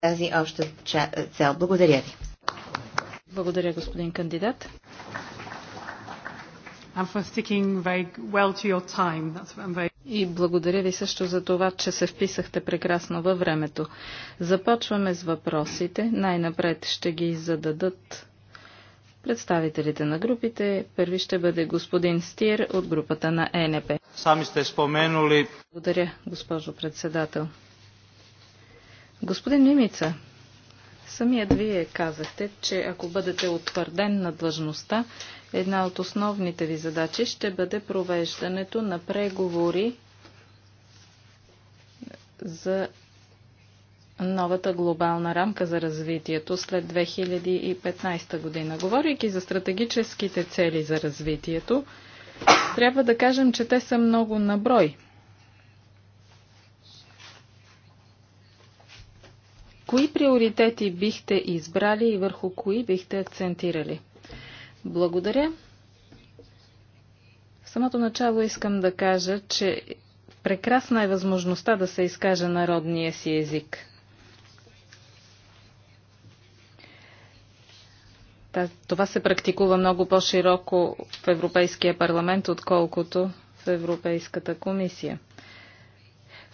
тази обща цел. Благодаря ви. Благодаря, господин кандидат. И благодаря ви също за това, че се вписахте прекрасно във времето. Започваме с въпросите. Най-напред ще ги зададат представителите на групите. Първи ще бъде господин Стир от групата на ЕНП. Сами сте споменули. Благодаря, госпожо председател. Господин Мимица, самият вие казахте, че ако бъдете утвърден на длъжността, една от основните ви задачи ще бъде провеждането на преговори за новата глобална рамка за развитието след 2015 година. Говорейки за стратегическите цели за развитието, трябва да кажем, че те са много наброй – Кои приоритети бихте избрали и върху кои бихте акцентирали? Благодаря. В самото начало искам да кажа, че прекрасна е възможността да се изкаже народния си език. Това се практикува много по-широко в Европейския парламент, отколкото в Европейската комисия.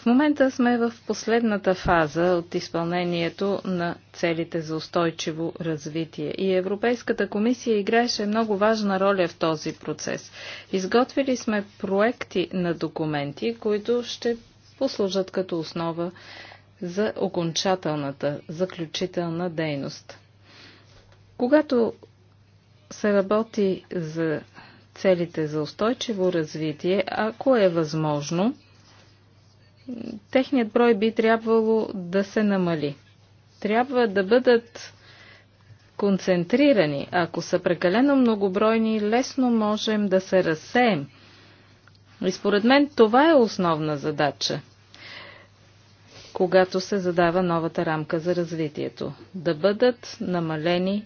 В момента сме в последната фаза от изпълнението на целите за устойчиво развитие и Европейската комисия играеше много важна роля в този процес. Изготвили сме проекти на документи, които ще послужат като основа за окончателната, заключителна дейност. Когато се работи за целите за устойчиво развитие, ако е възможно, техният брой би трябвало да се намали. Трябва да бъдат концентрирани. Ако са прекалено многобройни, лесно можем да се разсеем. И според мен това е основна задача, когато се задава новата рамка за развитието. Да бъдат намалени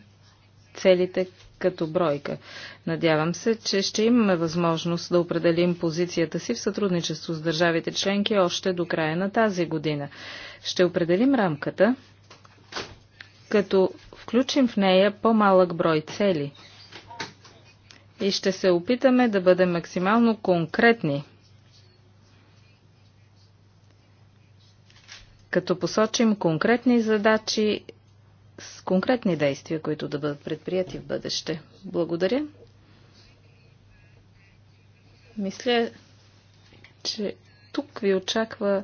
целите като бройка. Надявам се, че ще имаме възможност да определим позицията си в сътрудничество с държавите членки още до края на тази година. Ще определим рамката, като включим в нея по-малък брой цели и ще се опитаме да бъдем максимално конкретни, като посочим конкретни задачи с конкретни действия, които да бъдат предприяти в бъдеще. Благодаря. Мисля, че тук ви очаква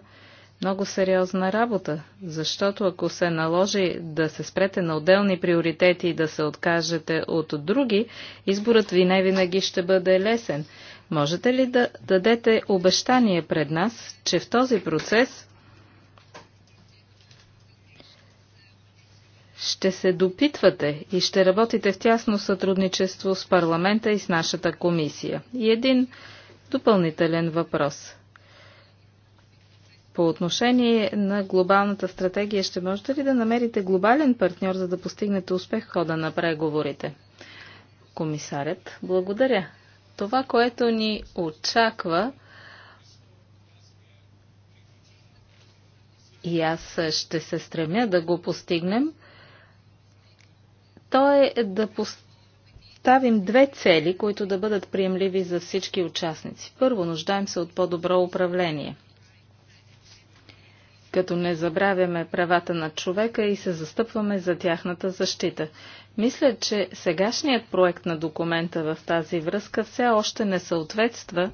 много сериозна работа, защото ако се наложи да се спрете на отделни приоритети и да се откажете от други, изборът ви не винаги ще бъде лесен. Можете ли да дадете обещание пред нас, че в този процес ще се допитвате и ще работите в тясно сътрудничество с парламента и с нашата комисия. И един допълнителен въпрос. По отношение на глобалната стратегия, ще можете ли да намерите глобален партньор, за да постигнете успех в хода на преговорите? Комисарят, благодаря. Това, което ни очаква, и аз ще се стремя да го постигнем – то е да поставим две цели, които да бъдат приемливи за всички участници. Първо, нуждаем се от по-добро управление като не забравяме правата на човека и се застъпваме за тяхната защита. Мисля, че сегашният проект на документа в тази връзка все още не съответства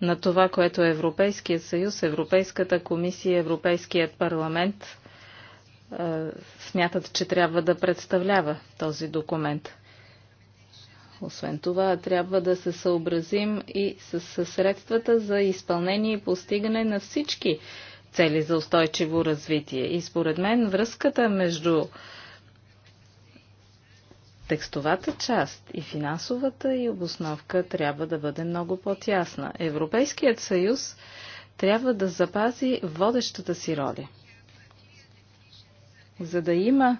на това, което Европейският съюз, Европейската комисия, Европейският парламент смятат, че трябва да представлява този документ. Освен това, трябва да се съобразим и с средствата за изпълнение и постигане на всички цели за устойчиво развитие. И според мен връзката между текстовата част и финансовата и обосновка трябва да бъде много по-тясна. Европейският съюз трябва да запази водещата си роля – за да има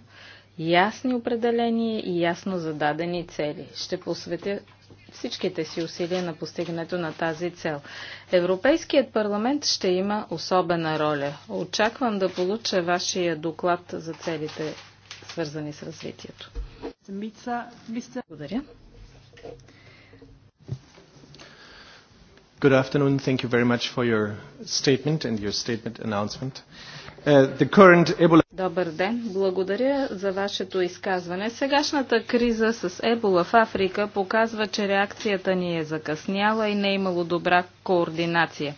ясни определения и ясно зададени цели. Ще посветя всичките си усилия на постигането на тази цел. Европейският парламент ще има особена роля. Очаквам да получа вашия доклад за целите, свързани с развитието. Благодаря. Good afternoon. Thank you very much for your statement and your statement announcement. Uh, Uh, Добър ден. Благодаря за вашето изказване. Сегашната криза с Ебола в Африка показва, че реакцията ни е закъсняла и не е имало добра координация.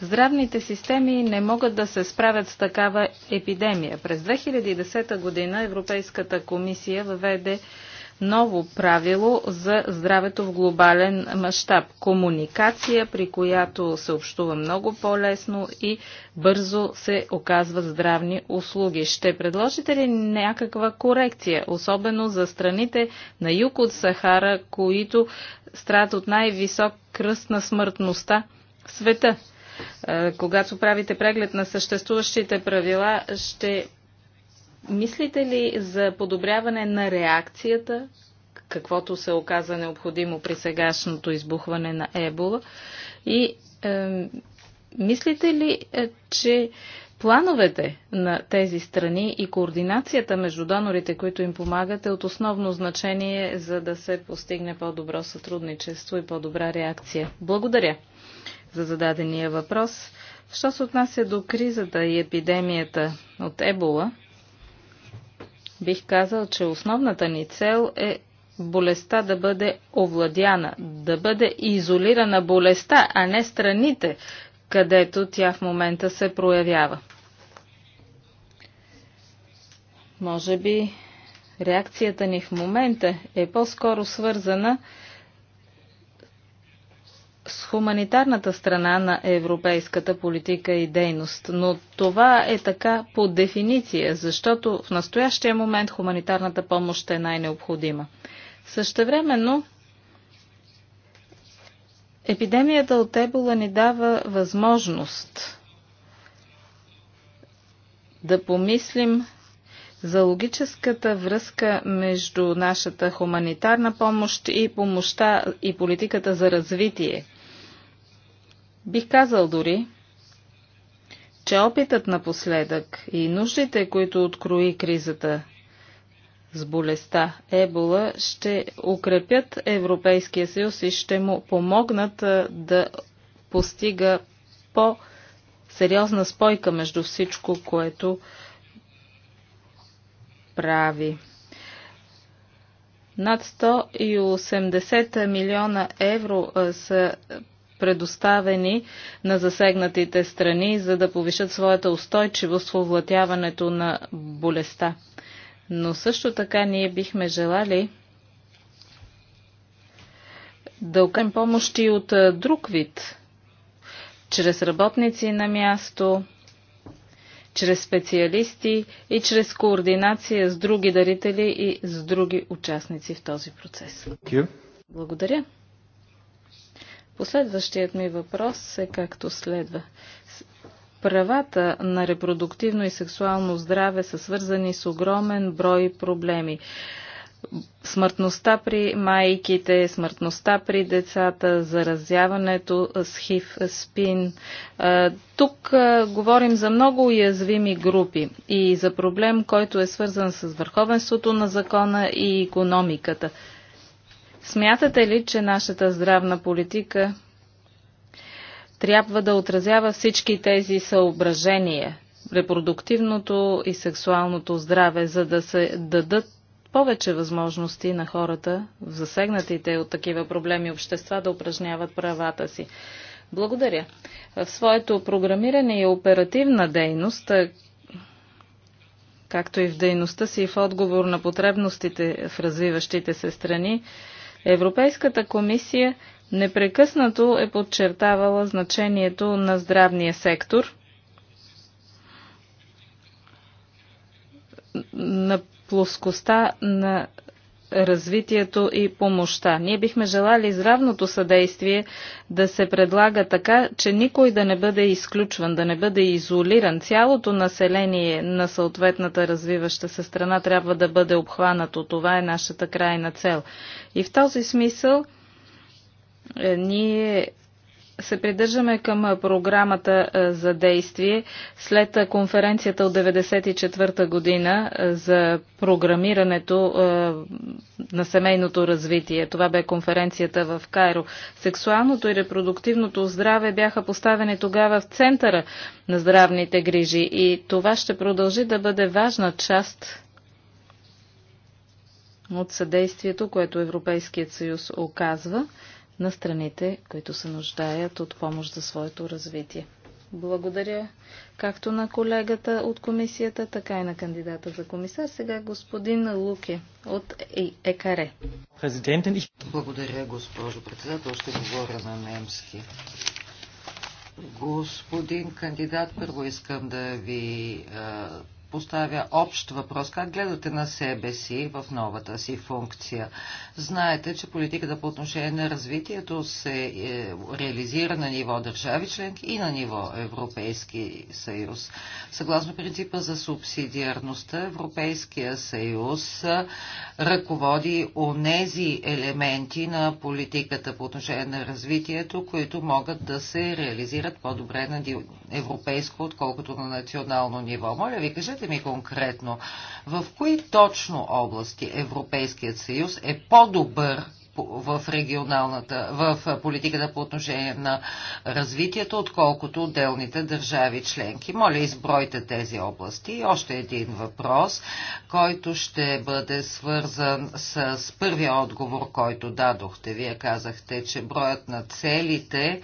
Здравните системи не могат да се справят с такава епидемия. През 2010 година Европейската комисия въведе ново правило за здравето в глобален мащаб. Комуникация, при която се общува много по-лесно и бързо се оказват здравни услуги. Ще предложите ли някаква корекция, особено за страните на юг от Сахара, които страдат от най-висок кръст на смъртността в света? Е, когато правите преглед на съществуващите правила, ще Мислите ли за подобряване на реакцията, каквото се оказа необходимо при сегашното избухване на Ебола? И е, мислите ли, е, че Плановете на тези страни и координацията между донорите, които им помагат, е от основно значение, за да се постигне по-добро сътрудничество и по-добра реакция. Благодаря за зададения въпрос. Що се отнася до кризата и епидемията от Ебола, бих казал, че основната ни цел е болестта да бъде овладяна, да бъде изолирана болестта, а не страните, където тя в момента се проявява. Може би реакцията ни в момента е по-скоро свързана с с хуманитарната страна на европейската политика и дейност. Но това е така по дефиниция, защото в настоящия момент хуманитарната помощ е най-необходима. Същевременно, епидемията от Ебола ни дава възможност да помислим за логическата връзка между нашата хуманитарна помощ и помощта и политиката за развитие – Бих казал дори, че опитът напоследък и нуждите, които открои кризата с болестта Ебола, ще укрепят Европейския съюз и ще му помогнат да постига по-сериозна спойка между всичко, което прави. Над 180 милиона евро са предоставени на засегнатите страни, за да повишат своята устойчивост в овлатяването на болестта. Но също така ние бихме желали да окажем помощи от друг вид, чрез работници на място, чрез специалисти и чрез координация с други дарители и с други участници в този процес. Благодаря. Последващият ми въпрос е както следва. Правата на репродуктивно и сексуално здраве са свързани с огромен брой проблеми. Смъртността при майките, смъртността при децата, заразяването с хив, спин. Тук говорим за много уязвими групи и за проблем, който е свързан с върховенството на закона и економиката. Смятате ли, че нашата здравна политика трябва да отразява всички тези съображения, репродуктивното и сексуалното здраве, за да се дадат повече възможности на хората в засегнатите от такива проблеми общества да упражняват правата си. Благодаря. В своето програмиране и оперативна дейност, както и в дейността си в отговор на потребностите в развиващите се страни, Европейската комисия непрекъснато е подчертавала значението на здравния сектор. На плоскостта на развитието и помощта. Ние бихме желали здравното съдействие да се предлага така, че никой да не бъде изключван, да не бъде изолиран. Цялото население на съответната развиваща се страна трябва да бъде обхванато. Това е нашата крайна цел. И в този смисъл е, ние се придържаме към програмата за действие след конференцията от 1994 година за програмирането на семейното развитие. Това бе конференцията в Кайро. Сексуалното и репродуктивното здраве бяха поставени тогава в центъра на здравните грижи и това ще продължи да бъде важна част от съдействието, което Европейският съюз оказва на страните, които се нуждаят от помощ за своето развитие. Благодаря както на колегата от комисията, така и на кандидата за комисар. Сега господин Луке от е- ЕКАРЕ. Благодаря, госпожо председател. Ще говоря на немски. Господин кандидат, първо искам да ви поставя общ въпрос. Как гледате на себе си в новата си функция? Знаете, че политиката по отношение на развитието се е, реализира на ниво държави членки и на ниво Европейски съюз. Съгласно принципа за субсидиарността, Европейския съюз е, ръководи онези елементи на политиката по отношение на развитието, които могат да се реализират по-добре на европейско, отколкото на национално ниво. Моля ви, кажете Кажете ми конкретно, в кои точно области Европейският съюз е по-добър в регионалната, в политиката по отношение на развитието, отколкото отделните държави членки. Моля, избройте тези области. И още един въпрос, който ще бъде свързан с първия отговор, който дадохте. Вие казахте, че броят на целите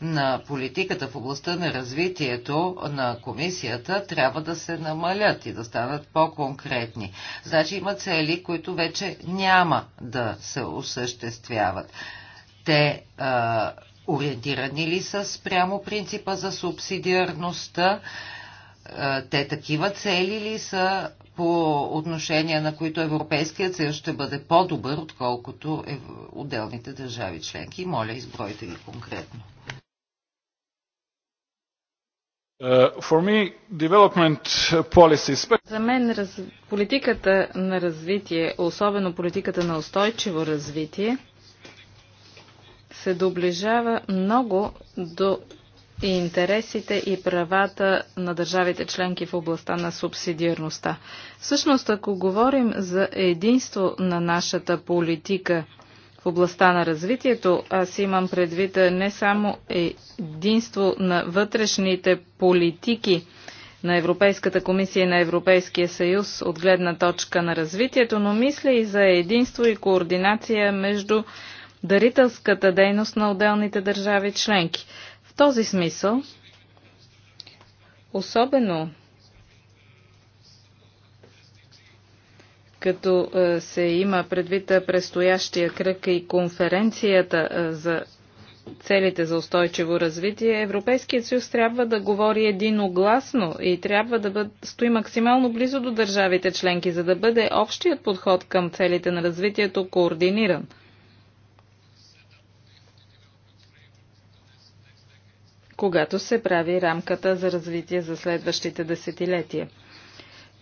на политиката в областта на развитието на комисията трябва да се намалят и да станат по-конкретни. Значи има цели, които вече няма да се осъществяват. Те а, ориентирани ли са спрямо принципа за субсидиарността? А, те такива цели ли са по отношение на които Европейският съюз ще бъде по-добър, отколкото е отделните държави членки. Моля, избройте ги конкретно. Uh, за мен раз... политиката на развитие, особено политиката на устойчиво развитие, се доближава много до интересите и правата на държавите членки в областта на субсидиарността. Всъщност, ако говорим за единство на нашата политика в областта на развитието. Аз имам предвид не само единство на вътрешните политики на Европейската комисия и на Европейския съюз от гледна точка на развитието, но мисля и за единство и координация между дарителската дейност на отделните държави членки. В този смисъл, особено като е, се има предвид е, предстоящия кръг и конференцията е, за целите за устойчиво развитие, Европейският съюз трябва да говори единогласно и трябва да бъд, стои максимално близо до държавите членки, за да бъде общият подход към целите на развитието координиран. когато се прави рамката за развитие за следващите десетилетия.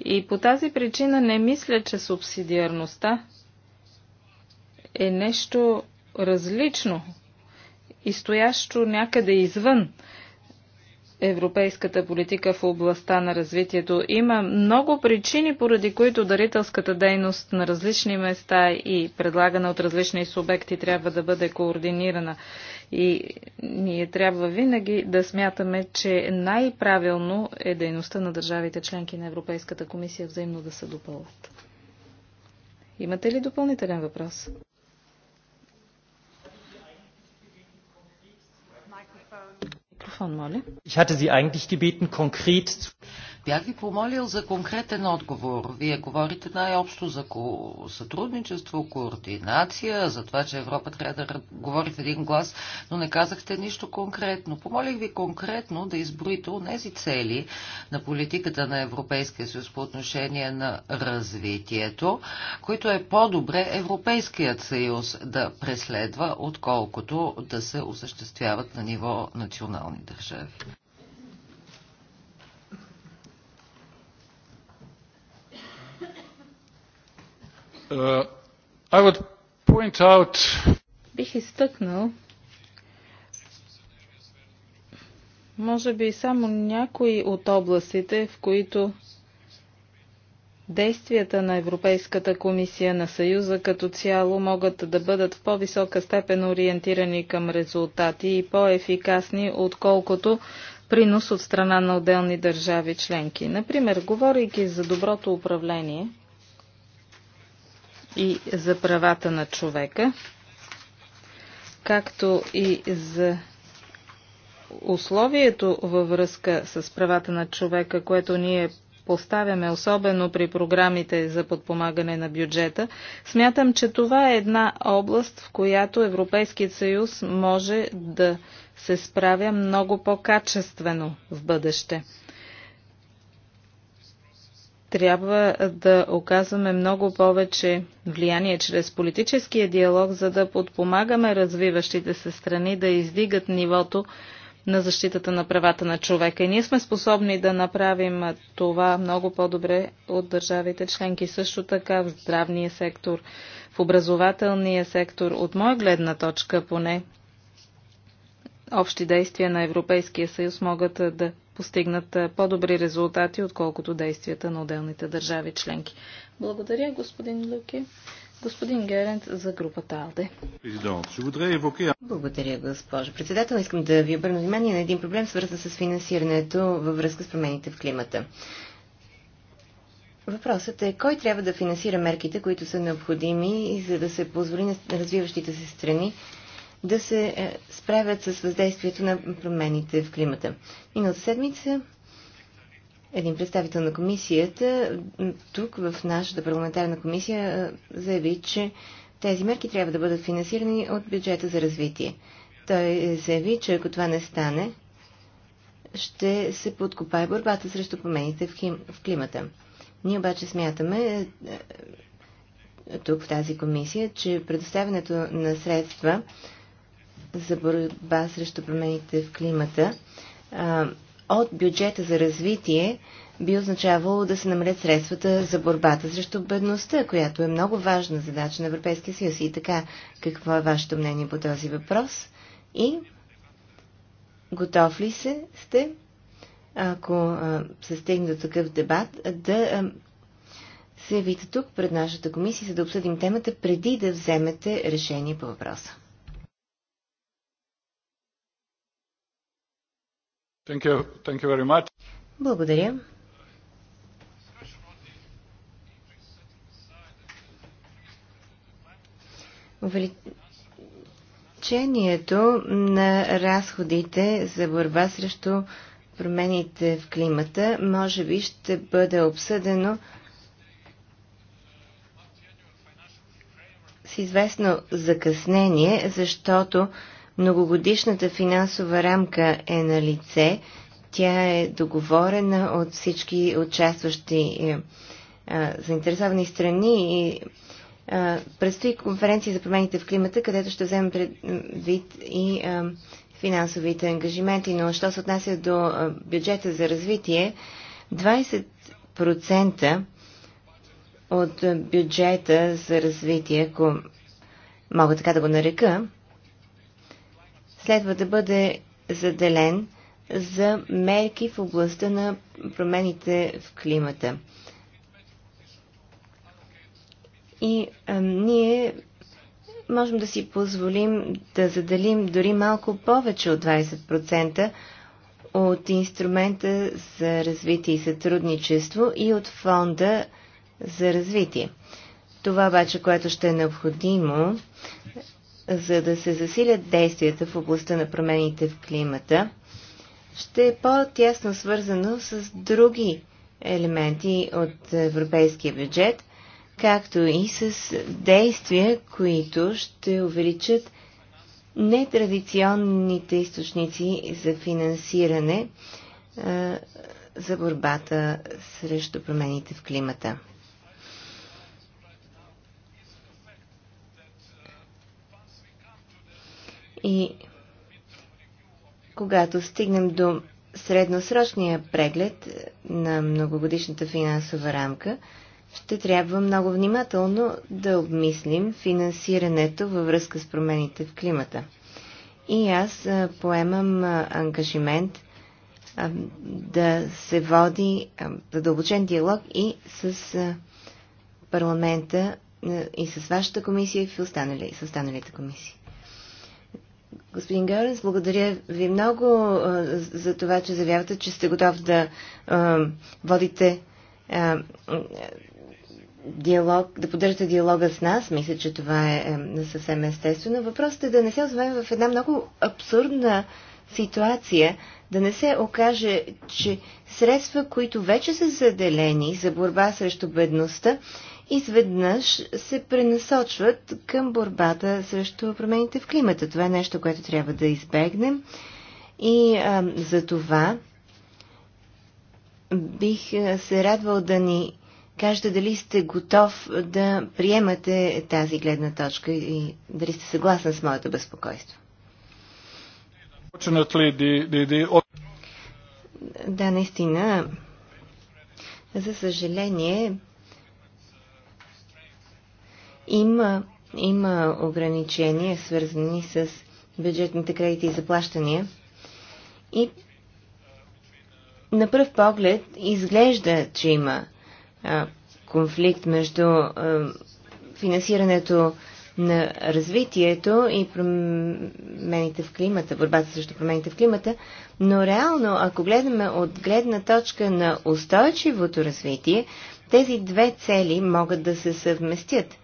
И по тази причина не мисля, че субсидиарността е нещо различно и стоящо някъде извън европейската политика в областта на развитието. Има много причини, поради които дарителската дейност на различни места и предлагана от различни субекти трябва да бъде координирана. И ние трябва винаги да смятаме, че най-правилно е дейността на държавите членки на Европейската комисия взаимно да се допълват. Имате ли допълнителен въпрос? Mikrofon, Molly. Ich hatte Sie eigentlich gebeten, konkret zu. Бях ви помолил за конкретен отговор. Вие говорите най-общо за ко... сътрудничество, координация, за това, че Европа трябва да говори в един глас, но не казахте нищо конкретно. Помолих ви конкретно да изброите тези цели на политиката на Европейския съюз по отношение на развитието, които е по-добре Европейският съюз да преследва, отколкото да се осъществяват на ниво национални държави. Uh, I would point out... Бих изтъкнал, може би само някои от областите, в които действията на Европейската комисия на Съюза като цяло могат да бъдат в по-висока степен ориентирани към резултати и по-ефикасни, отколкото принос от страна на отделни държави членки. Например, говорейки за доброто управление – и за правата на човека, както и за условието във връзка с правата на човека, което ние поставяме, особено при програмите за подпомагане на бюджета, смятам, че това е една област, в която Европейският съюз може да се справя много по-качествено в бъдеще трябва да оказваме много повече влияние чрез политическия диалог, за да подпомагаме развиващите се страни да издигат нивото на защитата на правата на човека. И ние сме способни да направим това много по-добре от държавите членки. Също така в здравния сектор, в образователния сектор, от моя гледна точка поне, общи действия на Европейския съюз могат да постигнат по-добри резултати, отколкото действията на отделните държави членки. Благодаря, господин Люки. Господин Герент за групата АЛДЕ. Благодаря, госпожо председател. Искам да ви обърна внимание на един проблем, свързан с финансирането във връзка с промените в климата. Въпросът е кой трябва да финансира мерките, които са необходими, за да се позволи на развиващите се страни да се е, справят с въздействието на промените в климата. Миналата седмица един представител на комисията тук в нашата парламентарна комисия е, заяви, че тези мерки трябва да бъдат финансирани от бюджета за развитие. Той заяви, че ако това не стане, ще се подкопае борбата срещу промените в, хим... в климата. Ние обаче смятаме е, тук в тази комисия, че предоставянето на средства за борба срещу промените в климата а, от бюджета за развитие би означавало да се намалят средствата за борбата срещу бедността, която е много важна задача на Европейския съюз. И така, какво е вашето мнение по този въпрос? И готов ли се сте, ако а, се стигне до такъв дебат, да а, се явите тук пред нашата комисия, за да обсъдим темата преди да вземете решение по въпроса? Thank you. Thank you very much. Благодаря. Увеличението на разходите за борба срещу промените в климата може би ще бъде обсъдено с известно закъснение, защото Многогодишната финансова рамка е на лице. Тя е договорена от всички участващи е, е, заинтересовани страни и е, предстои конференция за промените в климата, където ще вземем предвид и финансовите ангажименти. Но що се отнася до бюджета за развитие, 20% от бюджета за развитие, ако мога така да го нарека, следва да бъде заделен за мерки в областта на промените в климата. И а, ние можем да си позволим да заделим дори малко повече от 20% от инструмента за развитие и сътрудничество и от фонда за развитие. Това обаче, което ще е необходимо, за да се засилят действията в областта на промените в климата, ще е по-тясно свързано с други елементи от европейския бюджет, както и с действия, които ще увеличат нетрадиционните източници за финансиране за борбата срещу промените в климата. И когато стигнем до средносрочния преглед на многогодишната финансова рамка, ще трябва много внимателно да обмислим финансирането във връзка с промените в климата. И аз поемам ангажимент да се води задълбочен диалог и с парламента, и с вашата комисия, и в с останалите комисии. Господин Георгиев, благодаря ви много а, за това, че заявявате, че сте готов да а, водите а, диалог, да поддържате диалога с нас. Мисля, че това е, е съвсем естествено. Въпросът е да не се озовем в една много абсурдна ситуация, да не се окаже, че средства, които вече са заделени за борба срещу бедността, изведнъж се пренасочват към борбата срещу промените в климата. Това е нещо, което трябва да избегнем и а, за това бих се радвал да ни кажете дали сте готов да приемате тази гледна точка и дали сте съгласен с моето безпокойство. Да, наистина. За съжаление, има, има ограничения, свързани с бюджетните кредити и заплащания. И на пръв поглед изглежда, че има а, конфликт между а, финансирането на развитието и промените в климата, борбата срещу промените в климата, но реално, ако гледаме от гледна точка на устойчивото развитие, тези две цели могат да се съвместят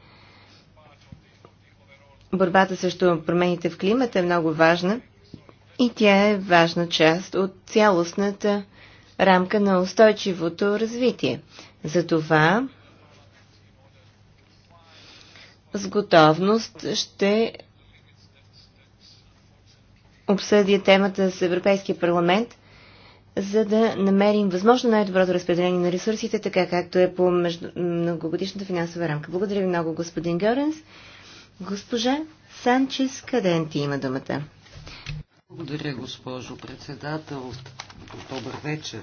борбата срещу промените в климата е много важна и тя е важна част от цялостната рамка на устойчивото развитие. Затова с готовност ще обсъдя темата с Европейския парламент, за да намерим възможно най-доброто разпределение на ресурсите, така както е по между... многогодишната финансова рамка. Благодаря ви много, господин Горенс. Госпожа Санчес Каденти има думата. Благодаря, госпожо председател. Добър вечер.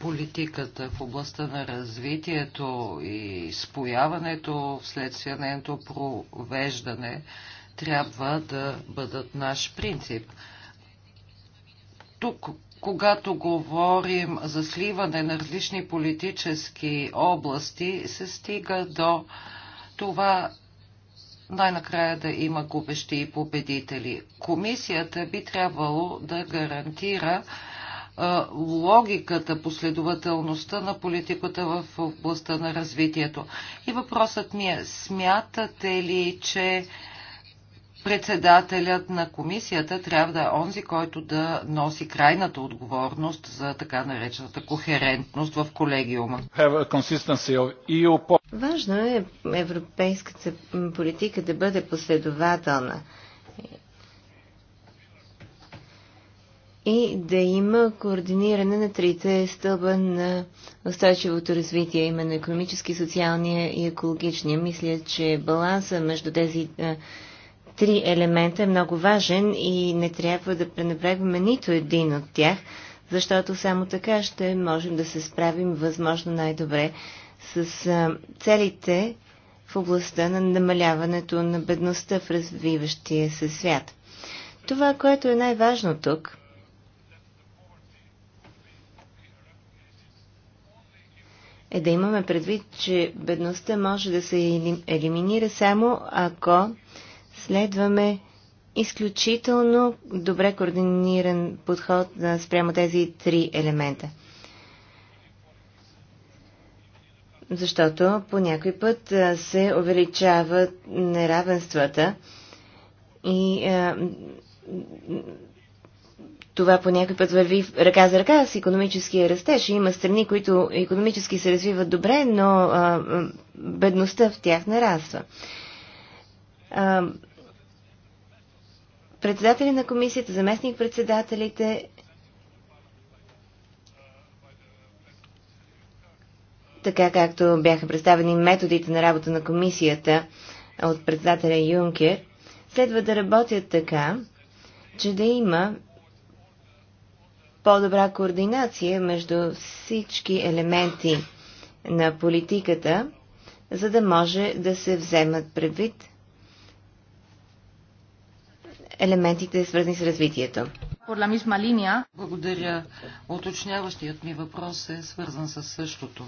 Политиката в областта на развитието и спояването вследствие на ето провеждане трябва да бъдат наш принцип. Тук когато говорим за сливане на различни политически области, се стига до това най-накрая да има губещи и победители. Комисията би трябвало да гарантира логиката, последователността на политиката в областта на развитието. И въпросът ми е, смятате ли, че председателят на комисията трябва да е онзи, който да носи крайната отговорност за така наречената кохерентност в колегиума. E Важно е европейската политика да бъде последователна и да има координиране на трите стълба на устойчивото развитие, именно економически, социалния и екологичния. Мисля, че баланса между тези три елемента е много важен и не трябва да пренебрегваме нито един от тях, защото само така ще можем да се справим възможно най-добре с целите в областта на намаляването на бедността в развиващия се свят. Това, което е най-важно тук, е да имаме предвид, че бедността може да се елиминира само ако следваме изключително добре координиран подход спрямо тези три елемента. Защото по някой път се увеличават неравенствата и а, това по някой път върви ръка за ръка с економическия растеж. Има страни, които економически се развиват добре, но а, бедността в тях нараства. А, Председатели на комисията, заместник-председателите. Така както бяха представени методите на работа на комисията от председателя Юнкер, следва да работят така, че да има по-добра координация между всички елементи на политиката, за да може да се вземат предвид елементите, свързани с развитието. Благодаря. Оточняващият ми въпрос е свързан с същото.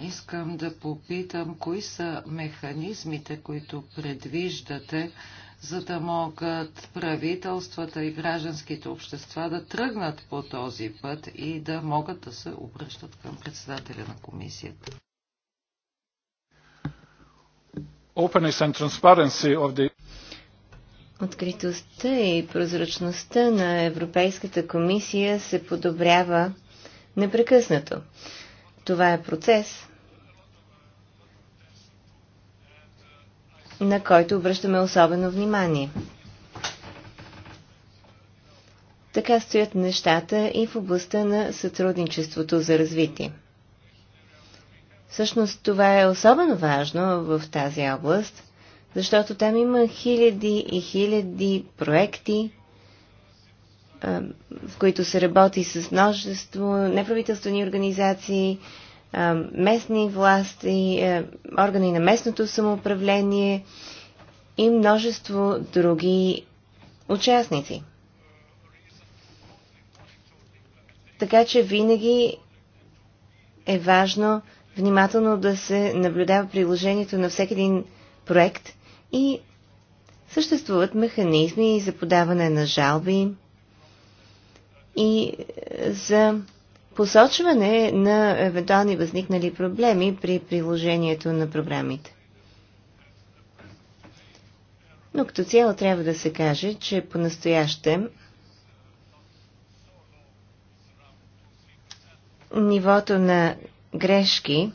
Искам да попитам, кои са механизмите, които предвиждате, за да могат правителствата и гражданските общества да тръгнат по този път и да могат да се обръщат към председателя на комисията. Openness and transparency of the Откритостта и прозрачността на Европейската комисия се подобрява непрекъснато. Това е процес, на който обръщаме особено внимание. Така стоят нещата и в областта на сътрудничеството за развитие. Всъщност това е особено важно в тази област – защото там има хиляди и хиляди проекти, в които се работи с множество неправителствени организации, местни власти, органи на местното самоуправление и множество други участници. Така че винаги е важно внимателно да се наблюдава приложението на всеки един проект и съществуват механизми за подаване на жалби и за посочване на евентуални възникнали проблеми при приложението на програмите. Но като цяло трябва да се каже, че по настояще нивото на грешки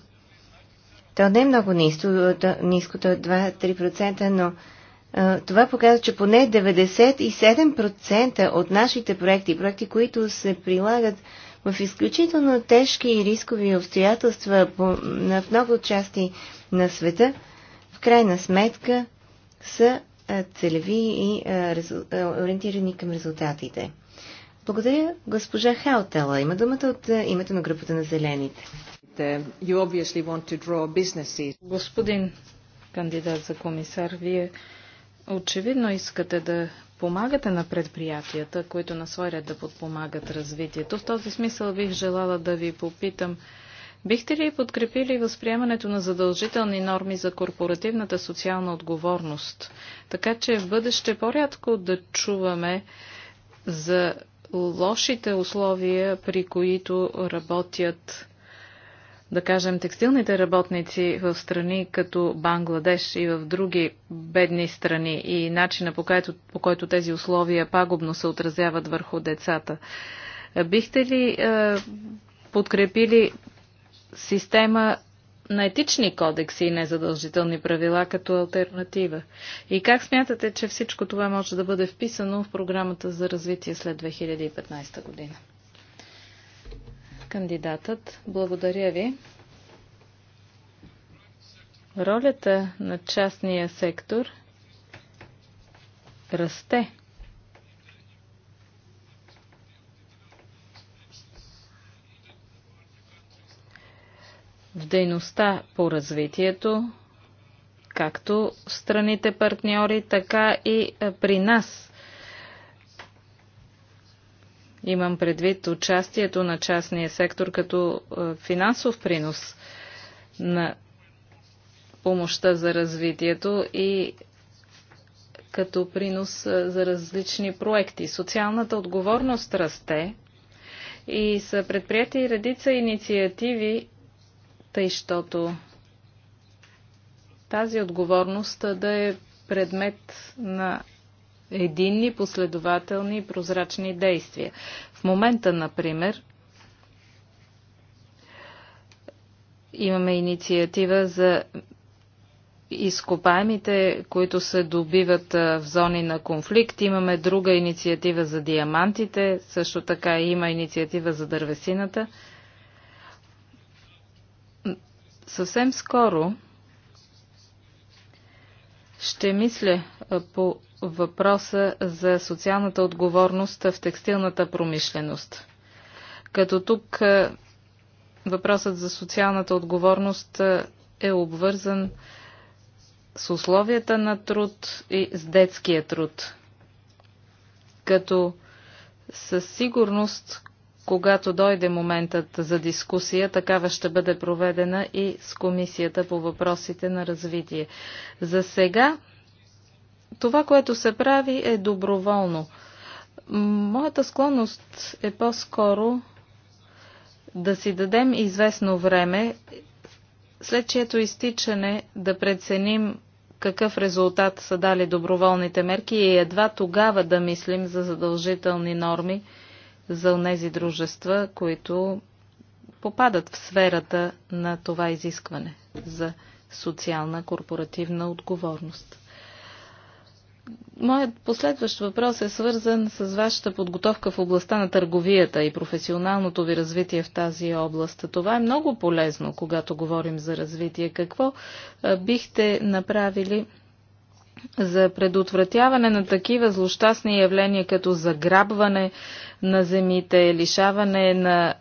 то не е много ниско, то е 2-3%, но това показва, че поне 97% от нашите проекти, проекти, които се прилагат в изключително тежки и рискови обстоятелства в много части на света, в крайна сметка са целеви и ориентирани към резултатите. Благодаря, госпожа Хаутела. Има думата от името на групата на зелените. Uh, Господин кандидат за комисар, вие очевидно искате да помагате на предприятията, които на свой ред да подпомагат развитието. В този смисъл бих желала да ви попитам, бихте ли подкрепили възприемането на задължителни норми за корпоративната социална отговорност, така че в бъдеще по-рядко да чуваме за лошите условия, при които работят да кажем, текстилните работници в страни като Бангладеш и в други бедни страни и начина по който, по който тези условия пагубно се отразяват върху децата. Е, бихте ли е, подкрепили система на етични кодекси и незадължителни правила като альтернатива? И как смятате, че всичко това може да бъде вписано в програмата за развитие след 2015 година? Кандидатът, благодаря ви. Ролята на частния сектор расте. В дейността по развитието, както страните партньори, така и при нас – Имам предвид участието на частния сектор като е, финансов принос на помощта за развитието и като принос е, за различни проекти. Социалната отговорност расте и са предприяти редица инициативи, тъй щото тази отговорност да е предмет на единни, последователни и прозрачни действия. В момента, например, имаме инициатива за изкопаемите, които се добиват в зони на конфликт. Имаме друга инициатива за диамантите, също така има инициатива за дървесината. Съвсем скоро ще мисля по въпроса за социалната отговорност в текстилната промишленост. Като тук е, въпросът за социалната отговорност е, е обвързан с условията на труд и с детския труд. Като със сигурност, когато дойде моментът за дискусия, такава ще бъде проведена и с Комисията по въпросите на развитие. За сега това, което се прави, е доброволно. Моята склонност е по-скоро да си дадем известно време, след чието изтичане да преценим какъв резултат са дали доброволните мерки и едва тогава да мислим за задължителни норми за тези дружества, които попадат в сферата на това изискване за социална корпоративна отговорност. Моят последващ въпрос е свързан с вашата подготовка в областта на търговията и професионалното ви развитие в тази област. Това е много полезно, когато говорим за развитие. Какво бихте направили за предотвратяване на такива злощастни явления, като заграбване на земите, лишаване на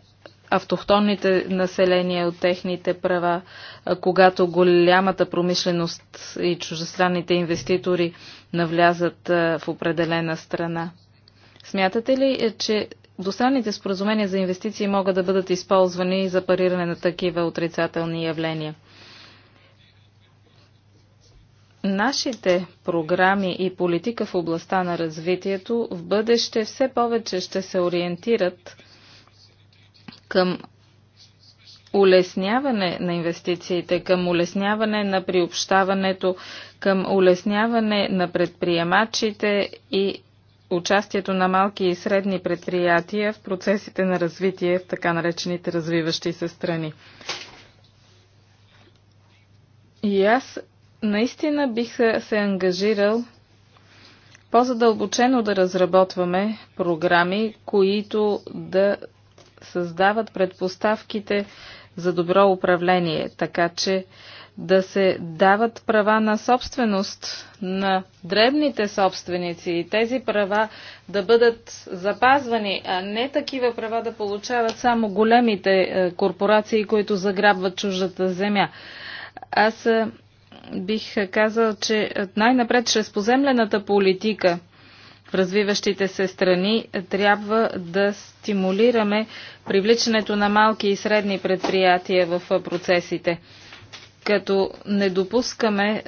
автохтонните населения от техните права, когато голямата промишленост и чужестранните инвеститори навлязат в определена страна. Смятате ли, е, че двустранните споразумения за инвестиции могат да бъдат използвани за париране на такива отрицателни явления? Нашите програми и политика в областта на развитието в бъдеще все повече ще се ориентират към улесняване на инвестициите, към улесняване на приобщаването, към улесняване на предприемачите и участието на малки и средни предприятия в процесите на развитие в така наречените развиващи се страни. И аз наистина бих се ангажирал по-задълбочено да разработваме програми, които да създават предпоставките за добро управление, така че да се дават права на собственост на дребните собственици и тези права да бъдат запазвани, а не такива права да получават само големите е, корпорации, които заграбват чуждата земя. Аз е, бих казал, че най-напред чрез поземлената политика – в развиващите се страни трябва да стимулираме привличането на малки и средни предприятия в процесите, като не допускаме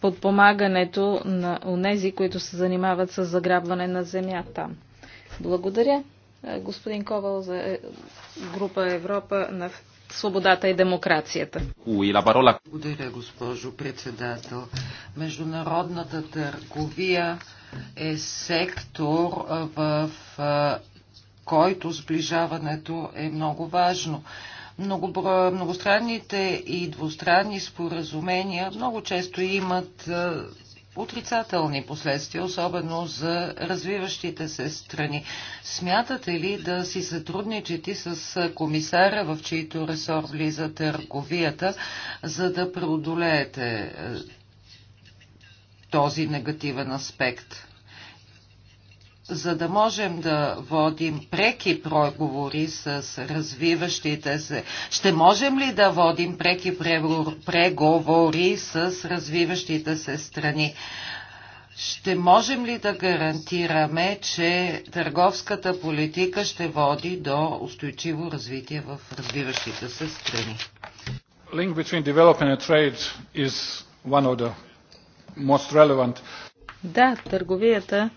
подпомагането на онези, които се занимават с заграбване на земята. Благодаря. Е, господин Ковал за е, група Европа на свободата и демокрацията. Благодаря, госпожо председател. Международната търговия е сектор, в който сближаването е много важно. Многостранните и двустранни споразумения много често имат отрицателни последствия, особено за развиващите се страни. Смятате ли да си сътрудничите с комисара, в чийто ресор влиза търговията, за да преодолеете този негативен аспект. За да можем да водим преки преговори с развиващите се, ще можем ли да водим преки преговори с развиващите се страни? Ще можем ли да гарантираме, че търговската политика ще води до устойчиво развитие в развиващите се страни? Link between development and trade is one of the most relevant. Да, търговията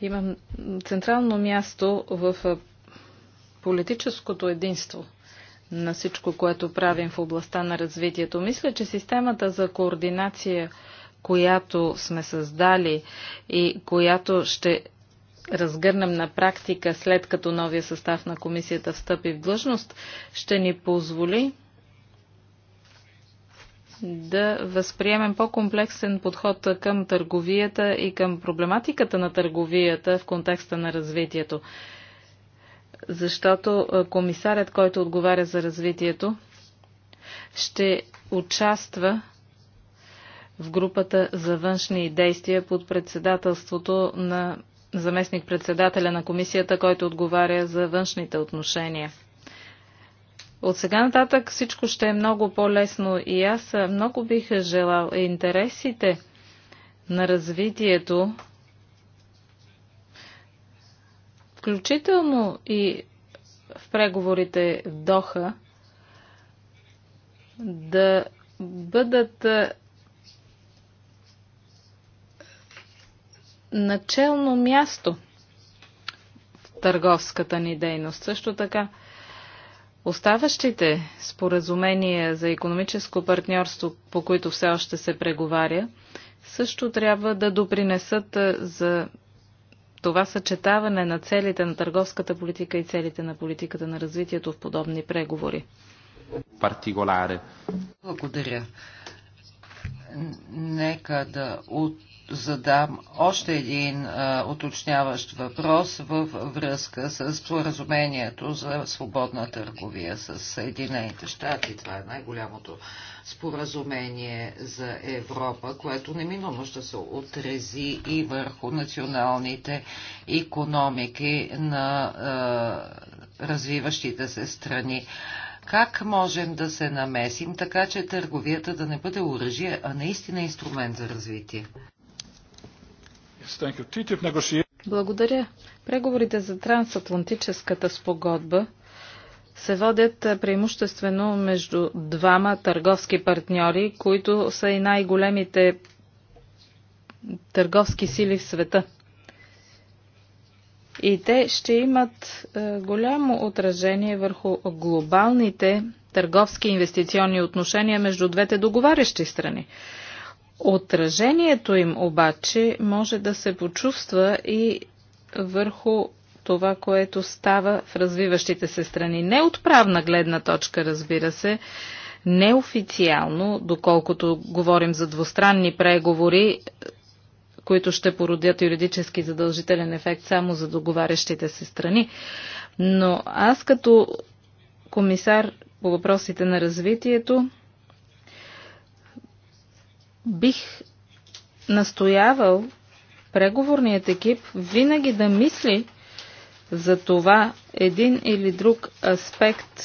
има централно място в политическото единство на всичко, което правим в областта на развитието. Мисля, че системата за координация, която сме създали и която ще разгърнем на практика след като новия състав на комисията встъпи в длъжност, ще ни позволи да възприемем по-комплексен подход към търговията и към проблематиката на търговията в контекста на развитието. Защото комисарят, който отговаря за развитието, ще участва в групата за външни действия под председателството на заместник-председателя на комисията, който отговаря за външните отношения. От сега нататък всичко ще е много по-лесно и аз много бих желал интересите на развитието, включително и в преговорите в Доха, да бъдат начално място в търговската ни дейност. Също така, Оставащите споразумения за економическо партньорство, по които все още се преговаря, също трябва да допринесат за това съчетаване на целите на търговската политика и целите на политиката на развитието в подобни преговори. Благодаря. Нека да от задам още един а, уточняващ въпрос във връзка с споразумението за свободна търговия с Съединените щати. Това е най-голямото споразумение за Европа, което неминуемо ще се отрези и върху националните економики на а, развиващите се страни. Как можем да се намесим, така че търговията да не бъде оръжие, а наистина инструмент за развитие? Благодаря. Преговорите за трансатлантическата спогодба се водят преимуществено между двама търговски партньори, които са и най-големите търговски сили в света. И те ще имат голямо отражение върху глобалните търговски инвестиционни отношения между двете договарящи страни. Отражението им обаче може да се почувства и върху това, което става в развиващите се страни. Не от правна гледна точка, разбира се, неофициално, доколкото говорим за двустранни преговори, които ще породят юридически задължителен ефект само за договарящите се страни. Но аз като комисар по въпросите на развитието бих настоявал преговорният екип винаги да мисли за това един или друг аспект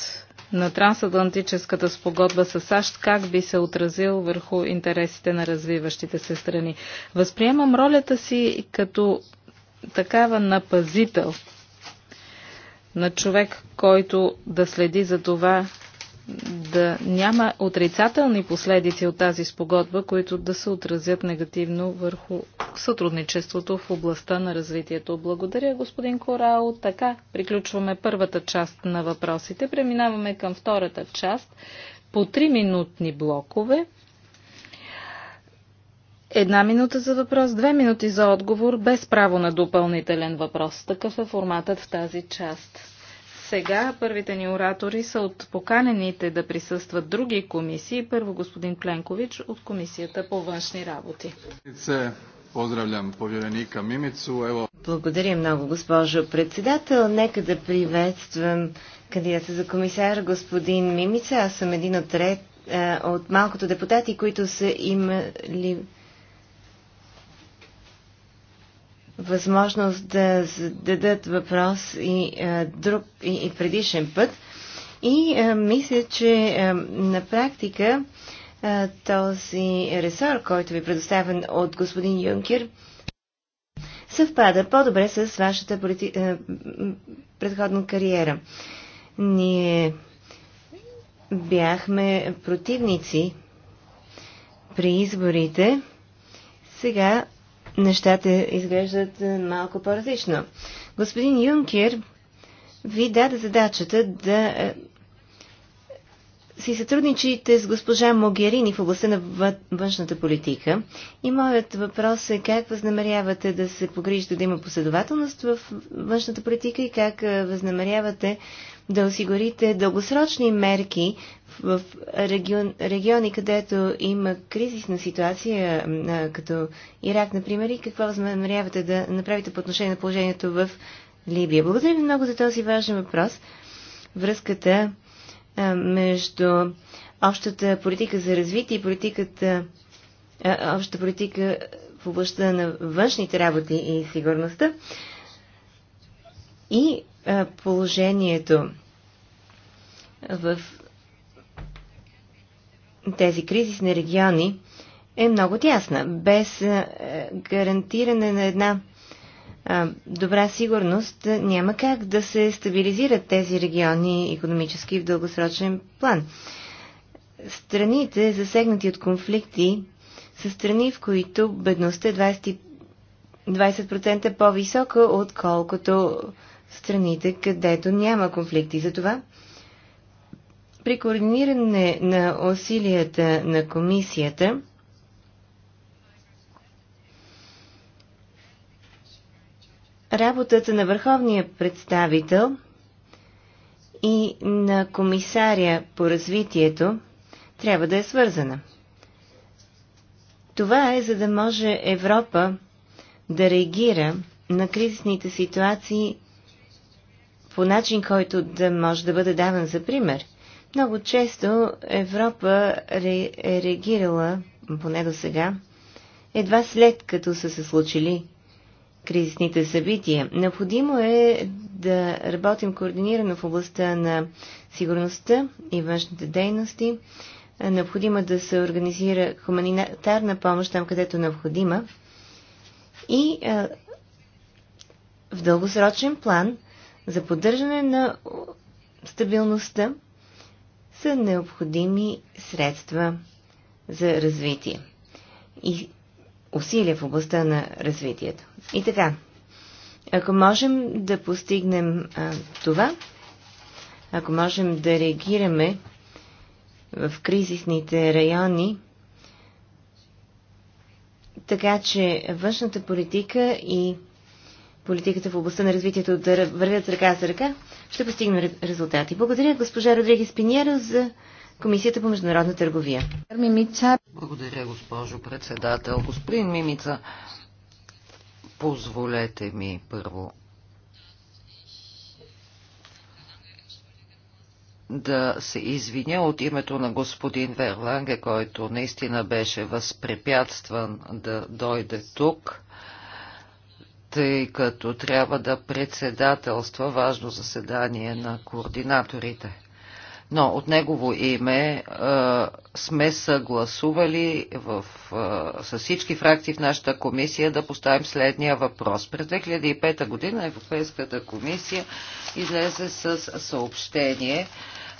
на трансатлантическата спогодба с САЩ как би се отразил върху интересите на развиващите се страни. Възприемам ролята си като такава напазител на човек, който да следи за това да няма отрицателни последици от тази спогодба, които да се отразят негативно върху сътрудничеството в областта на развитието. Благодаря, господин Корао. Така, приключваме първата част на въпросите. Преминаваме към втората част по три минутни блокове. Една минута за въпрос, две минути за отговор, без право на допълнителен въпрос. Такъв е форматът в тази част. Сега първите ни оратори са от поканените да присъстват други комисии. Първо господин Пленкович от Комисията по външни работи. Поздравлям повереника Мимицу. Ево. Благодаря много, госпожо председател. Нека да приветствам кандидата за комисар, господин Мимица. Аз съм един от, ред, от малкото депутати, които са имали възможност да зададат въпрос и, а, е, друг, и, и предишен път. И а, е, мисля, че а, е, на практика а, този ресор, който ви е предоставен от господин Юнкер, съвпада по-добре с вашата полити... а, предходна кариера. Ние бяхме противници при изборите. Сега нещата изглеждат е, малко по-различно. Господин Юнкер ви даде задачата да е, си сътрудничите с госпожа Могерини в областта на външната политика. И моят въпрос е как възнамерявате да се погрижите да има последователност в външната политика и как е, възнамерявате да осигурите дългосрочни мерки в регион, региони, където има кризисна ситуация, като Ирак, например, и какво възнамерявате да направите по отношение на положението в Либия? Благодаря ви много за този важен въпрос. Връзката между общата политика за развитие и политиката, общата политика в областта на външните работи и сигурността и положението в тези кризисни региони е много тясна. Без гарантиране на една добра сигурност няма как да се стабилизират тези региони економически в дългосрочен план. Страните, засегнати от конфликти, са страни, в които бедността е 20%, 20% по-висока, отколкото страните, където няма конфликти. Затова при координиране на усилията на комисията работата на върховния представител и на комисаря по развитието трябва да е свързана. Това е за да може Европа да реагира на кризисните ситуации по начин, който да може да бъде даван за пример. Много често Европа ре, е реагирала, поне до сега, едва след като са се случили кризисните събития. Необходимо е да работим координирано в областта на сигурността и външните дейности. Необходимо е да се организира хуманитарна помощ там, където е необходима. И а, в дългосрочен план – за поддържане на стабилността са необходими средства за развитие и усилия в областта на развитието. И така, ако можем да постигнем а, това, ако можем да реагираме в кризисните райони, така че външната политика и политиката в областта на развитието да вървят ръка за ръка, ще постигнем резултати. Благодаря госпожа Родригес Пиньеро за Комисията по международна търговия. Благодаря, госпожо председател. Господин Мимица, позволете ми първо да се извиня от името на господин Верланге, който наистина беше възпрепятстван да дойде тук тъй като трябва да председателства важно заседание на координаторите. Но от негово име а, е, сме съгласували в, а, е, с всички фракции в нашата комисия да поставим следния въпрос. През 2005 година Европейската комисия излезе с съобщение,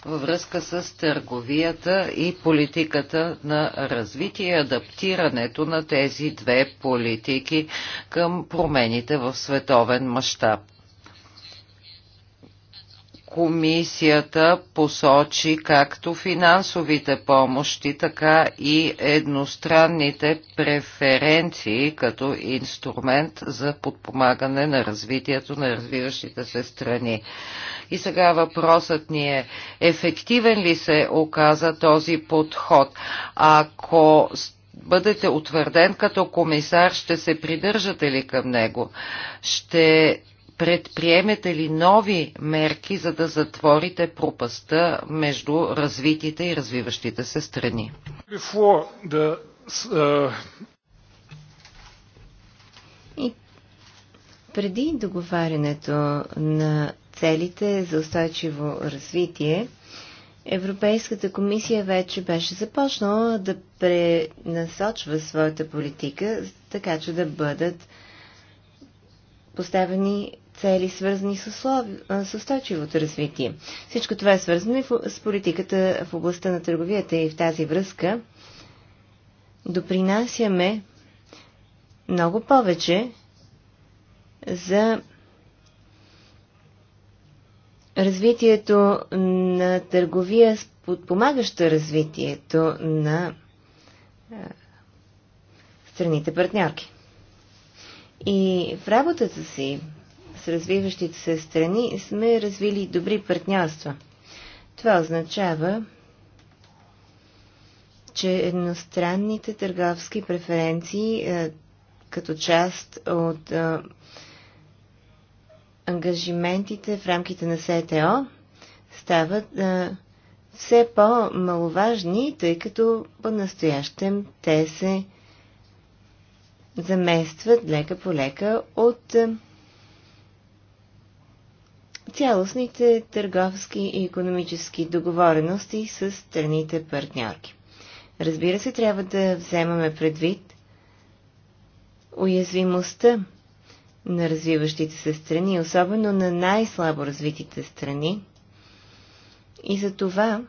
във връзка с търговията и политиката на развитие, и адаптирането на тези две политики към промените в световен мащаб. Комисията посочи както финансовите помощи, така и едностранните преференции като инструмент за подпомагане на развитието на развиващите се страни. И сега въпросът ни е, ефективен ли се оказа този подход? Ако бъдете утвърден като комисар, ще се придържате ли към него? Ще предприемете ли нови мерки, за да затворите пропаста между развитите и развиващите се страни? И преди договарянето на целите за устойчиво развитие, Европейската комисия вече беше започнала да пренасочва своята политика, така че да бъдат поставени цели, свързани с, услов... с устойчивото развитие. Всичко това е свързано и с политиката в областта на търговията и в тази връзка допринасяме много повече за развитието на търговия с подпомагаща развитието на страните партньорки. И в работата си с развиващите се страни сме развили добри партньорства. Това означава, че едностранните търговски преференции е, като част от е, ангажиментите в рамките на СТО стават е, все по-маловажни, тъй като по-настоящем те се заместват лека по лека от цялостните търговски и економически договорености с страните партньорки. Разбира се, трябва да вземаме предвид уязвимостта на развиващите се страни, особено на най-слабо развитите страни. И за това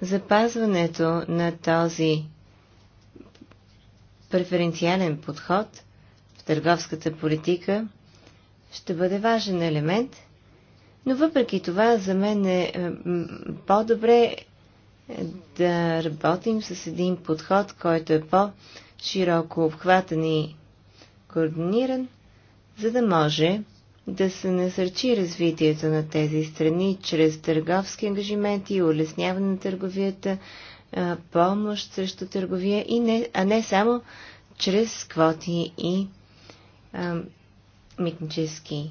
запазването на този преференциален подход в търговската политика ще бъде важен елемент, но въпреки това за мен е, е по-добре е, да работим с един подход, който е по-широко обхватен и координиран, за да може да се насърчи развитието на тези страни чрез търговски ангажименти, улесняване на търговията, е, помощ срещу търговия, и не, а не само чрез квоти и митнически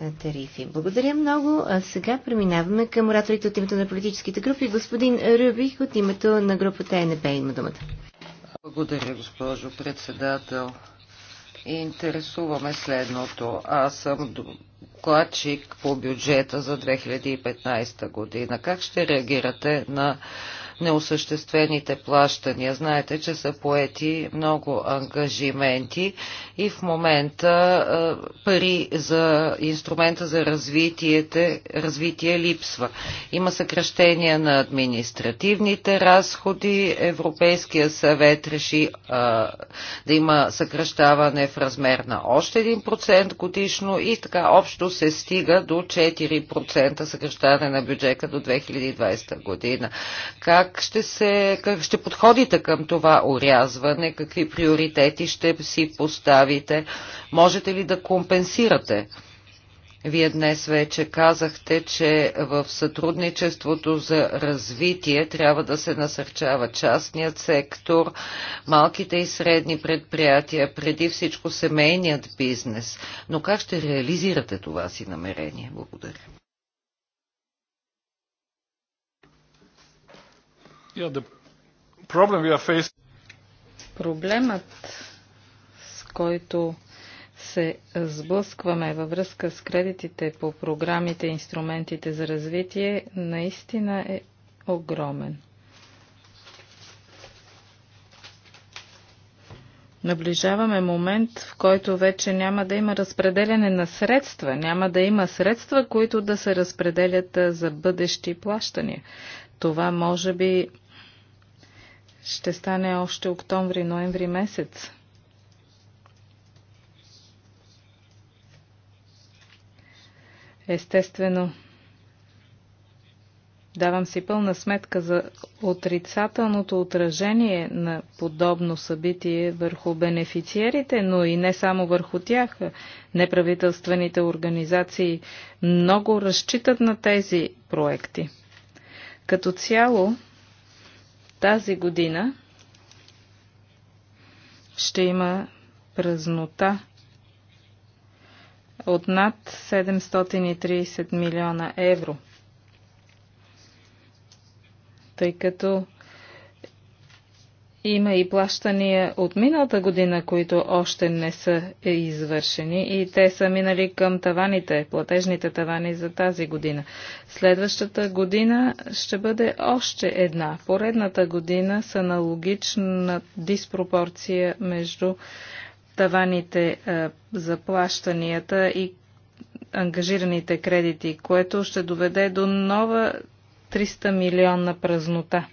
е, тарифи. Благодаря много. А сега преминаваме към ораторите от името на политическите групи. Господин Рюбих от името на групата НП има думата. Благодаря, госпожо председател. Интересуваме следното. Аз съм докладчик по бюджета за 2015 година. Как ще реагирате на неосъществените плащания. Знаете, че са поети много ангажименти и в момента пари за инструмента за развитие липсва. Има съкръщения на административните разходи. Европейския съвет реши да има съкръщаване в размер на още 1% годишно и така общо се стига до 4% съкръщане на бюджета до 2020 година. Как как ще, се, как ще подходите към това урязване, какви приоритети ще си поставите, можете ли да компенсирате? Вие днес вече казахте, че в сътрудничеството за развитие трябва да се насърчава частният сектор, малките и средни предприятия, преди всичко семейният бизнес. Но как ще реализирате това си намерение? Благодаря. Проблемът, с който се сблъскваме във връзка с кредитите по програмите и инструментите за развитие, наистина е огромен. Наближаваме момент, в който вече няма да има разпределяне на средства, няма да има средства, които да се разпределят за бъдещи плащания. Това може би ще стане още октомври-ноември месец. Естествено, давам си пълна сметка за отрицателното отражение на подобно събитие върху бенефициерите, но и не само върху тях. Неправителствените организации много разчитат на тези проекти. Като цяло, тази година ще има празнота от над 730 милиона евро, тъй като има и плащания от миналата година, които още не са извършени и те са минали към таваните, платежните тавани за тази година. Следващата година ще бъде още една. Поредната година са аналогична диспропорция между таваните за плащанията и ангажираните кредити, което ще доведе до нова 300 милионна празнота.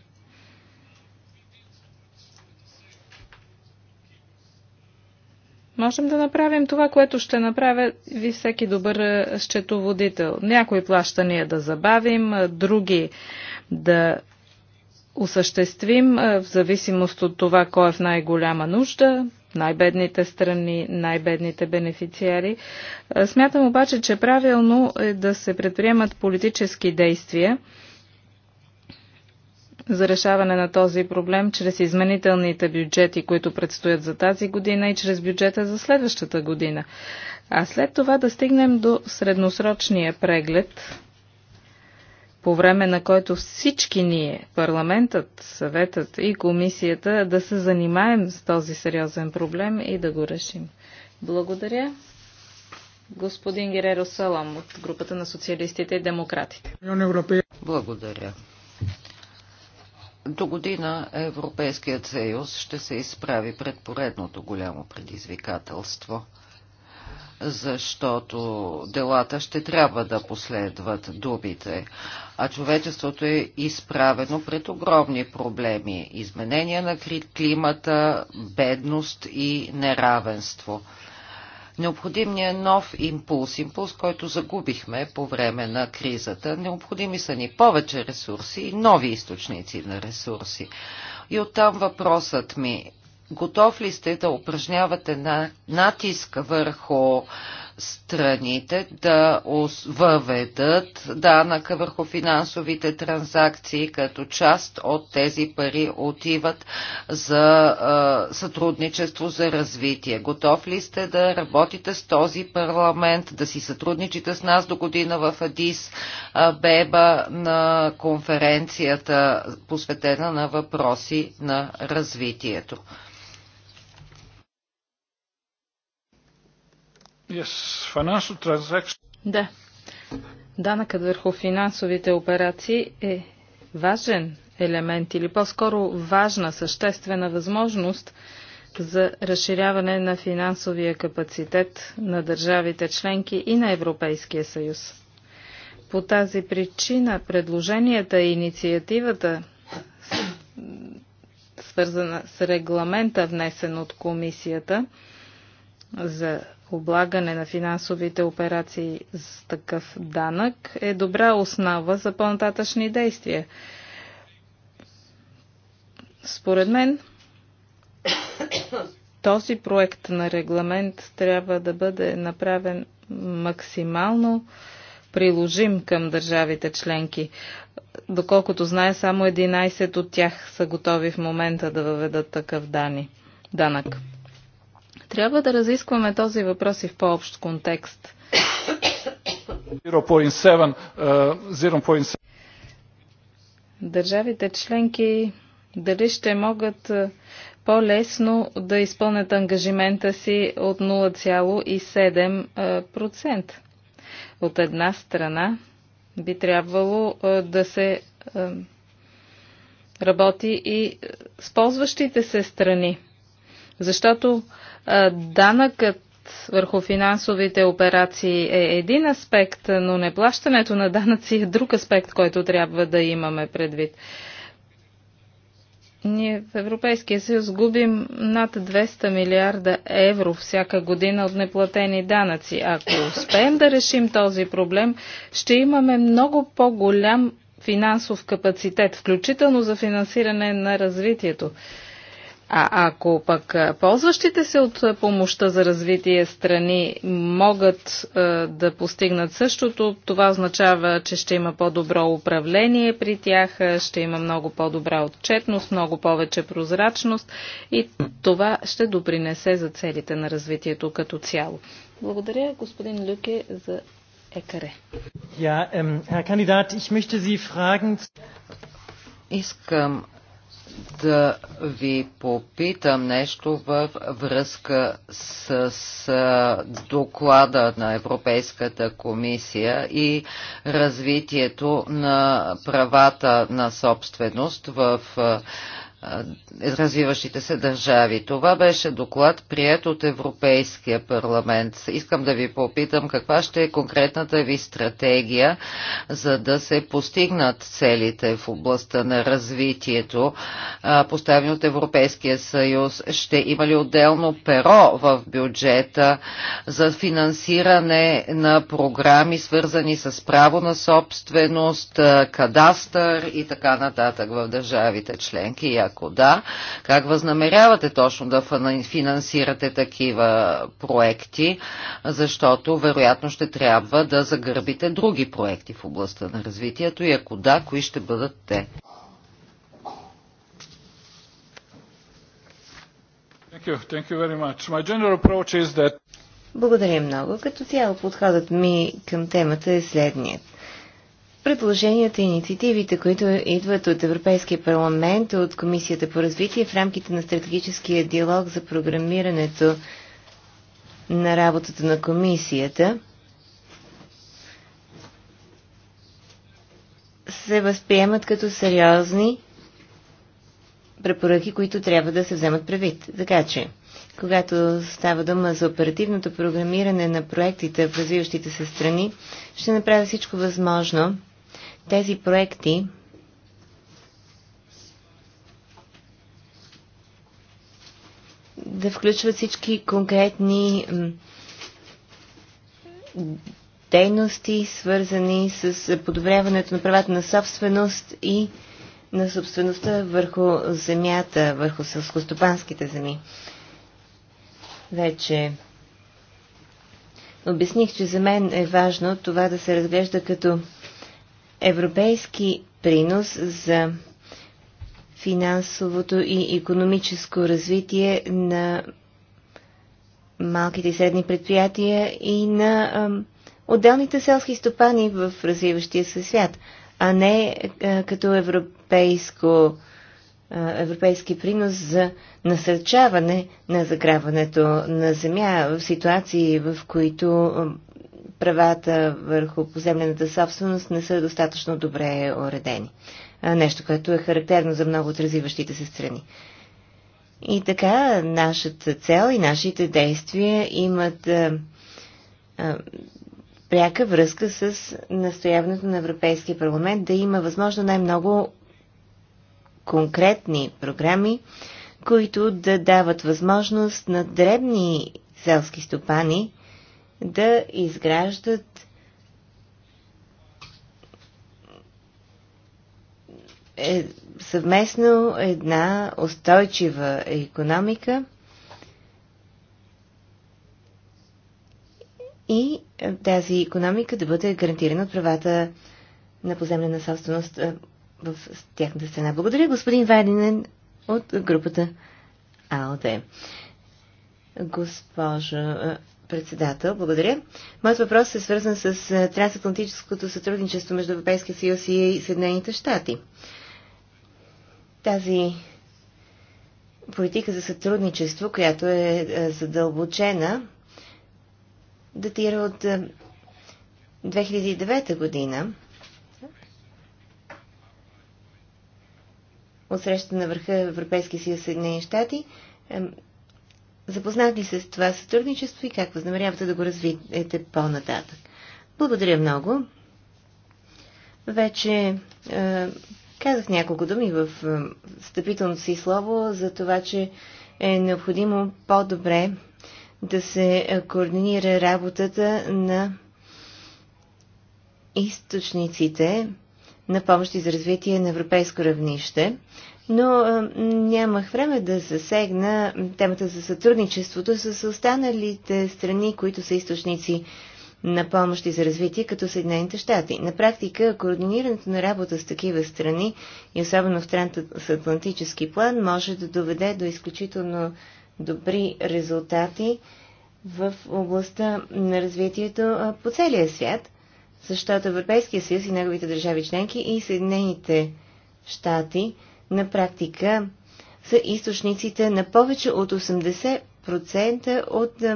Можем да направим това, което ще направя ви всеки добър е, счетоводител. Някои плащания да забавим, други да осъществим в зависимост от това кой е в най-голяма нужда, най-бедните страни, най-бедните бенефициари. Смятам обаче, че правилно е да се предприемат политически действия, за решаване на този проблем чрез изменителните бюджети, които предстоят за тази година и чрез бюджета за следващата година. А след това да стигнем до средносрочния преглед, по време на който всички ние, парламентът, съветът и комисията, да се занимаем с този сериозен проблем и да го решим. Благодаря. Господин Гереро Салам от групата на социалистите и демократите. Благодаря. До година Европейският съюз ще се изправи пред поредното голямо предизвикателство, защото делата ще трябва да последват дубите, а човечеството е изправено пред огромни проблеми – изменения на климата, бедност и неравенство – Необходимният нов импулс, импулс, който загубихме по време на кризата. Необходими са ни повече ресурси и нови източници на ресурси. И оттам въпросът ми Готов ли сте да упражнявате натиск върху страните да въведат данъка върху финансовите транзакции, като част от тези пари отиват за сътрудничество за развитие. Готов ли сте да работите с този парламент, да си сътрудничите с нас до година в Адис Беба на конференцията, посветена на въпроси на развитието? Yes, Да. Данъкът върху финансовите операции е важен елемент или по-скоро важна, съществена възможност за разширяване на финансовия капацитет на държавите членки и на Европейския съюз. По тази причина предложенията и инициативата, свързана с регламента, внесен от комисията за облагане на финансовите операции с такъв данък е добра основа за по-нататъчни действия. Според мен, този проект на регламент трябва да бъде направен максимално приложим към държавите членки. Доколкото знае, само 11 от тях са готови в момента да въведат такъв дани, данък. Трябва да разискваме този въпрос и в по-общ контекст. 0.7, 0.7. Uh, Държавите членки дали ще могат е, по-лесно да изпълнят ангажимента си от 0,7%. Е, от една страна би трябвало е, да се работи и с ползващите се страни. Защото данъкът върху финансовите операции е един аспект, но неплащането на данъци е друг аспект, който трябва да имаме предвид. Ние в Европейския съюз губим над 200 милиарда евро всяка година от неплатени данъци. Ако успеем да решим този проблем, ще имаме много по-голям финансов капацитет, включително за финансиране на развитието. А ако пък ползващите се от помощта за развитие страни могат е, да постигнат същото, това означава, че ще има по-добро управление при тях, ще има много по-добра отчетност, много повече прозрачност и това ще допринесе за целите на развитието като цяло. Благодаря, господин Люке, за екаре. Ja, ähm, Herr Kandidat, ich möchte Sie fragen... Искам да ви попитам нещо във връзка с, с доклада на Европейската комисия и развитието на правата на собственост в е, развиващите се държави. Това беше доклад, прият от Европейския парламент. Искам да ви попитам каква ще е конкретната ви стратегия, за да се постигнат целите в областта на развитието, поставени от Европейския съюз. Ще има ли отделно перо в бюджета за финансиране на програми, свързани с право на собственост, кадастър и така нататък в държавите членки? Ако да, как възнамерявате точно да финансирате такива проекти, защото вероятно ще трябва да загърбите други проекти в областта на развитието и ако да, кои ще бъдат те? That... Благодаря много. Като цяло подходът ми към темата е следният предложенията и инициативите, които идват от Европейския парламент, от Комисията по развитие в рамките на стратегическия диалог за програмирането на работата на комисията, се възприемат като сериозни препоръки, които трябва да се вземат предвид. Така че, когато става дума за оперативното програмиране на проектите в развиващите се страни, ще направя всичко възможно тези проекти да включват всички конкретни дейности, свързани с подобряването на правата на собственост и на собствеността върху земята, върху сълскостопанските земи. Вече обясних, че за мен е важно това да се разглежда като европейски принос за финансовото и економическо развитие на малките и средни предприятия и на отделните селски стопани в развиващия се свят, а не като европейско, европейски принос за насърчаване на заграването на земя в ситуации, в които правата върху поземлената собственост не са достатъчно добре уредени. Нещо, което е характерно за много от развиващите се страни. И така, нашата цел и нашите действия имат а, а, пряка връзка с настояването на Европейския парламент да има възможно най-много конкретни програми, които да дават възможност на дребни селски стопани да изграждат е, съвместно една устойчива економика и тази економика да бъде гарантирана от правата на поземлена собственост е, в тяхната страна. Благодаря, господин Вайдинен от групата АОД. Госпожо е, председател. Благодаря. Моят въпрос е свързан с е, трансатлантическото сътрудничество между Европейския съюз и Съединените щати. Тази политика за сътрудничество, която е, е задълбочена, датира от 2009 е, година от среща на върха Европейския съюз Съединени щати Запознат ли се с това сътрудничество и как възнамерявате да го развиете по-нататък? Благодаря много. Вече е, казах няколко думи в е, встъпителното си слово за това, че е необходимо по-добре да се координира работата на източниците на помощи за развитие на европейско равнище, но нямах време да засегна темата за сътрудничеството с останалите страни, които са източници на помощи за развитие, като Съединените щати. На практика, координирането на работа с такива страни, и особено в трансатлантически план, може да доведе до изключително добри резултати в областта на развитието по целия свят, защото Европейския съюз и неговите държави членки и Съединените щати – на практика са източниците на повече от 80% от е,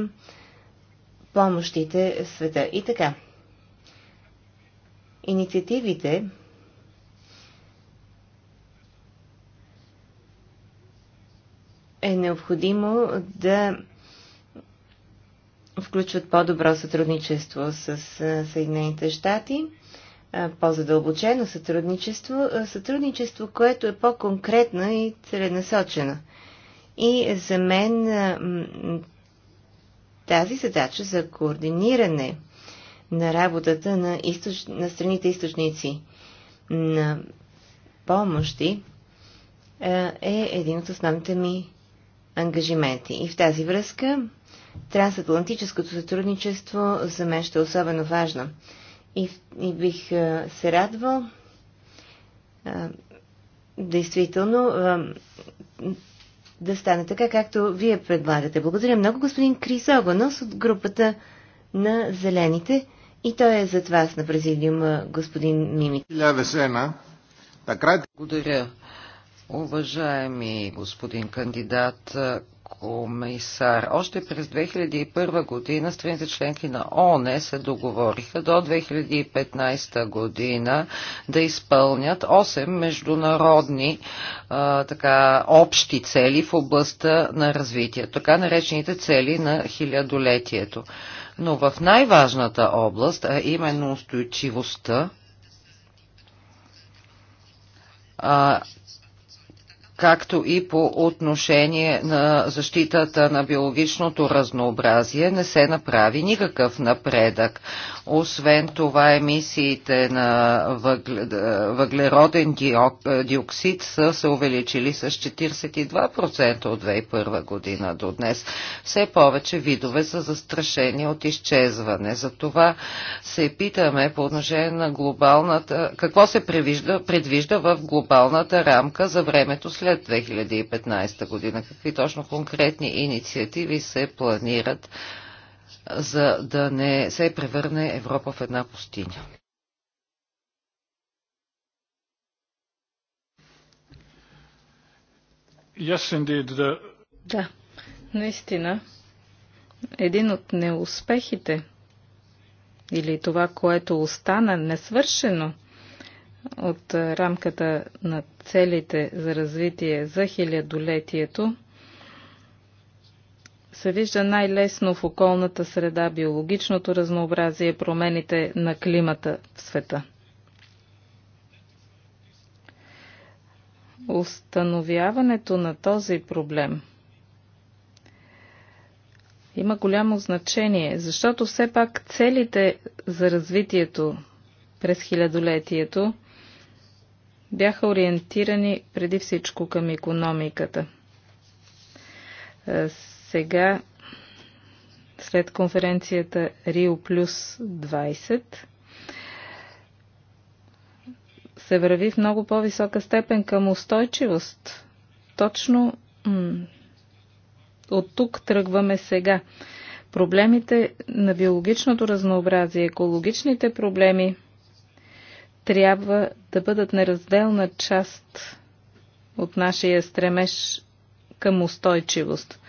помощите в света. И така, инициативите е необходимо да включват по-добро сътрудничество с е, Съединените щати – е, по-задълбочено сътрудничество, е, сътрудничество, което е по-конкретно и целенасочено. И за мен е, тази задача за координиране на работата на, източ... на страните източници на помощи е един от основните ми ангажименти. И в тази връзка трансатлантическото сътрудничество за мен ще е особено важно и, и бих а, се радвал. А, действително а, да стане така, както вие предлагате. Благодаря много, господин Крис Огонос от групата на Зелените. И той е зад вас на президиума, господин Мимик. Благодаря. Уважаеми господин кандидат, комисар. Още през 2001 година страните членки на ООН се договориха до 2015 година да изпълнят 8 международни а, така, общи цели в областта на развитие, така наречените цели на хилядолетието. Но в най-важната област, а именно устойчивостта, а, както и по отношение на защитата на биологичното разнообразие, не се направи никакъв напредък. Освен това, емисиите на въглероден диоксид са се увеличили с 42% от 2001 година до днес. Все повече видове са застрашени от изчезване. Затова се питаме по отношение на глобалната, какво се предвижда, предвижда в глобалната рамка за времето след след 2015 година? Какви точно конкретни инициативи се планират, за да не се превърне Европа в една пустиня? Yes, indeed, the... Да, наистина. Един от неуспехите или това, което остана несвършено от рамката на целите за развитие за хилядолетието се вижда най-лесно в околната среда биологичното разнообразие, промените на климата в света. Установяването на този проблем има голямо значение, защото все пак целите за развитието през хилядолетието бяха ориентирани преди всичко към економиката. Е, сега, след конференцията Рио Плюс 20, се върви в много по-висока степен към устойчивост. Точно от тук тръгваме сега. Проблемите на биологичното разнообразие, екологичните проблеми – трябва да бъдат неразделна част от нашия стремеж към устойчивост.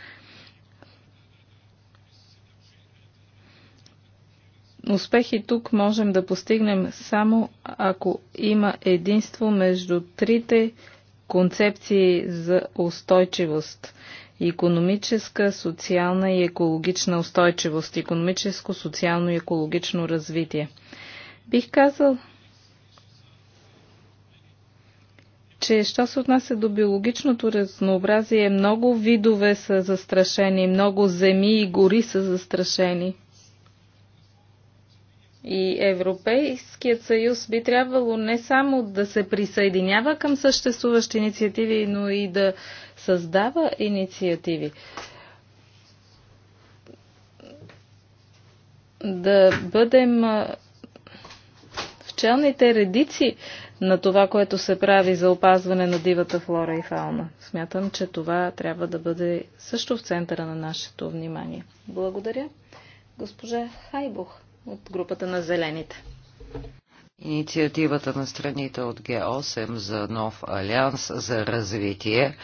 Успехи тук можем да постигнем само ако има единство между трите концепции за устойчивост економическа, социална и екологична устойчивост, економическо, социално и екологично развитие. Бих казал, че що се отнася до биологичното разнообразие, много видове са застрашени, много земи и гори са застрашени. И Европейският съюз би трябвало не само да се присъединява към съществуващи инициативи, но и да създава инициативи. Да бъдем в челните редици на това, което се прави за опазване на дивата флора и фауна. Смятам, че това трябва да бъде също в центъра на нашето внимание. Благодаря. Госпожа Хайбух от групата на Зелените. Инициативата на страните от Г8 за нов алианс за развитие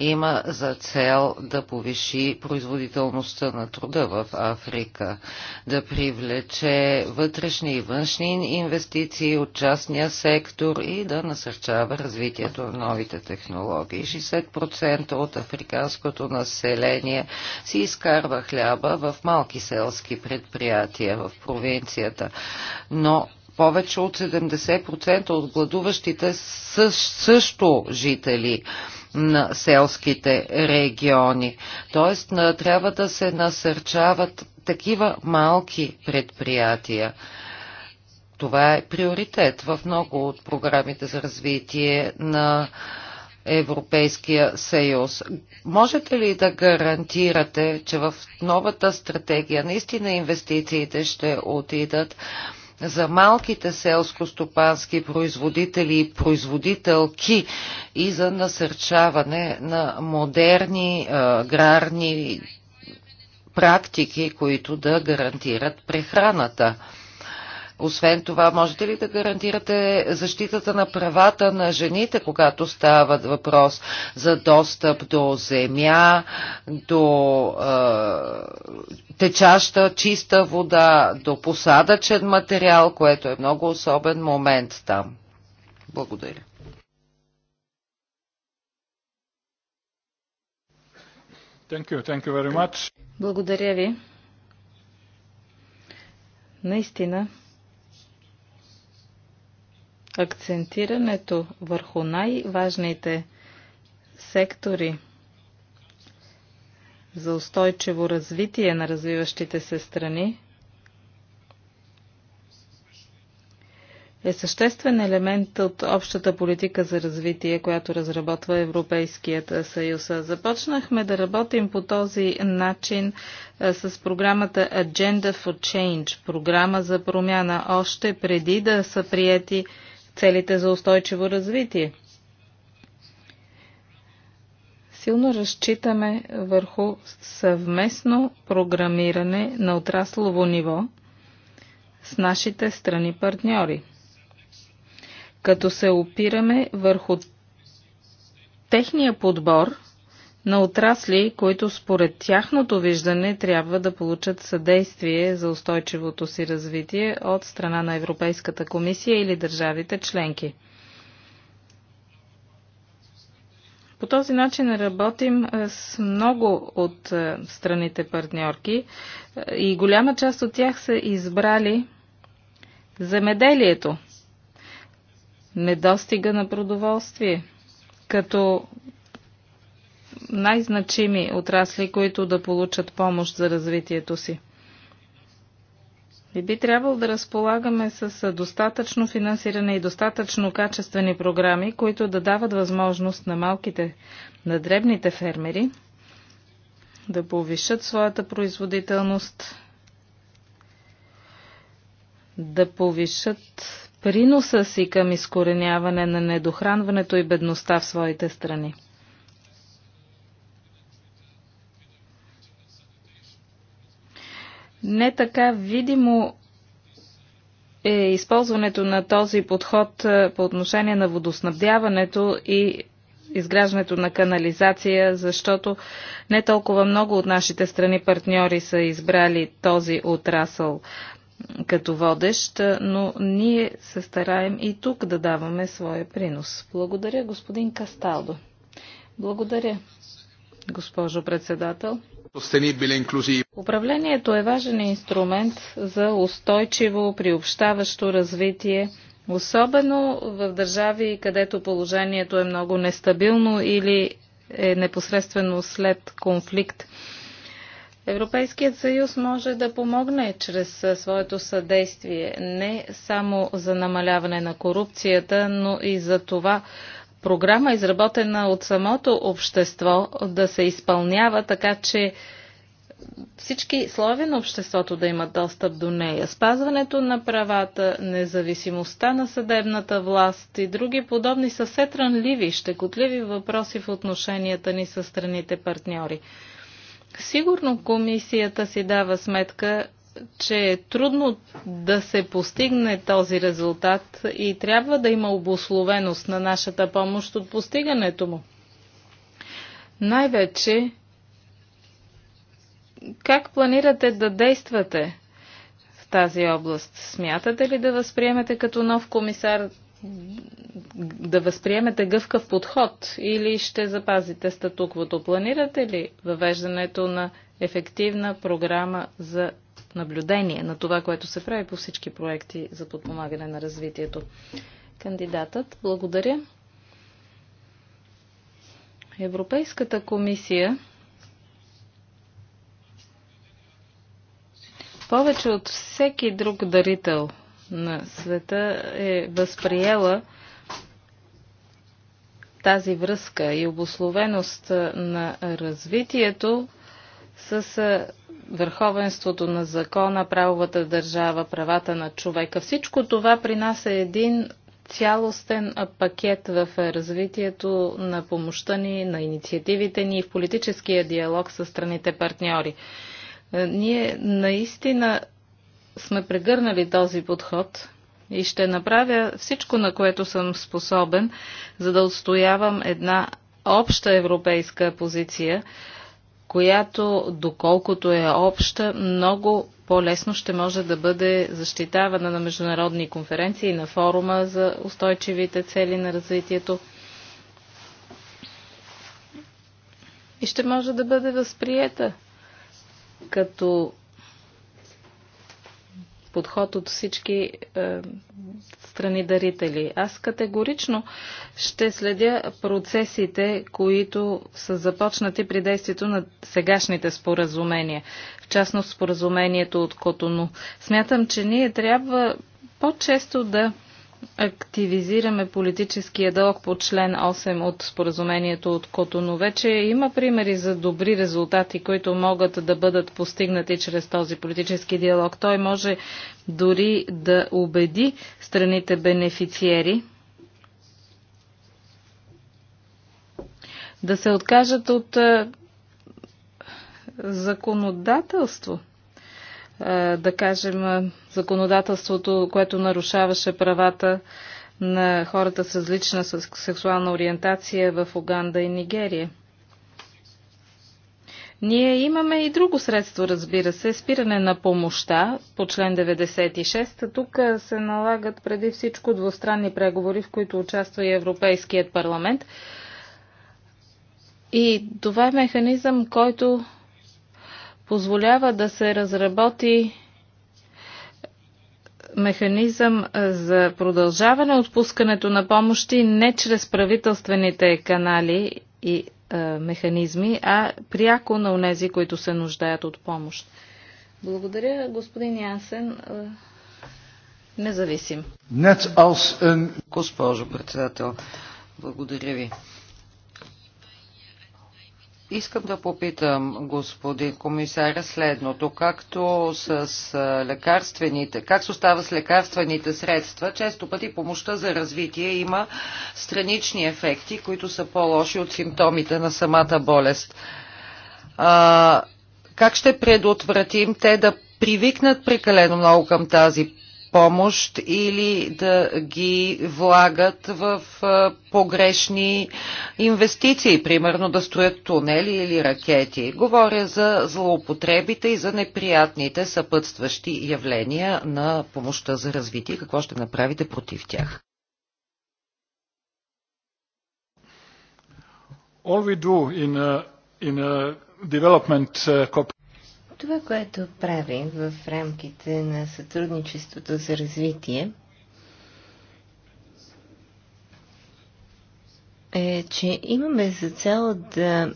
има за цел да повиши производителността на труда в Африка, да привлече вътрешни и външни инвестиции от частния сектор и да насърчава развитието на новите технологии. 60% от африканското население си изкарва хляба в малки селски предприятия в провинцията, но повече от 70% от гладуващите са също жители на селските региони. Тоест трябва да се насърчават такива малки предприятия. Това е приоритет в много от програмите за развитие на Европейския съюз. Можете ли да гарантирате, че в новата стратегия наистина инвестициите ще отидат за малките селско-стопански производители и производителки и за насърчаване на модерни аграрни практики, които да гарантират прехраната. Освен това, можете ли да гарантирате защитата на правата на жените, когато става въпрос за достъп до земя, до е, течаща чиста вода, до посадъчен материал, което е много особен момент там? Благодаря. Thank you, thank you very much. Благодаря ви. Наистина, акцентирането върху най-важните сектори за устойчиво развитие на развиващите се страни е съществен елемент от общата политика за развитие, която разработва Европейският съюз. Започнахме да работим по този начин с програмата Agenda for Change, програма за промяна, още преди да са приети целите за устойчиво развитие. Силно разчитаме върху съвместно програмиране на отраслово ниво с нашите страни партньори, като се опираме върху техния подбор на отрасли, които според тяхното виждане трябва да получат съдействие за устойчивото си развитие от страна на Европейската комисия или държавите членки. По този начин работим е, с много от е, страните партньорки е, и голяма част от тях са избрали земеделието, недостига на продоволствие, като най-значими отрасли, които да получат помощ за развитието си. И би трябвало да разполагаме с достатъчно финансиране и достатъчно качествени програми, които да дават възможност на малките, на дребните фермери да повишат своята производителност, да повишат приноса си към изкореняване на недохранването и бедността в своите страни. Не така видимо е използването на този подход е, по отношение на водоснабдяването и изграждането на канализация, защото не толкова много от нашите страни партньори са избрали този отрасъл като водещ, е, но ние се стараем и тук да даваме своя принос. Благодаря, господин Касталдо. Благодаря, госпожо председател. Управлението е важен инструмент за устойчиво приобщаващо развитие, особено в държави, където положението е много нестабилно или е непосредствено след конфликт. Европейският съюз може да помогне чрез своето съдействие не само за намаляване на корупцията, но и за това програма, изработена от самото общество, да се изпълнява така, че всички слови на обществото да имат достъп до нея. Спазването на правата, независимостта на съдебната власт и други подобни са все трънливи, щекотливи въпроси в отношенията ни с страните партньори. Сигурно комисията си дава сметка, че е трудно да се постигне този резултат и трябва да има обословеност на нашата помощ от постигането му. Най-вече, как планирате да действате в тази област? Смятате ли да възприемете като нов комисар да възприемете гъвкав подход или ще запазите статуквото? Планирате ли въвеждането на ефективна програма за наблюдение на това, което се прави по всички проекти за подпомагане на развитието. Кандидатът, благодаря. Европейската комисия повече от всеки друг дарител на света е възприела тази връзка и обословеност на развитието с върховенството на закона, правовата държава, правата на човека. Всичко това при нас е един цялостен пакет в развитието на помощта ни, на инициативите ни и в политическия диалог с страните партньори. Е, ние наистина сме прегърнали този подход и ще направя всичко, на което съм способен, за да отстоявам една обща европейска позиция, която, доколкото е обща, много по-лесно ще може да бъде защитавана на международни конференции и на форума за устойчивите цели на развитието. И ще може да бъде възприета като подход от всички е, страни дарители. Аз категорично ще следя процесите, които са започнати при действието на сегашните споразумения, в частност споразумението от Котону. Смятам, че ние трябва по-често да активизираме политическия дълг по член 8 от споразумението от Котоно. Вече има примери за добри резултати, които могат да бъдат постигнати чрез този политически диалог. Той може дори да убеди страните бенефициери да се откажат от законодателство, да кажем, законодателството, което нарушаваше правата на хората с различна сексуална ориентация в Уганда и Нигерия. Ние имаме и друго средство, разбира се, спиране на помощта по член 96. Тук се налагат преди всичко двустранни преговори, в които участва и Европейският парламент. И това е механизъм, който позволява да се разработи механизъм за продължаване отпускането на помощи не чрез правителствените канали и е, механизми, а пряко на унези, които се нуждаят от помощ. Благодаря, господин Янсен. Независим. Госпожо председател, благодаря ви. Искам да попитам, господин комисар, следното. Както с лекарствените, как се остава с лекарствените средства, често пъти помощта за развитие има странични ефекти, които са по-лоши от симптомите на самата болест. А, как ще предотвратим те да привикнат прекалено много към тази помощ или да ги влагат в погрешни инвестиции, примерно да строят тунели или ракети. Говоря за злоупотребите и за неприятните съпътстващи явления на помощта за развитие. Какво ще направите против тях? All we do in a, in a development uh, това, което правим в рамките на сътрудничеството за развитие, е, че имаме за цел да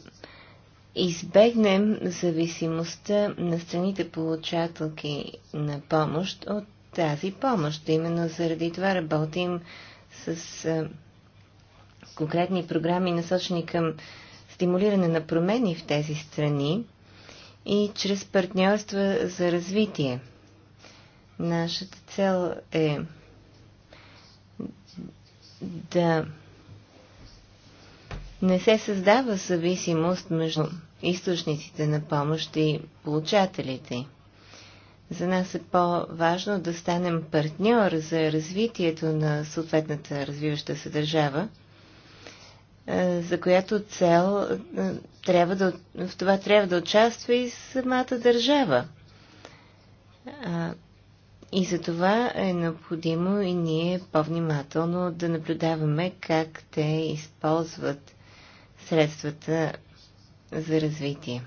избегнем зависимостта на страните получателки на помощ от тази помощ. Именно заради това работим с конкретни програми, насочени към стимулиране на промени в тези страни, и чрез партньорства за развитие. Нашата цел е да не се създава зависимост между източниците на помощ и получателите. За нас е по-важно да станем партньор за развитието на съответната развиваща се държава, е, за която цел е, трябва да, в това трябва да участва и самата държава. И за това е необходимо и ние по-внимателно да наблюдаваме как те използват средствата за развитие.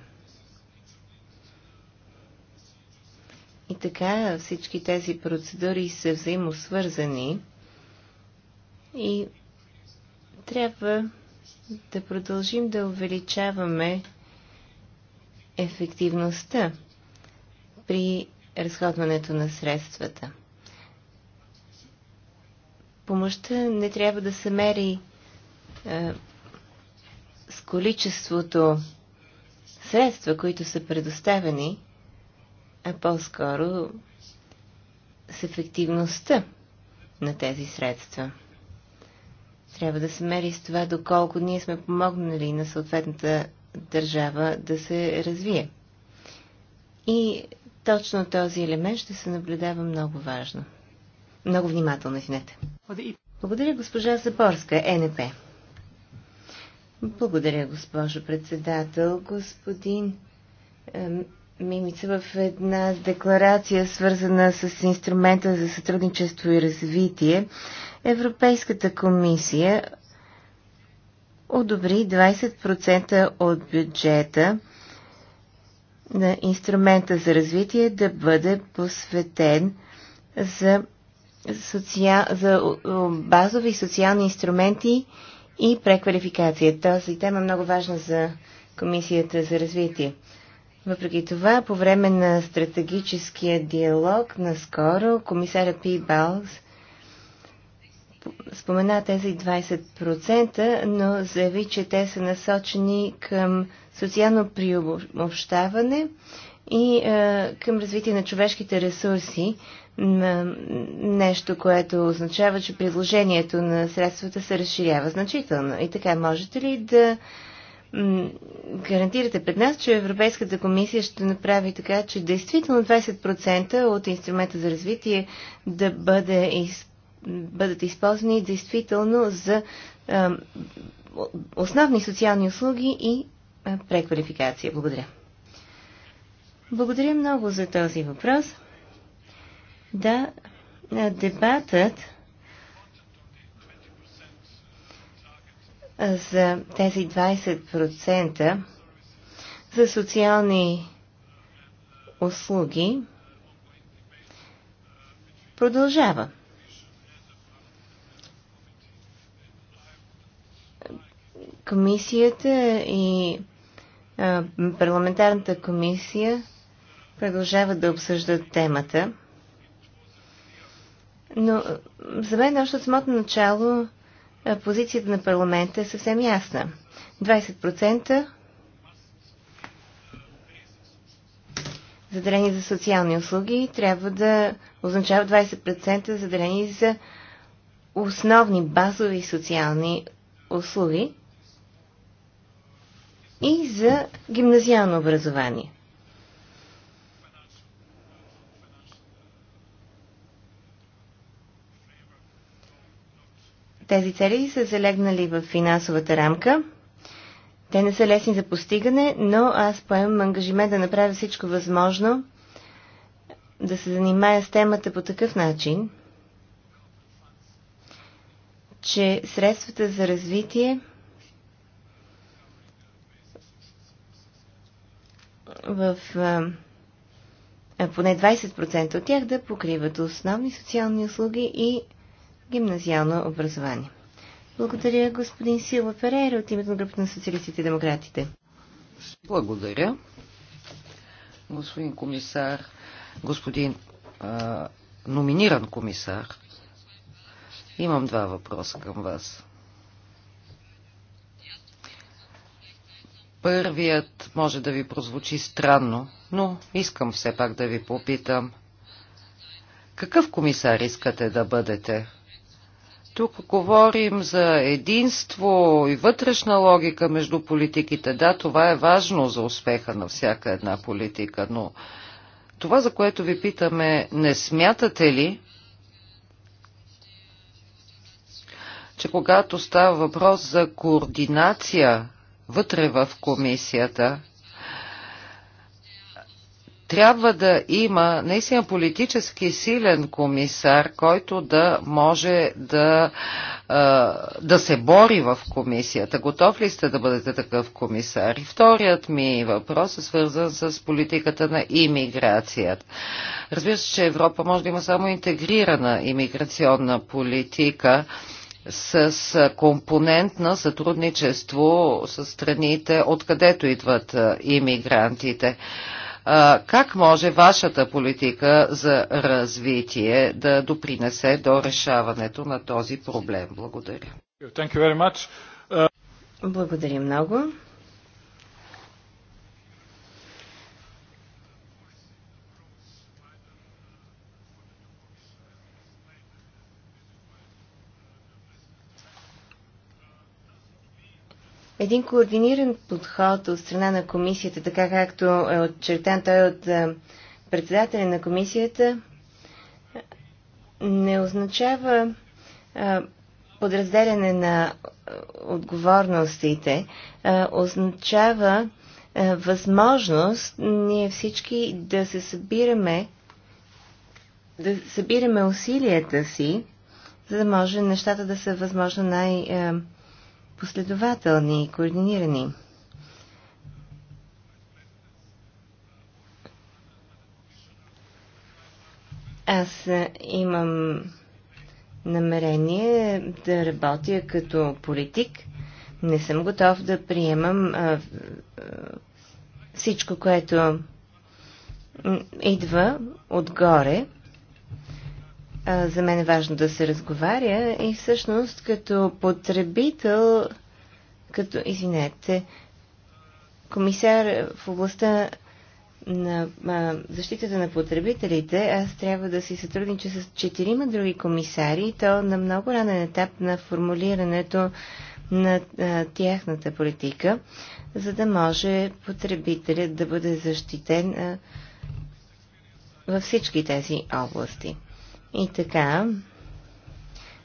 И така всички тези процедури са взаимосвързани и трябва да продължим да увеличаваме ефективността при разходването на средствата. Помощта не трябва да се мери е, с количеството средства, които са предоставени, а по-скоро с ефективността на тези средства. Трябва да се мери с това доколко ние сме помогнали на съответната държава да се развие. И точно този елемент ще се наблюдава много важно. Много внимателно, извинете. Благодаря, госпожа Запорска, е НП. Благодаря, госпожо председател, господин мимица в една декларация, свързана с инструмента за сътрудничество и развитие. Европейската комисия одобри 20% от бюджета на инструмента за развитие да бъде посветен за, социал... за базови социални инструменти и преквалификация. Тази тема е много важна за Комисията за развитие. Въпреки това, по време на стратегическия диалог наскоро, комисаря Пи Балс спомена тези 20%, но заяви, че те са насочени към социално приобщаване и е, към развитие на човешките ресурси, на нещо, което означава, че предложението на средствата се разширява значително. И така, можете ли да гарантирате пред нас, че Европейската комисия ще направи така, че действително 20% от инструмента за развитие да бъде из, бъдат използвани действително за а, основни социални услуги и а, преквалификация. Благодаря. Благодаря много за този въпрос. Да, дебатът за тези 20% за социални услуги продължава. Комисията и а, парламентарната комисия продължават да обсъждат темата. Но за мен още от самото начало е, позицията на парламента е съвсем ясна. 20% заделени за социални услуги трябва да означава 20% заделени за основни базови социални услуги и за гимназиално образование. Тези цели са залегнали в финансовата рамка. Те не са лесни за постигане, но аз поемам ангажимент да направя всичко възможно да се занимая с темата по такъв начин, че средствата за развитие в а, поне 20% от тях да покриват основни социални услуги и гимназиално образование. Благодаря, господин Сила Ферейра от името на групата на социалистите и демократите. Благодаря. Господин комисар, господин а, номиниран комисар, имам два въпроса към вас. Първият може да ви прозвучи странно, но искам все пак да ви попитам. Какъв комисар искате да бъдете? Тук говорим за единство и вътрешна логика между политиките. Да, това е важно за успеха на всяка една политика, но това, за което ви питаме, не смятате ли, че когато става въпрос за координация вътре в комисията, трябва да има наистина политически силен комисар, който да може да, да се бори в комисията. Готов ли сте да бъдете такъв комисар? И вторият ми въпрос е свързан с политиката на имиграцията. Разбира се, че Европа може да има само интегрирана имиграционна политика с компонент на сътрудничество с страните, откъдето идват имигрантите. Как може вашата политика за развитие да допринесе до решаването на този проблем? Благодаря. Благодаря много. един координиран подход от страна на комисията, така както е отчертан той от е, председателя на комисията, не означава е, подразделяне на е, отговорностите, означава възможност ние всички да се събираме, да събираме усилията си, за да може нещата да са възможно най- последователни и координирани. Аз е, имам намерение да работя като политик. Не съм готов да приемам а, всичко, което идва отгоре за мен е важно да се разговаря и всъщност като потребител, като, извинете, комисар в областта на а, защитата на потребителите, аз трябва да си сътруднича с четирима други комисари и то на много ранен етап на формулирането на а, тяхната политика, за да може потребителят да бъде защитен а, във всички тези области. И така,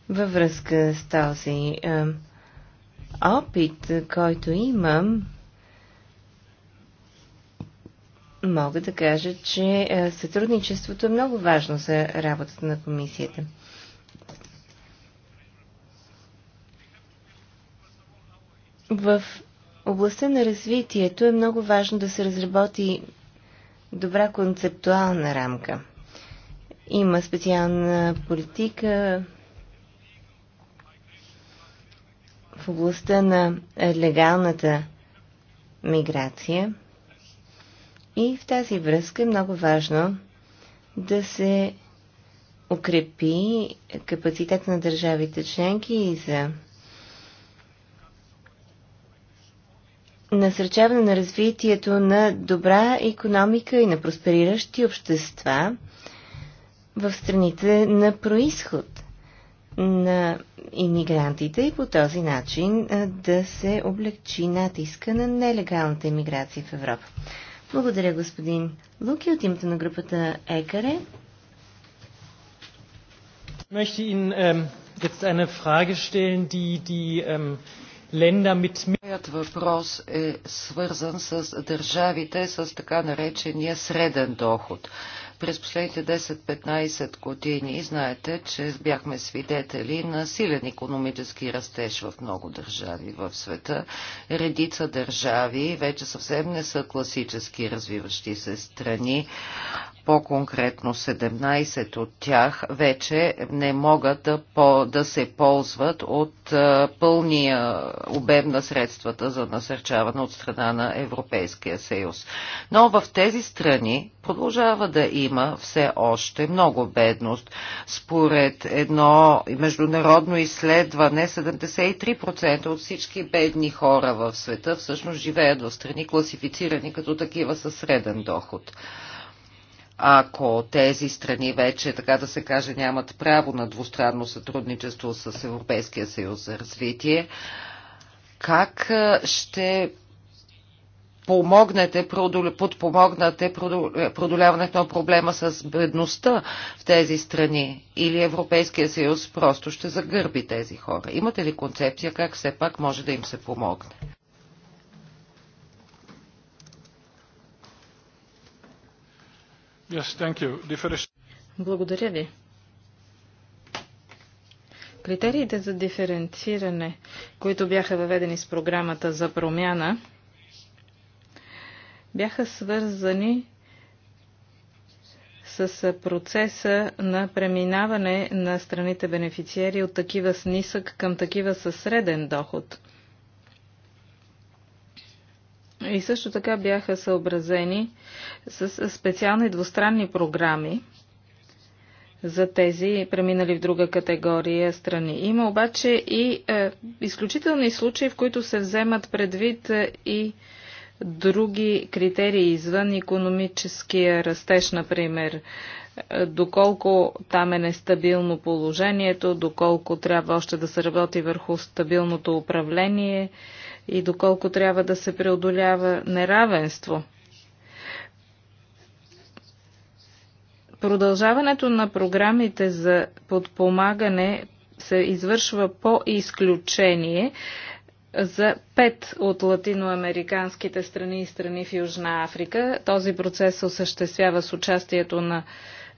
във връзка с този е, опит, който имам, мога да кажа, че е, сътрудничеството е много важно за работата на комисията. В областта на развитието е много важно да се разработи добра концептуална рамка – има специална политика в областта на легалната миграция. И в тази връзка е много важно да се укрепи капацитет на държавите членки и за насърчаване на развитието на добра економика и на проспериращи общества, в страните на происход на иммигрантите и по този начин да се облегчи натиска на нелегалната иммиграция в Европа. Благодаря, господин Луки, от името на групата ЕКАРЕ. Möchte Ihnen ähm, jetzt eine Frage stellen, die die ähm, Länder mit... Моят въпрос е свързан с държавите с така наречения среден доход. През последните 10-15 години знаете, че бяхме свидетели на силен економически растеж в много държави в света. Редица държави вече съвсем не са класически развиващи се страни. По-конкретно 17 от тях вече не могат да, по, да се ползват от а, пълния обем на средствата за насърчаване от страна на Европейския съюз. Но в тези страни продължава да има все още много бедност. Според едно международно изследване, 73% от всички бедни хора в света всъщност живеят в страни, класифицирани като такива със среден доход ако тези страни вече, така да се каже, нямат право на двустранно сътрудничество с Европейския съюз за развитие, как ще помогнете, подпомогнате продоляването на проблема с бедността в тези страни или Европейския съюз просто ще загърби тези хора? Имате ли концепция как все пак може да им се помогне? Yes, thank you. Differ... Благодаря ви. Критериите за диференциране, които бяха въведени с програмата за промяна, бяха свързани с процеса на преминаване на страните бенефициери от такива с нисък към такива с среден доход. И също така бяха съобразени с специални двустранни програми за тези преминали в друга категория страни. Има обаче и е, изключителни случаи, в които се вземат предвид е, и е, други критерии извън економическия растеж, например, е, доколко там е нестабилно положението, доколко трябва още да се работи върху стабилното управление и доколко трябва да се преодолява неравенство. Продължаването на програмите за подпомагане се извършва по изключение за пет от латиноамериканските страни и страни в Южна Африка. Този процес се осъществява с участието на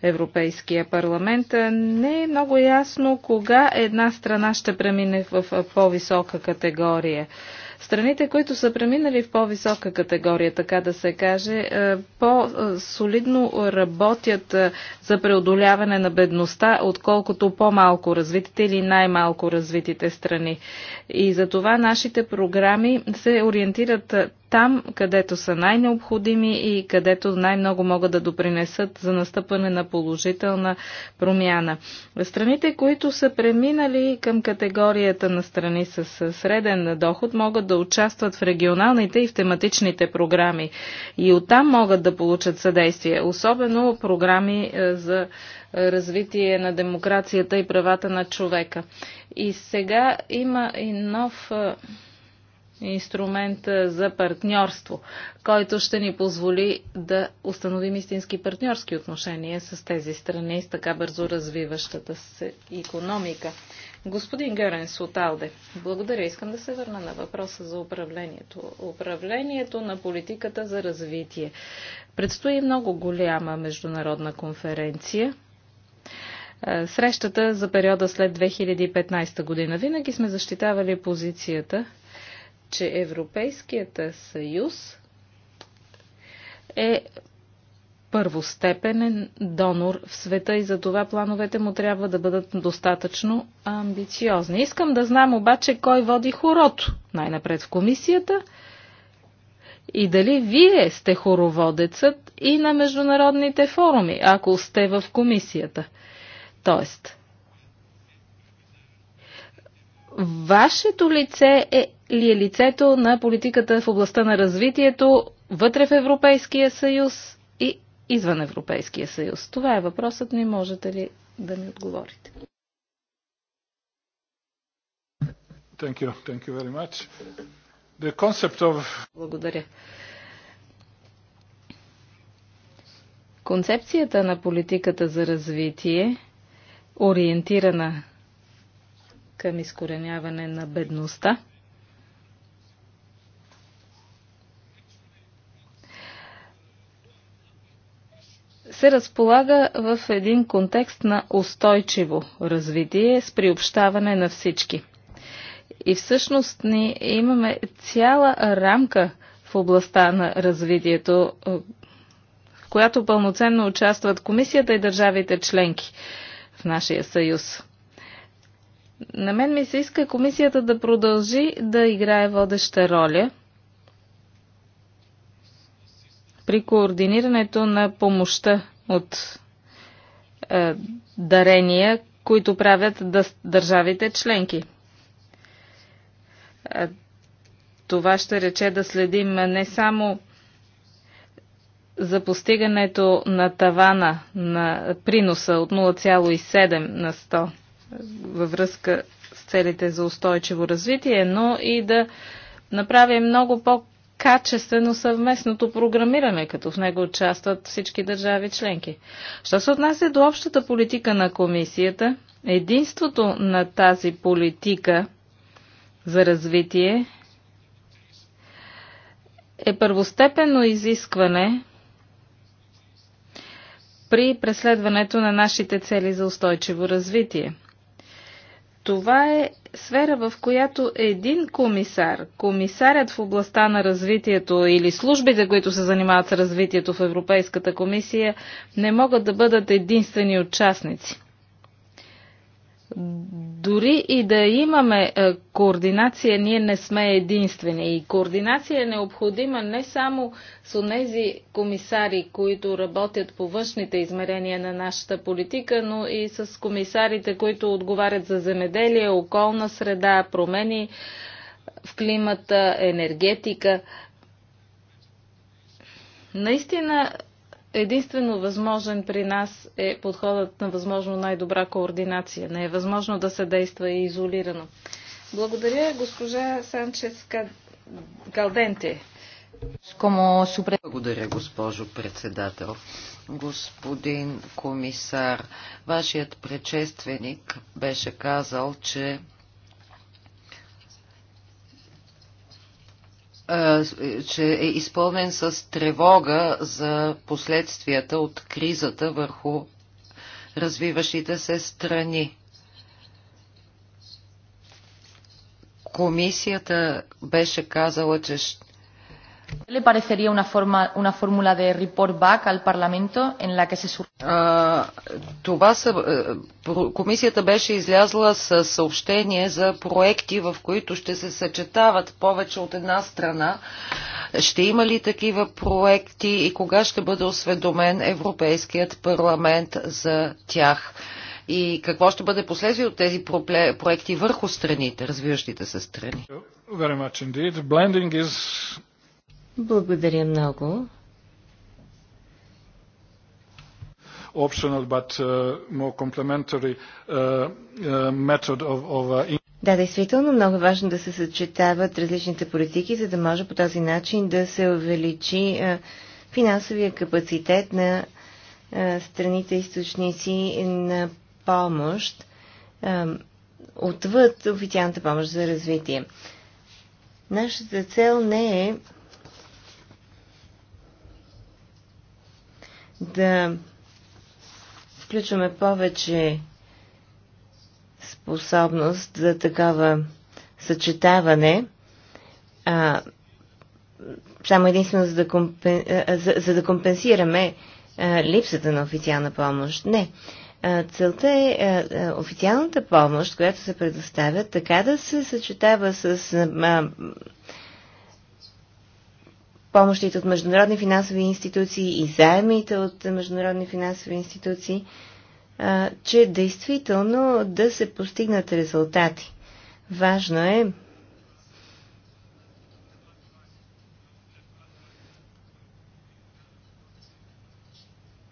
Европейския парламент. Не е много ясно кога една страна ще премине в по-висока категория. Страните, които са преминали в по-висока категория, така да се каже, е, по-солидно работят е, за преодоляване на бедността, отколкото по-малко развитите или най-малко развитите страни. И за това нашите програми се ориентират е, там, където са най-необходими и където най-много могат да допринесат за настъпване на положителна промяна. Страните, които са преминали към категорията на страни с среден доход, могат да участват в регионалните и в тематичните програми. И оттам могат да получат съдействие, особено програми е, за развитие на демокрацията и правата на човека. И сега има и нов е, инструмент за партньорство, който ще ни позволи да установим истински партньорски отношения с тези страни с така бързо развиващата се економика. Господин Герен Соталде, благодаря. Искам да се върна на въпроса за управлението. Управлението на политиката за развитие. Предстои много голяма международна конференция срещата за периода след 2015 година. Винаги сме защитавали позицията, че Европейският съюз е първостепенен донор в света и за това плановете му трябва да бъдат достатъчно амбициозни. Искам да знам обаче кой води хорото най-напред в комисията и дали вие сте хороводецът и на международните форуми, ако сте в комисията. Тоест, вашето лице е ли е лицето на политиката в областта на развитието вътре в Европейския съюз и извън Европейския съюз? Това е въпросът ми. Можете ли да ми отговорите? Thank you. Thank you very much. The concept of... Благодаря. Концепцията на политиката за развитие, ориентирана към изкореняване на бедността, се разполага в един контекст на устойчиво развитие с приобщаване на всички. И всъщност ни имаме цяла рамка в областта на развитието, е, в която пълноценно участват комисията и държавите членки в нашия съюз. На мен ми се иска комисията да продължи да играе водеща роля – при координирането на помощта от е, дарения, които правят държавите членки. Е, това ще рече да следим не само за постигането на тавана на приноса от 0,7 на 100 е, във връзка с целите за устойчиво развитие, но и да направим много по- качествено съвместното програмиране, като в него участват всички държави членки. Що се отнася до общата политика на комисията, единството на тази политика за развитие е първостепенно изискване при преследването на нашите цели за устойчиво развитие – това е сфера, в която един комисар, комисарят в областта на развитието или службите, които се занимават с развитието в Европейската комисия, не могат да бъдат единствени участници. Дори и да имаме е, координация, ние не сме единствени. И координация е необходима не само с тези комисари, които работят по външните измерения на нашата политика, но и с комисарите, които отговарят за земеделие, околна среда, промени в климата, енергетика. Наистина единствено възможен при нас е подходът на възможно най-добра координация. Не е възможно да се действа и изолирано. Благодаря, госпожа Санчес Галденте. Благодаря, госпожо председател. Господин комисар, вашият предшественик беше казал, че Е, е, че е изпълнен с тревога за последствията от кризата върху развиващите се страни. Комисията беше казала, че ще le parecería una, forma, una fórmula de report back al Parlamento en la que se... uh, това са, комисията беше излязла с съобщение за проекти, в които ще се съчетават повече от една страна. Ще има ли такива проекти и кога ще бъде осведомен Европейският парламент за тях? и какво ще бъде последствие от тези проекти върху страните, развиващите се страни. Благодаря много. Optional, but uh, more complementary uh, uh, method of, of uh, да, действително много е важно да се съчетават различните политики, за да може по този начин да се увеличи финансовия капацитет на страните източници на помощ отвъд официалната помощ за развитие. Нашата цел не е да включваме повече способност за такова съчетаване, а, само единствено за да, компен... за, за да компенсираме а, липсата на официална помощ. Не. А, целта е а, официалната помощ, която се предоставя, така да се съчетава с а, помощите от международни финансови институции и заемите от международни финансови институции, че действително да се постигнат резултати. Важно е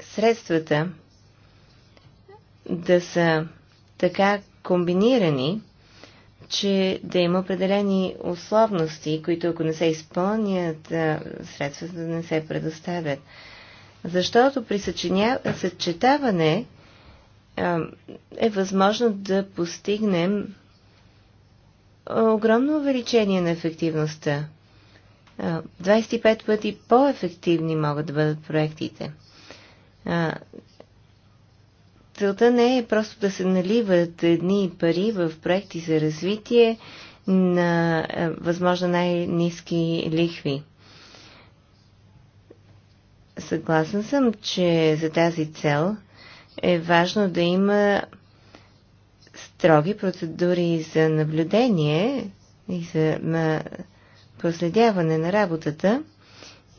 средствата да са така комбинирани, че да има определени условности, които ако не се изпълнят, средствата не се предоставят. Защото при съчетаване е възможно да постигнем огромно увеличение на ефективността. 25 пъти по-ефективни могат да бъдат проектите. Целта не е просто да се наливат едни пари в проекти за развитие на е, възможно най-низки лихви. Съгласен съм, че за тази цел е важно да има строги процедури за наблюдение и за на проследяване на работата.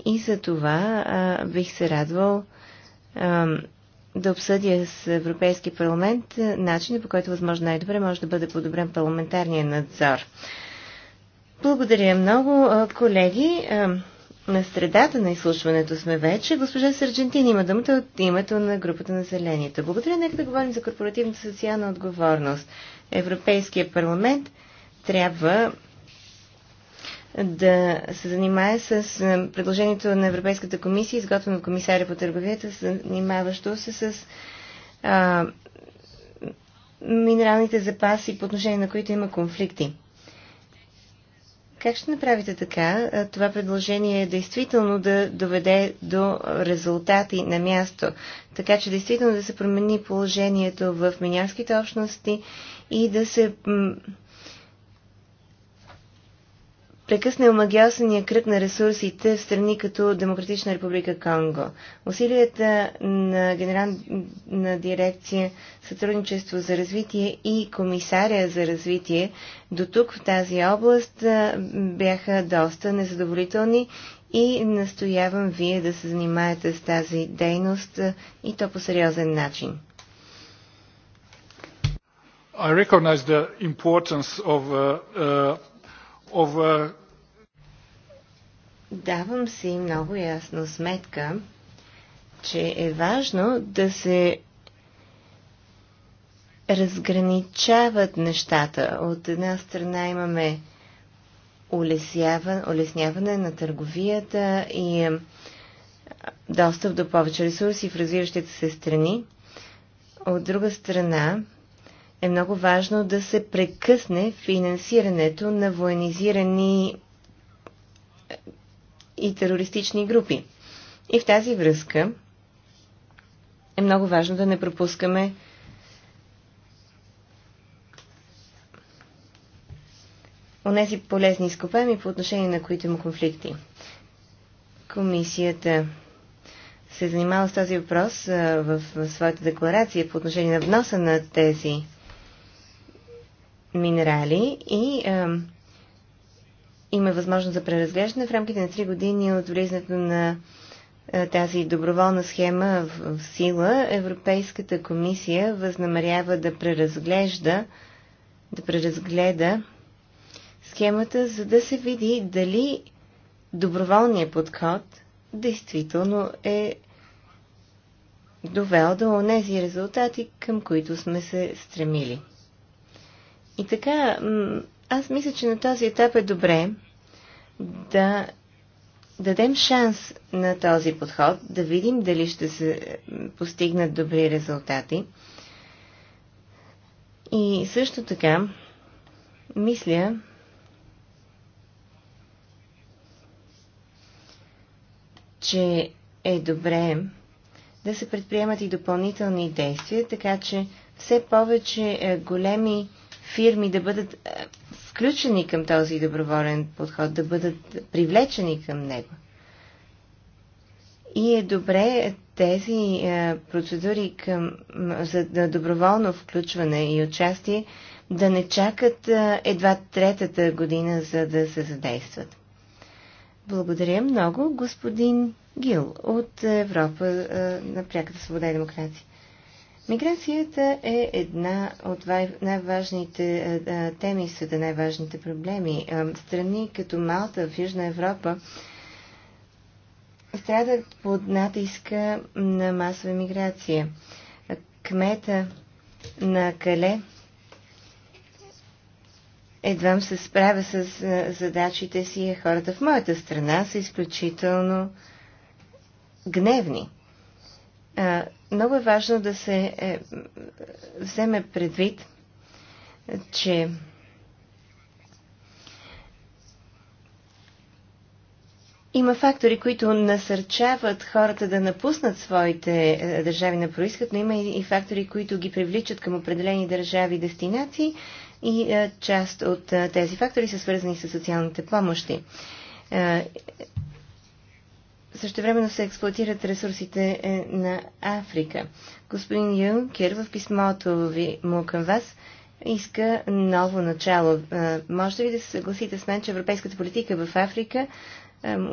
И за това а, бих се радвал а, да обсъдя с Европейски парламент е, начина по който възможно най-добре може да бъде подобрен парламентарния надзор. Благодаря много, колеги. На средата на изслушването сме вече. Госпожа Сърджентин има думата от името на групата на зелените. Благодаря. Нека да говорим за корпоративната социална отговорност. Европейския парламент трябва да се занимае с е, предложението на Европейската комисия, изготвено от комисаря по търговията, занимаващо се с а, минералните запаси, по отношение на които има конфликти. Как ще направите така това предложение действително да доведе до резултати на място, така че действително да се промени положението в минярските общности и да се прекъсне омагиосения кръг на ресурсите в страни като Демократична република Конго. Усилията на Генерална дирекция Сътрудничество за развитие и комисаря за развитие до тук в тази област бяха доста незадоволителни и настоявам вие да се занимаете с тази дейност и то по сериозен начин. I recognize the importance of uh, uh, Давам си много ясно сметка, че е важно да се разграничават нещата. От една страна имаме улесняване на търговията и достъп до повече ресурси в развиващите се страни. От друга страна, е много важно да се прекъсне финансирането на военизирани е, и терористични групи. И в тази връзка е много важно да не пропускаме онези полезни изкопаеми, по отношение на които има конфликти. Комисията се е занимава с този въпрос в своята декларация по отношение на вноса на тези минерали и а, има възможност за преразглеждане в рамките на 3 години от влизането на а, тази доброволна схема в, в сила. Европейската комисия възнамерява да преразглежда да преразгледа схемата, за да се види дали доброволният подход действително е довел до тези резултати, към които сме се стремили. И така, аз мисля, че на този етап е добре да дадем шанс на този подход, да видим дали ще се постигнат добри резултати. И също така, мисля, че е добре да се предприемат и допълнителни действия, така че все повече е, големи фирми да бъдат е, включени към този доброволен подход, да бъдат привлечени към него. И е добре тези е, процедури към, за доброволно включване и участие да не чакат е, едва третата година, за да се задействат. Благодаря много, господин Гил от Европа на пряката свобода и демокрация. Миграцията е една от най-важните е, е, теми, света, най-важните проблеми. Е, страни като Малта в Южна Европа страдат под натиска на масова миграция. Кмета на Кале едвам се справя с задачите си, а хората в моята страна са изключително гневни много е важно да се е, вземе предвид, че има фактори, които насърчават хората да напуснат своите е, държави на происход, но има и фактори, които ги привличат към определени държави и дестинации и е, част от е, тези фактори са свързани с социалните помощи. Е, същевременно се експлуатират ресурсите е, на Африка. Господин Юнкер в писмото ви му към вас иска ново начало. Може ли да се съгласите с мен, че европейската политика в Африка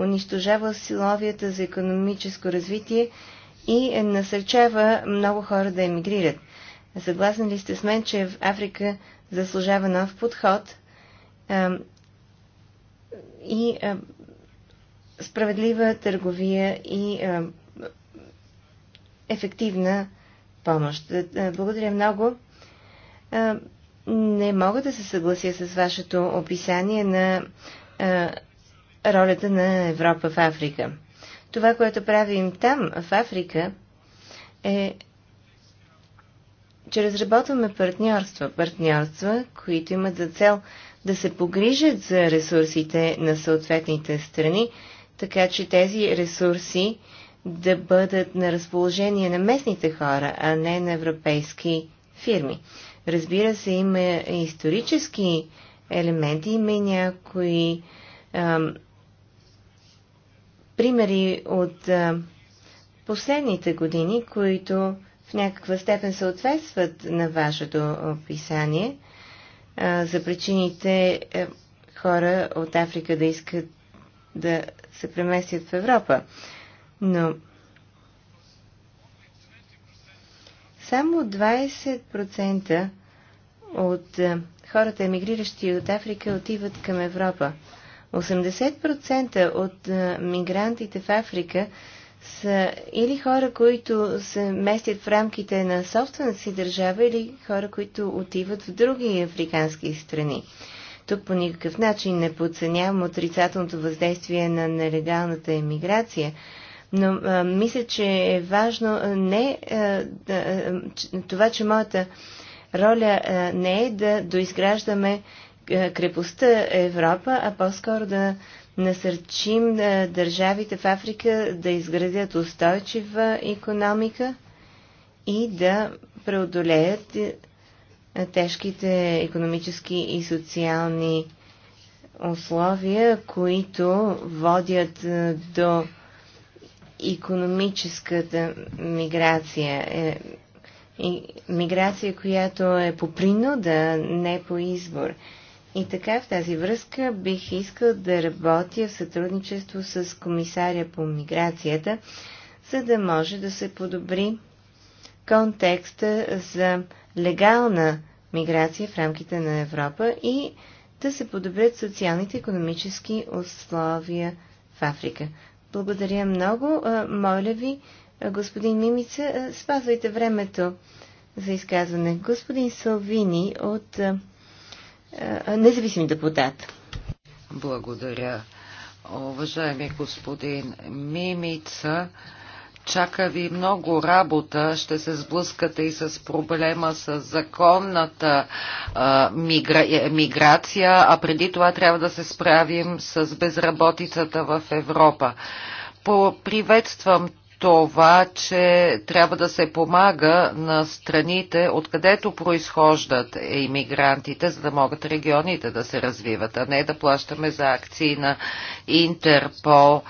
унищожава силовията за економическо развитие и е, насърчава много хора да емигрират? Съгласни ли сте с мен, че в Африка заслужава нов подход и справедлива търговия и ефективна помощ. Е, е, благодаря много. Не мога да се съглася с вашето описание на ролята на Европа в Африка. Това, което правим там, в Африка, е, че разработваме партньорства. Партньорства, които имат за цел да се погрижат за ресурсите на съответните страни, така че тези ресурси да бъдат на разположение на местните хора, а не на европейски фирми. Разбира се, има исторически елементи, има и някои ам, примери от ам, последните години, които в някаква степен съответстват на вашето описание а, за причините а, хора от Африка да искат да се преместят в Европа. Но само 20% от е, хората, емигриращи от Африка, отиват към Европа. 80% от е, мигрантите в Африка са или хора, които се местят в рамките на собствената си държава, или хора, които отиват в други африкански страни. Тук по никакъв начин не подценявам отрицателното въздействие на нелегалната емиграция. Но а, мисля, че е важно не а, а, това, че моята роля а, не е да доизграждаме крепостта Европа, а по-скоро да насърчим държавите в Африка да изградят устойчива економика и да преодолеят тежките економически и социални условия, които водят е, до економическата миграция. Е, миграция, която е по принуда, не по избор. И така в тази връзка бих искал да работя в сътрудничество с комисаря по миграцията, за да може да се подобри контекста за легална миграция в рамките на Европа и да се подобрят социалните и економически условия в Африка. Благодаря много. Моля ви, господин Мимица, спазвайте времето за изказване. Господин Салвини от независим депутат. Благодаря. Уважаеми господин Мимица, Чака ви много работа, ще се сблъскате и с проблема с законната а, мигра... Е, миграция, а преди това трябва да се справим с безработицата в Европа. По приветствам това, че трябва да се помага на страните, откъдето произхождат иммигрантите, за да могат регионите да се развиват, а не да плащаме за акции на Интерпол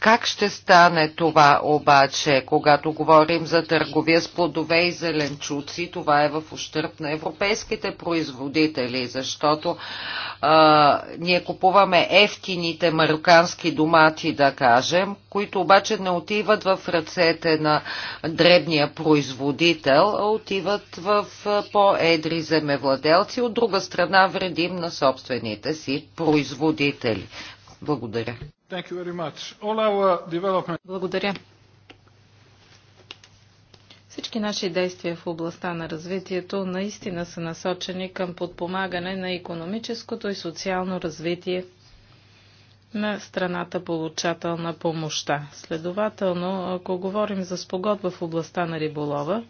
Как ще стане това обаче, когато говорим за търговия с плодове и зеленчуци? Това е в ущърп на европейските производители, защото а, ние купуваме ефтините марокански домати, да кажем, които обаче не отиват в ръцете на дребния производител, а отиват в по-едри земевладелци. От друга страна вредим на собствените си производители. Благодаря. Development... Благодаря. Всички наши действия в областта на развитието наистина са насочени към подпомагане на економическото и социално развитие на страната получател на помощта. Следователно, ако говорим за спогодба в областта на риболова,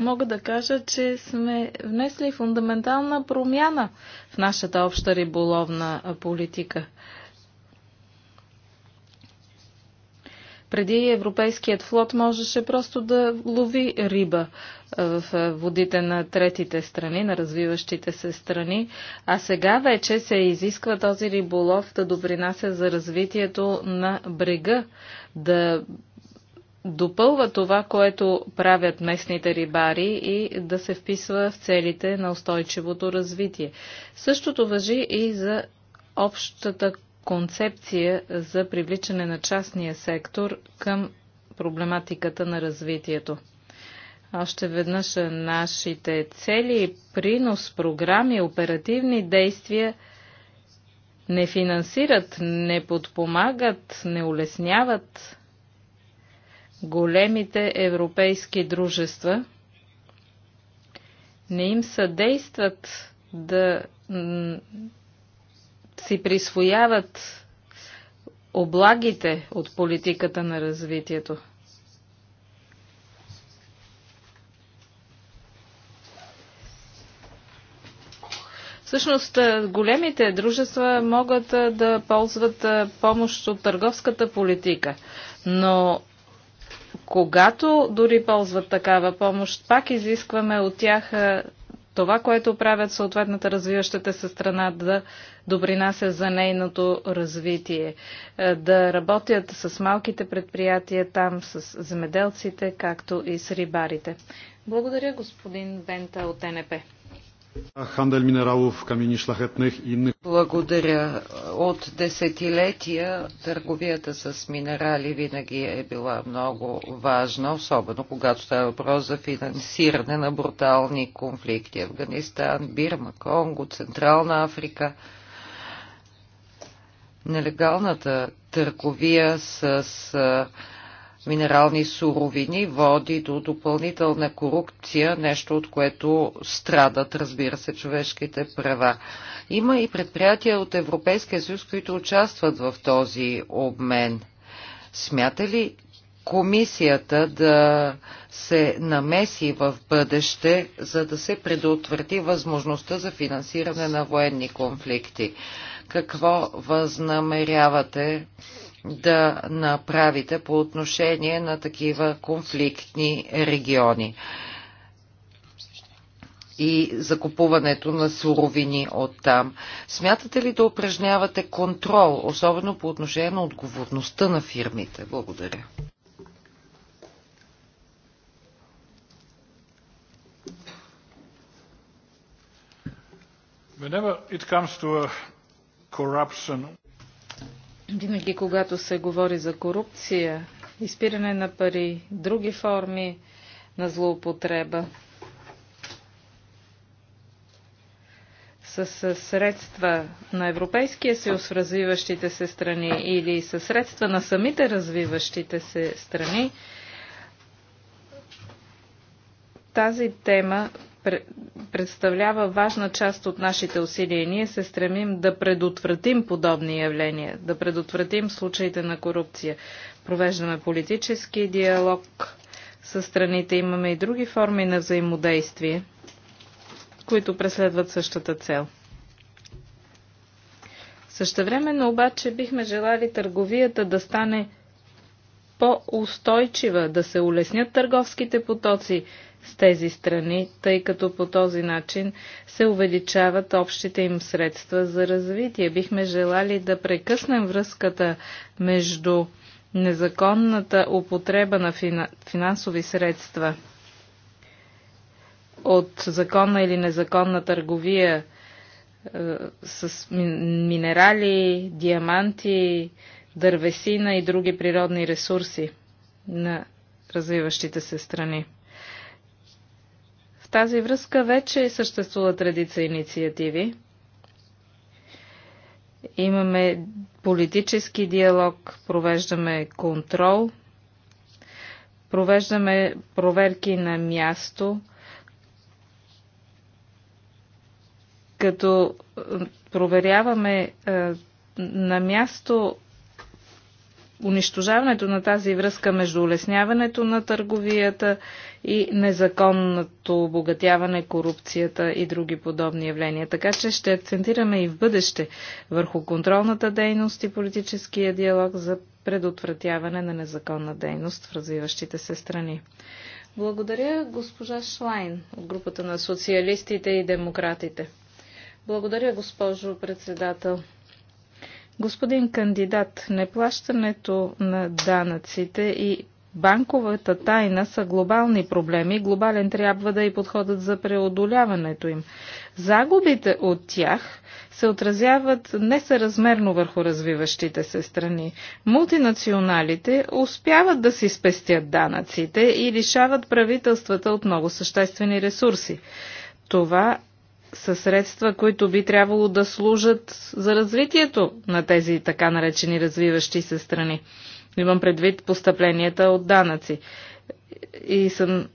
мога да кажа, че сме внесли фундаментална промяна в нашата обща риболовна политика. Преди европейският флот можеше просто да лови риба в водите на третите страни, на развиващите се страни, а сега вече се изисква този риболов да допринася за развитието на брега, да допълва това, което правят местните рибари и да се вписва в целите на устойчивото развитие. Същото въжи и за общата концепция за привличане на частния сектор към проблематиката на развитието. Още веднъж нашите цели, принос, програми, оперативни действия не финансират, не подпомагат, не улесняват големите европейски дружества не им съдействат да си присвояват облагите от политиката на развитието. Всъщност, големите дружества могат да ползват помощ от търговската политика, но когато дори ползват такава помощ, пак изискваме от тях това, което правят съответната развиващата се страна да добринася за нейното развитие, да работят с малките предприятия там, с земеделците, както и с рибарите. Благодаря господин Вента от НП. Хандел минералов, камени шлахетних и иных. Благодаря. От десетилетия търговията с минерали винаги е била много важна, особено когато става въпрос за финансиране на брутални конфликти. Афганистан, Бирма, Конго, Централна Африка. Нелегалната търговия с минерални суровини води до допълнителна корупция, нещо от което страдат, разбира се, човешките права. Има и предприятия от Европейския съюз, които участват в този обмен. Смята ли комисията да се намеси в бъдеще, за да се предотврати възможността за финансиране на военни конфликти? Какво възнамерявате да направите по отношение на такива конфликтни региони и закупуването на суровини от там. Смятате ли да упражнявате контрол, особено по отношение на отговорността на фирмите? Благодаря. Whenever it comes to corruption, винаги, когато се говори за корупция, изпиране на пари, други форми на злоупотреба, с средства на Европейския съюз в развиващите се страни или с средства на самите развиващите се страни, тази тема представлява важна част от нашите усилия. Ние се стремим да предотвратим подобни явления, да предотвратим случаите на корупция. Провеждаме политически диалог с страните, имаме и други форми на взаимодействие, които преследват същата цел. Същевременно обаче бихме желали търговията да стане по-устойчива, да се улеснят търговските потоци, с тези страни, тъй като по този начин се увеличават общите им средства за развитие. Бихме желали да прекъснем връзката между незаконната употреба на финансови средства от законна или незаконна търговия е, с минерали, диаманти, дървесина и други природни ресурси на развиващите се страни тази връзка вече съществуват редица инициативи. Имаме политически диалог, провеждаме контрол, провеждаме проверки на място, като е, проверяваме е, на място унищожаването на тази връзка между улесняването на търговията и незаконното обогатяване, корупцията и други подобни явления. Така че ще акцентираме и в бъдеще върху контролната дейност и политическия диалог за предотвратяване на незаконна дейност в развиващите се страни. Благодаря госпожа Шлайн от групата на социалистите и демократите. Благодаря госпожо председател. Господин кандидат, неплащането на данъците и банковата тайна са глобални проблеми. Глобален трябва да е и подходят за преодоляването им. Загубите от тях се отразяват несъразмерно върху развиващите се страни. Мултинационалите успяват да си спестят данъците и лишават правителствата от много съществени ресурси. Това са средства, които би трябвало да служат за развитието на тези така наречени развиващи се страни. Имам предвид постъпленията от данъци. И съм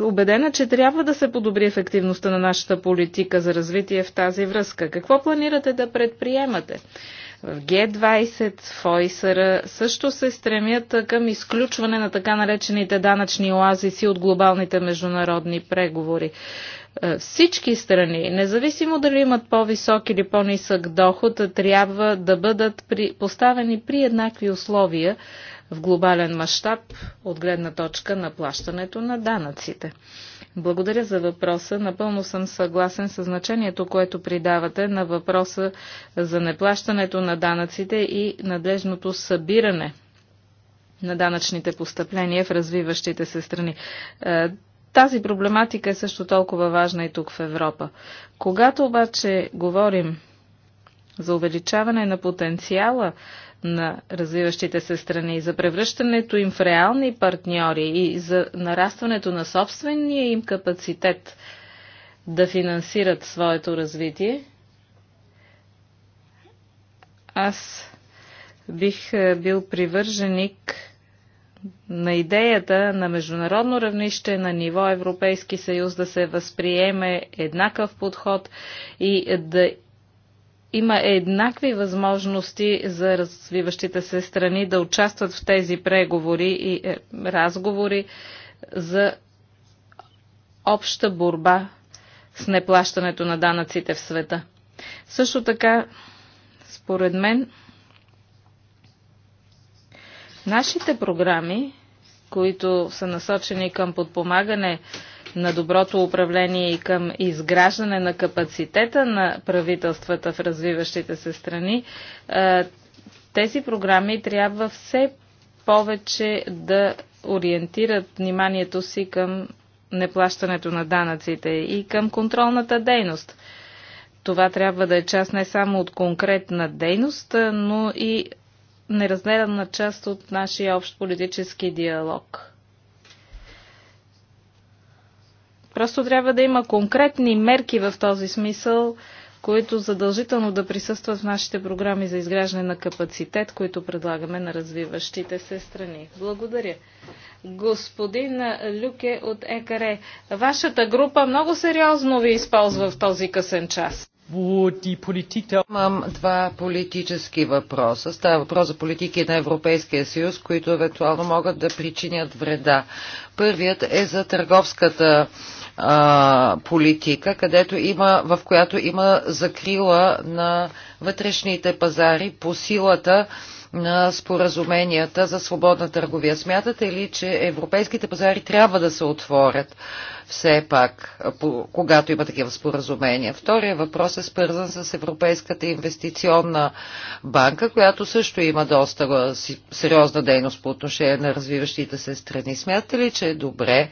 убедена, че трябва да се подобри ефективността на нашата политика за развитие в тази връзка. Какво планирате да предприемате? в Г20, в ОИСР също се стремят към изключване на така наречените данъчни оазиси от глобалните международни преговори. Всички страни, независимо дали имат по-висок или по-нисък доход, трябва да бъдат при, поставени при еднакви условия в глобален мащаб от гледна точка на плащането на данъците. Благодаря за въпроса. Напълно съм съгласен с значението, което придавате на въпроса за неплащането на данъците и надлежното събиране на данъчните постъпления в развиващите се страни. Е, тази проблематика е също толкова важна и тук в Европа. Когато обаче говорим за увеличаване на потенциала на развиващите се страни, за превръщането им в реални партньори и за нарастването на собствения им капацитет да финансират своето развитие, аз бих е, бил привърженик на идеята на международно равнище на ниво Европейски съюз да се възприеме еднакъв подход и да има еднакви възможности за развиващите се страни да участват в тези преговори и е, разговори за обща борба с неплащането на данъците в света. Също така, според мен, нашите програми, които са насочени към подпомагане на доброто управление и към изграждане на капацитета на правителствата в развиващите се страни, тези програми трябва все повече да ориентират вниманието си към неплащането на данъците и към контролната дейност. Това трябва да е част не само от конкретна дейност, но и неразделена част от нашия общ политически диалог. Просто трябва да има конкретни мерки в този смисъл, които задължително да присъстват в нашите програми за изграждане на капацитет, които предлагаме на развиващите се страни. Благодаря. Господин Люке от ЕКАРЕ, вашата група много сериозно ви използва в този късен час. Имам два политически въпроса. Става въпрос за политики на Европейския съюз, които евентуално могат да причинят вреда. Първият е за търговската а, политика, където има, в която има закрила на вътрешните пазари по силата на споразуменията за свободна търговия. Смятате ли, че европейските пазари трябва да се отворят все пак, когато има такива споразумения? Втория въпрос е свързан с Европейската инвестиционна банка, която също има доста сериозна дейност по отношение на развиващите се страни. Смятате ли, че е добре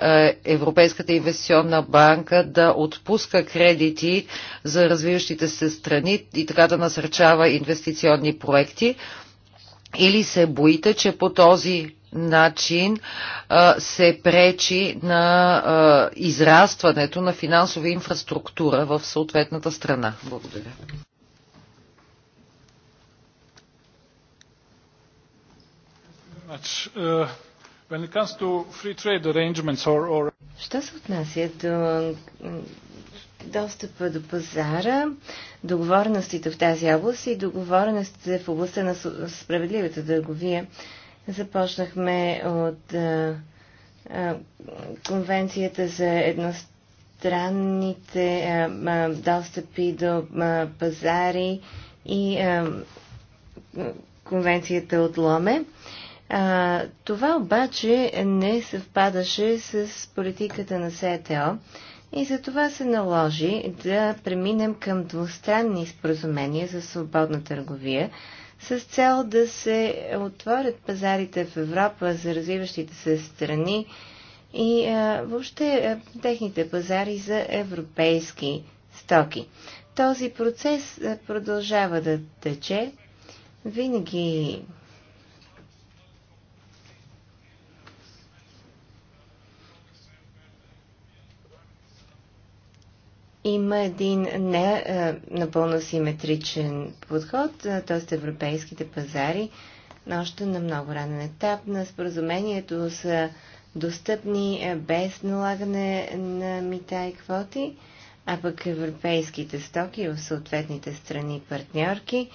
е, Европейската инвестиционна банка да отпуска кредити за развиващите се страни и така да насърчава инвестиционни проекти? Или се боите, че по този начин е, се пречи на е, израстването на финансова инфраструктура в съответната страна? Благодаря. much. Uh... Що се отнася до достъпа до пазара, договореностите в тази област и договореностите в областта на справедливата търговия, започнахме от конвенцията за едностранните достъпи до пазари и конвенцията от Ломе. А, това обаче не съвпадаше с политиката на СТО и за това се наложи да преминем към двустранни споразумения за свободна търговия с цел да се отворят пазарите в Европа за развиващите се страни и а, въобще а, техните пазари за европейски стоки. Този процес а, продължава да тече. Винаги има един не е, напълно симетричен подход, е, т.е. европейските пазари още на много ранен етап на споразумението са достъпни е, без налагане на мита и квоти, а пък европейските стоки в съответните страни партньорки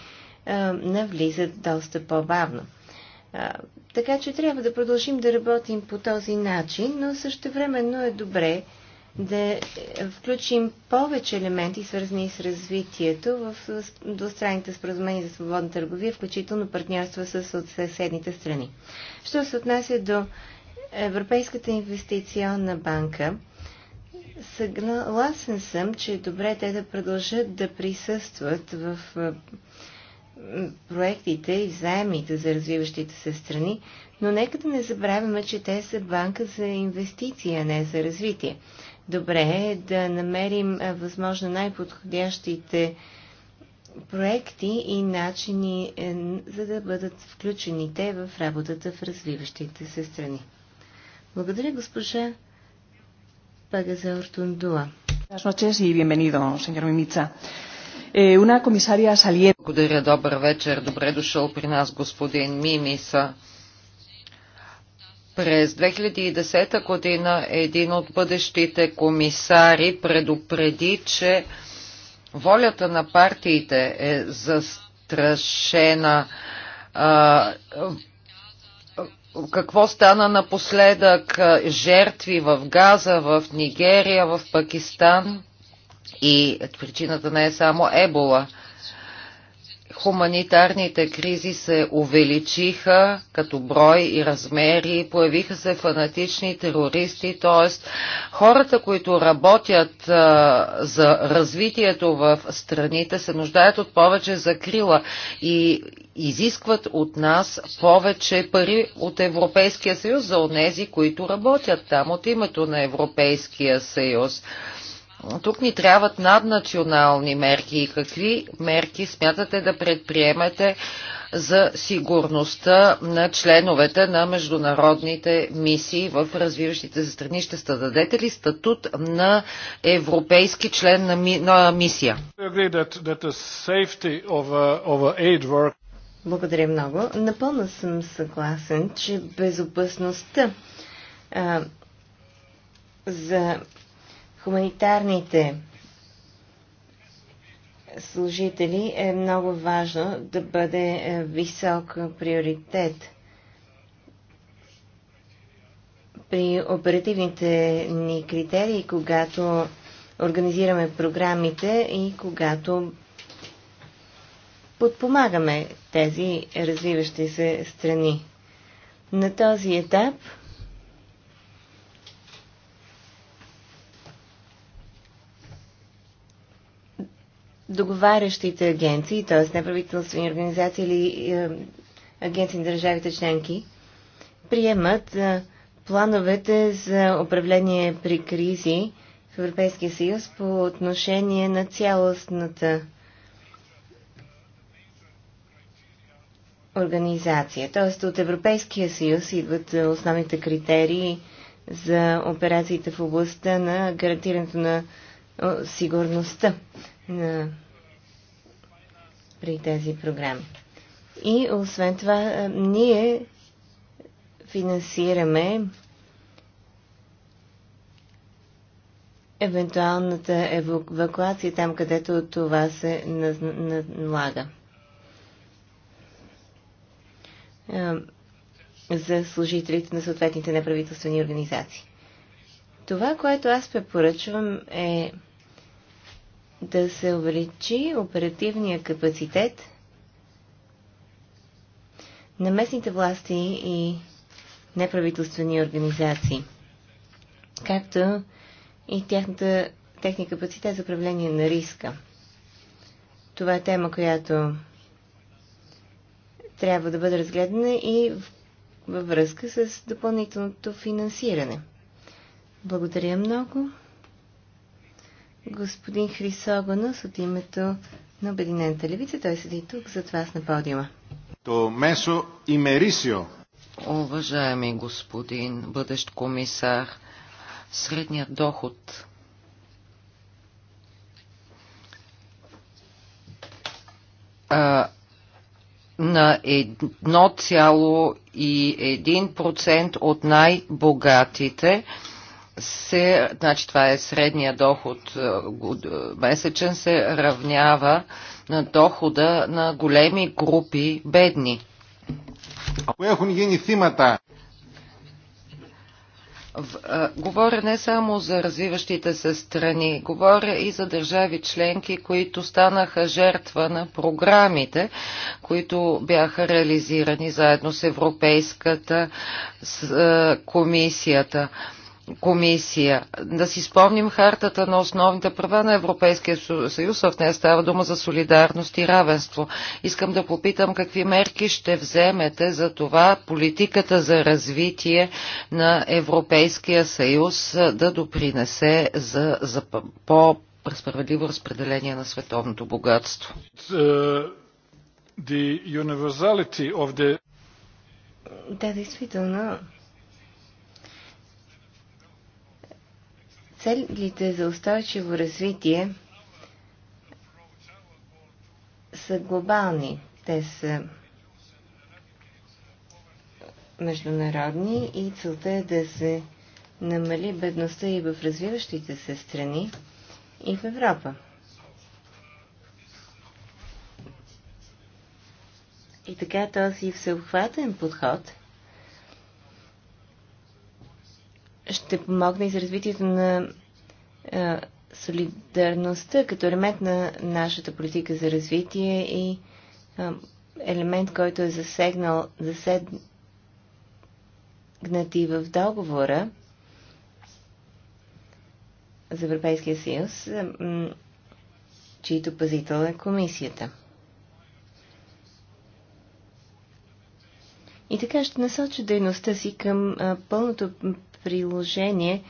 навлизат доста по-бавно. Така че трябва да продължим да работим по този начин, но също времено е добре да включим повече елементи, свързани с развитието в двустранните споразумения за свободна търговия, включително партньорства с съседните страни. Що се отнася до Европейската инвестиционна банка, съгласен съм, че е добре те да продължат да присъстват в проектите и заемите за развиващите се страни, но нека да не забравяме, че те са банка за инвестиции, а не за развитие. Добре е да намерим възможно най-подходящите проекти и начини, е, за да бъдат включени те в работата в развиващите се страни. Благодаря, госпожа Пагаза Ортундуа. Eh, Благодаря, добър вечер. Добре дошъл при нас господин Мимиса. През 2010 година един от бъдещите комисари предупреди, че волята на партиите е застрашена. А, какво стана напоследък? Жертви в Газа, в Нигерия, в Пакистан. И причината не е само ебола. Хуманитарните кризи се увеличиха като брой и размери, появиха се фанатични терористи, т.е. хората, които работят а, за развитието в страните, се нуждаят от повече закрила и изискват от нас повече пари от Европейския съюз за онези, които работят там от името на Европейския съюз. Тук ни трябват наднационални мерки и какви мерки смятате да предприемете за сигурността на членовете на международните мисии в развиващите се страни? Ще дадете ли статут на европейски член на, ми, на мисия? Uh, uh, Благодаря много. Напълно съм съгласен, че безопасността а, за хуманитарните служители е много важно да бъде е, висок приоритет при оперативните ни критерии, когато организираме програмите и когато подпомагаме тези развиващи се страни. На този етап договарящите агенции, т.е. неправителствени организации или е, агенции на държавите членки, приемат е, плановете за управление при кризи в Европейския съюз по отношение на цялостната организация. Т.е. от Европейския съюз идват е, основните критерии за операциите в областта на гарантирането на сигурността на, при тези програми. И освен това, ние финансираме евентуалната евакуация там, където това се налага. За служителите на съответните неправителствени организации. Това, което аз препоръчвам е да се увеличи оперативния капацитет на местните власти и неправителствени организации, както и тяхната, техния капацитет за управление на риска. Това е тема, която трябва да бъде разгледана и във връзка с допълнителното финансиране. Благодаря много господин Хрисогонос от името на Обединената левица. Той седи тук зад вас на подиума. То месо и мерисио. Уважаеми господин бъдещ комисар, средният доход а, на 1,1% от най-богатите се, значи това е средния доход е, месечен, се равнява на дохода на големи групи бедни. Е, говоря не само за развиващите се страни, говоря и за държави членки, които станаха жертва на програмите, които бяха реализирани заедно с Европейската с, е, комисията комисия. Да си спомним хартата на основните права на Европейския съюз, в нея става дума за солидарност и равенство. Искам да попитам какви мерки ще вземете за това политиката за развитие на Европейския съюз да допринесе за, за по справедливо разпределение на световното богатство. Uh, the... Да, действително, Целите за устойчиво развитие са глобални. Те са международни и целта е да се намали бедността и в развиващите се страни и в Европа. И така този всеобхватен подход – ще помогне и за развитието на а, солидарността като елемент на нашата политика за развитие и а, елемент, който е засегнал, засегнати в договора за Европейския съюз, чието пазител е комисията. И така ще насоча дейността си към пълното приложение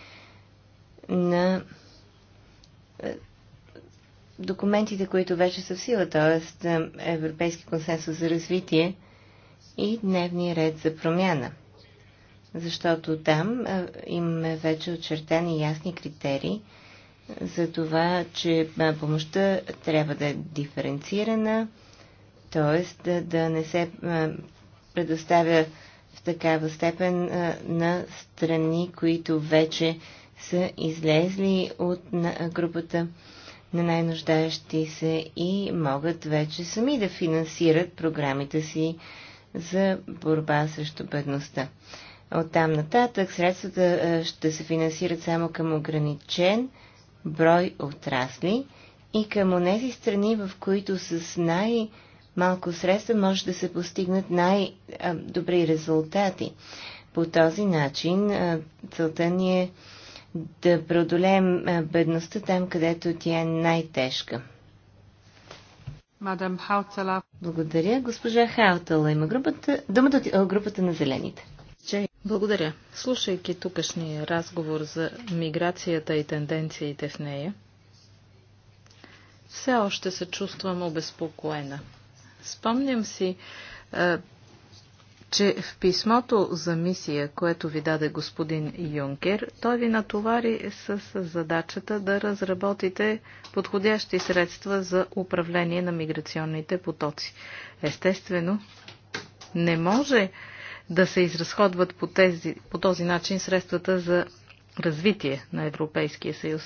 на е, документите, които вече са в сила, т.е. Европейски консенсус за развитие и дневния ред за промяна. Защото там е, имаме вече очертани ясни критерии за това, че е, помощта трябва да е диференцирана, т.е. Да, да не се предоставя такава степен на страни, които вече са излезли от групата на най-нуждаещи се и могат вече сами да финансират програмите си за борба срещу бедността. От там нататък средствата ще се финансират само към ограничен брой отрасли и към онези страни, в които с най- малко средства може да се постигнат най-добри резултати. По този начин целта ни е да преодолеем бедността там, където тя е най-тежка. Мадам Хаутала. Благодаря. Госпожа Хаутала има групата, думата от групата на зелените. Благодаря. Слушайки тукашния разговор за миграцията и тенденциите в нея, все още се чувствам обезпокоена – Спомням си, че в писмото за мисия, което ви даде господин Юнкер, той ви натовари с задачата да разработите подходящи средства за управление на миграционните потоци. Естествено, не може да се изразходват по, тези, по този начин средствата за развитие на Европейския съюз.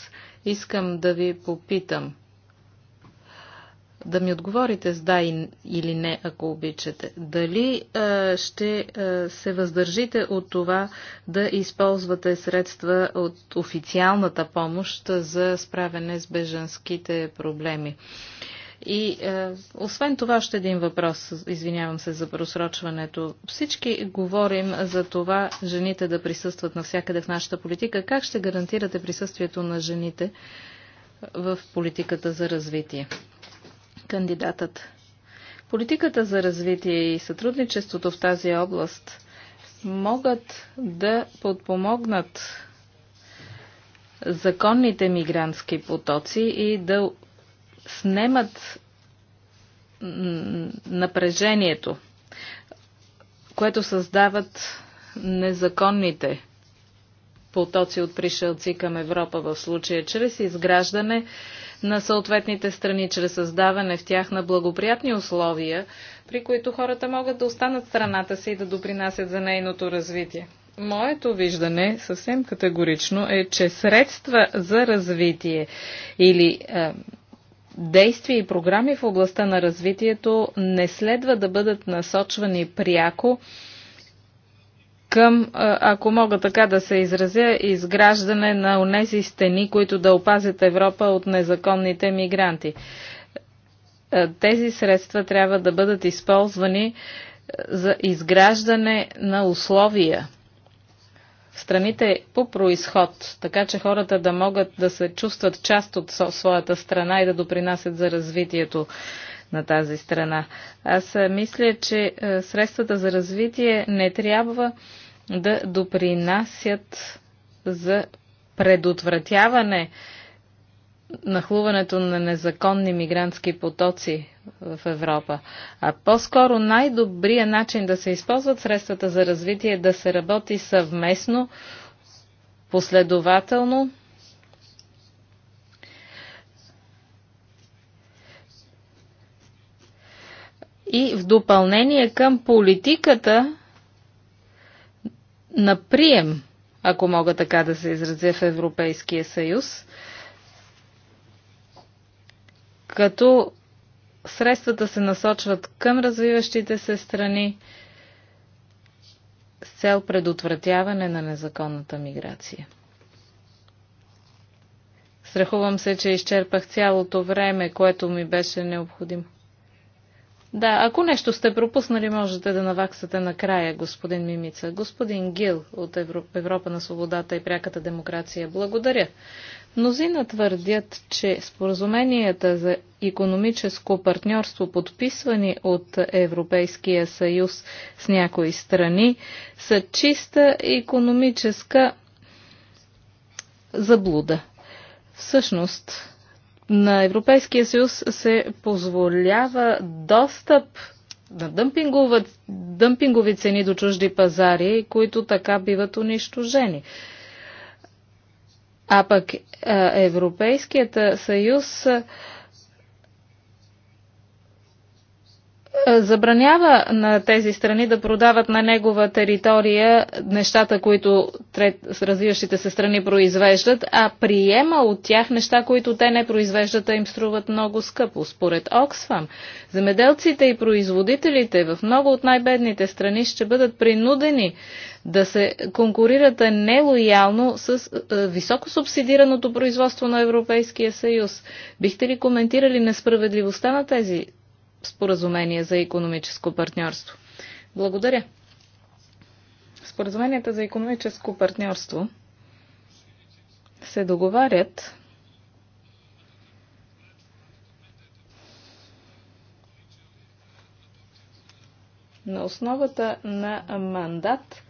Искам да ви попитам – да ми отговорите с да или не, ако обичате. Дали а, ще а, се въздържите от това да използвате средства от официалната помощ за справяне с бежанските проблеми? И е, освен това, още един въпрос, извинявам се за просрочването. Всички говорим за това жените да присъстват навсякъде в нашата политика. Как ще гарантирате присъствието на жените в политиката за развитие? кандидатът. Политиката за развитие и сътрудничеството в тази област могат да подпомогнат законните мигрантски потоци и да снемат напрежението, което създават незаконните потоци от пришелци към Европа в случая, чрез изграждане на съответните страни, чрез създаване в тях на благоприятни условия, при които хората могат да останат страната си и да допринасят за нейното развитие. Моето виждане съвсем категорично е, че средства за развитие или е, действия и програми в областта на развитието не следва да бъдат насочвани пряко към, ако мога така да се изразя, изграждане на унези стени, които да опазят Европа от незаконните мигранти. Тези средства трябва да бъдат използвани за изграждане на условия в страните по происход, така че хората да могат да се чувстват част от своята страна и да допринасят за развитието на тази страна. Аз мисля, че средствата за развитие не трябва да допринасят за предотвратяване нахлуването на незаконни мигрантски потоци в Европа. А по-скоро най-добрият начин да се използват средствата за развитие е да се работи съвместно, последователно И в допълнение към политиката на прием, ако мога така да се изразя в Европейския съюз, като средствата се насочват към развиващите се страни с цел предотвратяване на незаконната миграция. Страхувам се, че изчерпах цялото време, което ми беше необходимо. Да, ако нещо сте пропуснали, можете да наваксате накрая, господин Мимица. Господин Гил от Европа на свободата и пряката демокрация. Благодаря. Мнозина твърдят, че споразуменията за економическо партньорство, подписвани от Европейския съюз с някои страни, са чиста економическа заблуда. Всъщност, на Европейския съюз се позволява достъп на дъмпингова, дъмпингови цени до чужди пазари, които така биват унищожени. А пък Европейският съюз забранява на тези страни да продават на негова територия нещата, които трет, развиващите се страни произвеждат, а приема от тях неща, които те не произвеждат, а им струват много скъпо. Според Оксфам, земеделците и производителите в много от най-бедните страни ще бъдат принудени да се конкурират нелоялно с е, високо субсидираното производство на Европейския съюз. Бихте ли коментирали несправедливостта на тези споразумение за економическо партньорство. Благодаря. Споразуменията за економическо партньорство се договарят на основата на мандат,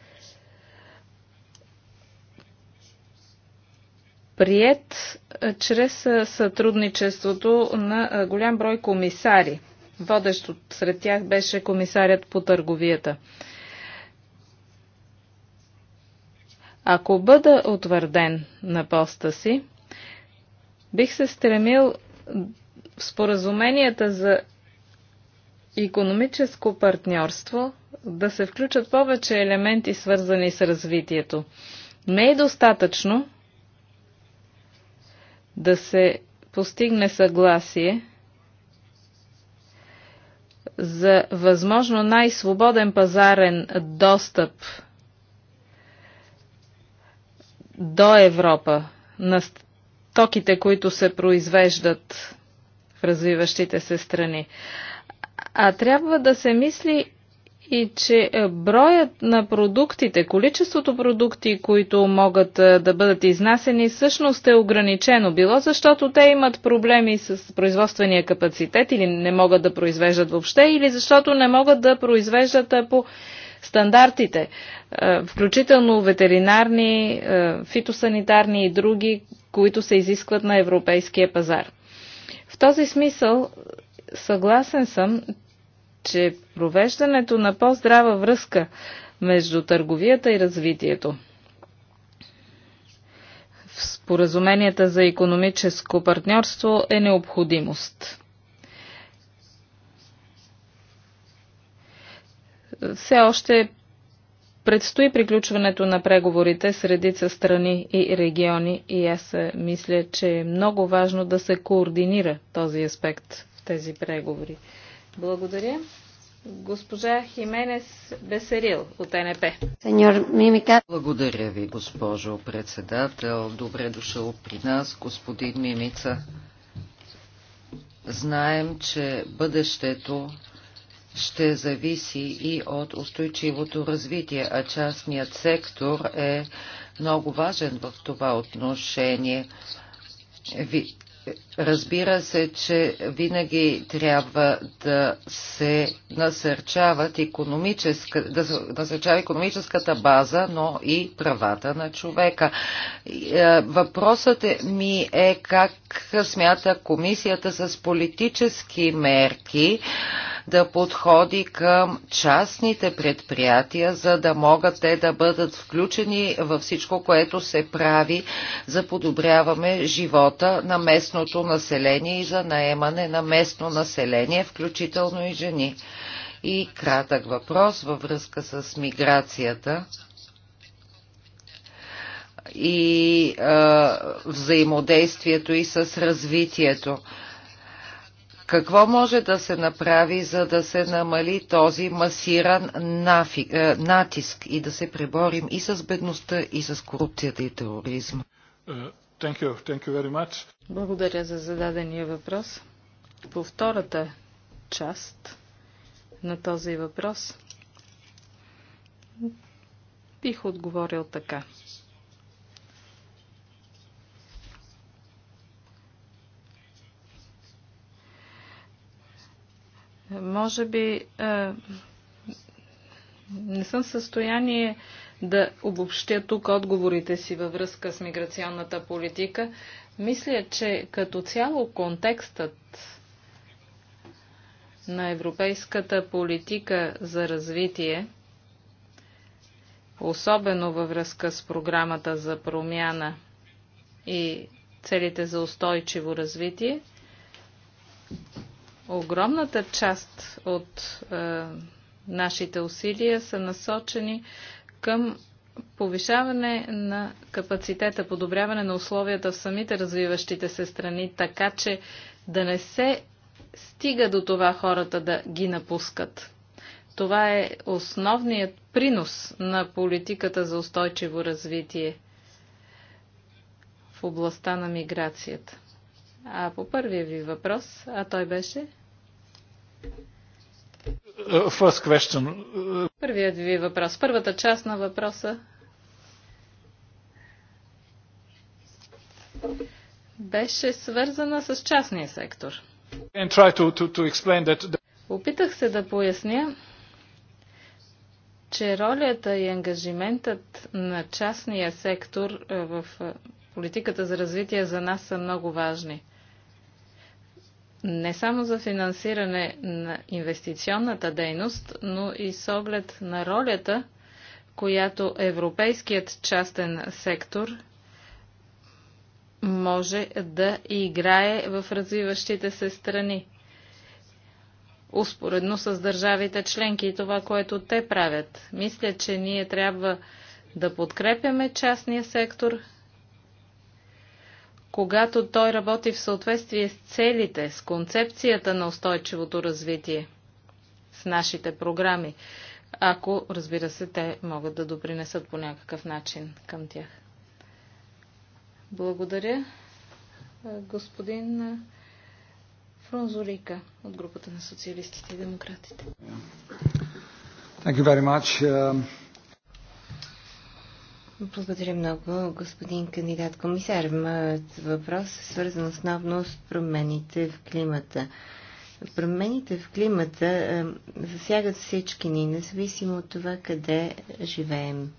прият чрез сътрудничеството на голям брой комисари – Водещ от сред тях беше комисарят по търговията. Ако бъда утвърден на поста си, бих се стремил в споразуменията за економическо партньорство да се включат повече елементи, свързани с развитието. Не е достатъчно да се постигне съгласие за възможно най-свободен пазарен достъп до Европа на стоките, които се произвеждат в развиващите се страни. А трябва да се мисли и че е, броят на продуктите, количеството продукти, които могат е, да бъдат изнасени, всъщност е ограничено. Било защото те имат проблеми с производствения капацитет или не могат да произвеждат въобще, или защото не могат да произвеждат е, по стандартите, включително ветеринарни, фитосанитарни и други, които се изискват на европейския пазар. В този смисъл съгласен съм, че провеждането на по-здрава връзка между търговията и развитието в споразуменията за економическо партньорство е необходимост. Все още предстои приключването на преговорите с редица страни и региони и аз мисля, че е много важно да се координира този аспект в тези преговори. Благодаря. Госпожа Хименес Бесерил от НП. Сеньор Мимика. Благодаря ви, госпожо председател. Добре дошъл при нас, господин Мимица. Знаем, че бъдещето ще зависи и от устойчивото развитие, а частният сектор е много важен в това отношение. Разбира се, че винаги трябва да се насърчават да насърчава економическата база, но и правата на човека. Е, въпросът е, ми е как смята комисията с политически мерки да подходи към частните предприятия, за да могат те да бъдат включени във всичко, което се прави за подобряваме живота на местното население и за наемане на местно население, включително и жени. И кратък въпрос във връзка с миграцията и а, взаимодействието и с развитието. Какво може да се направи, за да се намали този масиран нафи, е, натиск и да се преборим и с бедността, и с корупцията и тероризма? Е, Thank you. Thank you very much. Благодаря за зададения въпрос. По втората част на този въпрос бих отговорил така. Може би не съм в състояние да обобщя тук отговорите си във връзка с миграционната политика. Мисля, че като цяло контекстът на европейската политика за развитие, особено във връзка с програмата за промяна и целите за устойчиво развитие, огромната част от е, нашите усилия са насочени към повишаване на капацитета, подобряване на условията в самите развиващите се страни, така че да не се стига до това хората да ги напускат. Това е основният принос на политиката за устойчиво развитие в областта на миграцията. А по първия ви въпрос, а той беше? Uh, first question uh, Първият ви въпрос. Първата част на въпроса беше свързана с частния сектор. Опитах се да поясня, че ролята и ангажиментът на частния сектор е, в е, политиката за развитие за нас са много важни – не само за финансиране на инвестиционната дейност, но и с оглед на ролята, която европейският частен сектор може да играе в развиващите се страни. Успоредно с държавите членки и това, което те правят. Мисля, че ние трябва да подкрепяме частния сектор, когато той работи в съответствие с целите, с концепцията на устойчивото развитие, с нашите програми, ако, разбира се, те могат да допринесат по някакъв начин към тях. Благодаря, господин Фронзолика от групата на социалистите и демократите. Thank you very much. Uh... Благодаря много, господин кандидат комисар. Моят въпрос е свързан основно с промените в климата. Промените в климата е, засягат всички ни, независимо от това къде живеем.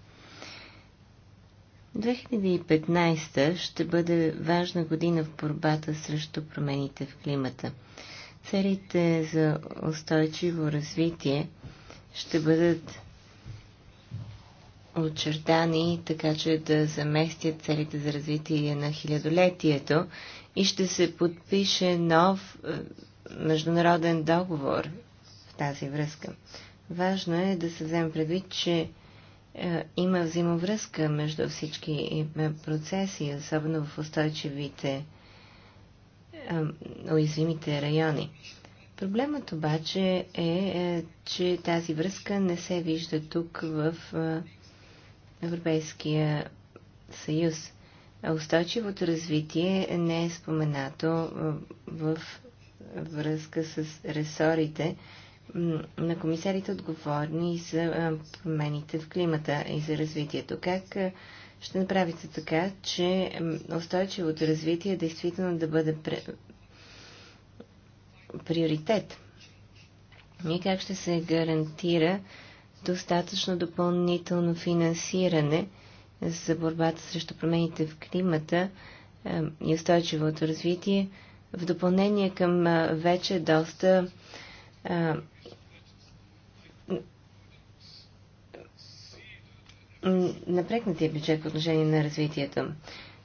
2015 ще бъде важна година в борбата срещу промените в климата. Целите за устойчиво развитие ще бъдат очертани, така че да заместят целите за развитие на хилядолетието и ще се подпише нов е, международен договор в тази връзка. Важно е да се вземе предвид, че е, има взаимовръзка между всички е, процеси, особено в устойчивите уязвимите райони. Проблемът обаче е, че тази връзка не се вижда тук в Европейския съюз. А устойчивото развитие не е споменато в връзка с ресорите на комисарите отговорни за промените в климата и за развитието. Как ще направите така, че устойчивото развитие действително да бъде приоритет? И как ще се гарантира достатъчно допълнително финансиране за борбата срещу промените в климата е, и устойчивото развитие, в допълнение към е, вече доста е, напрегнатия бюджет по отношение на развитието.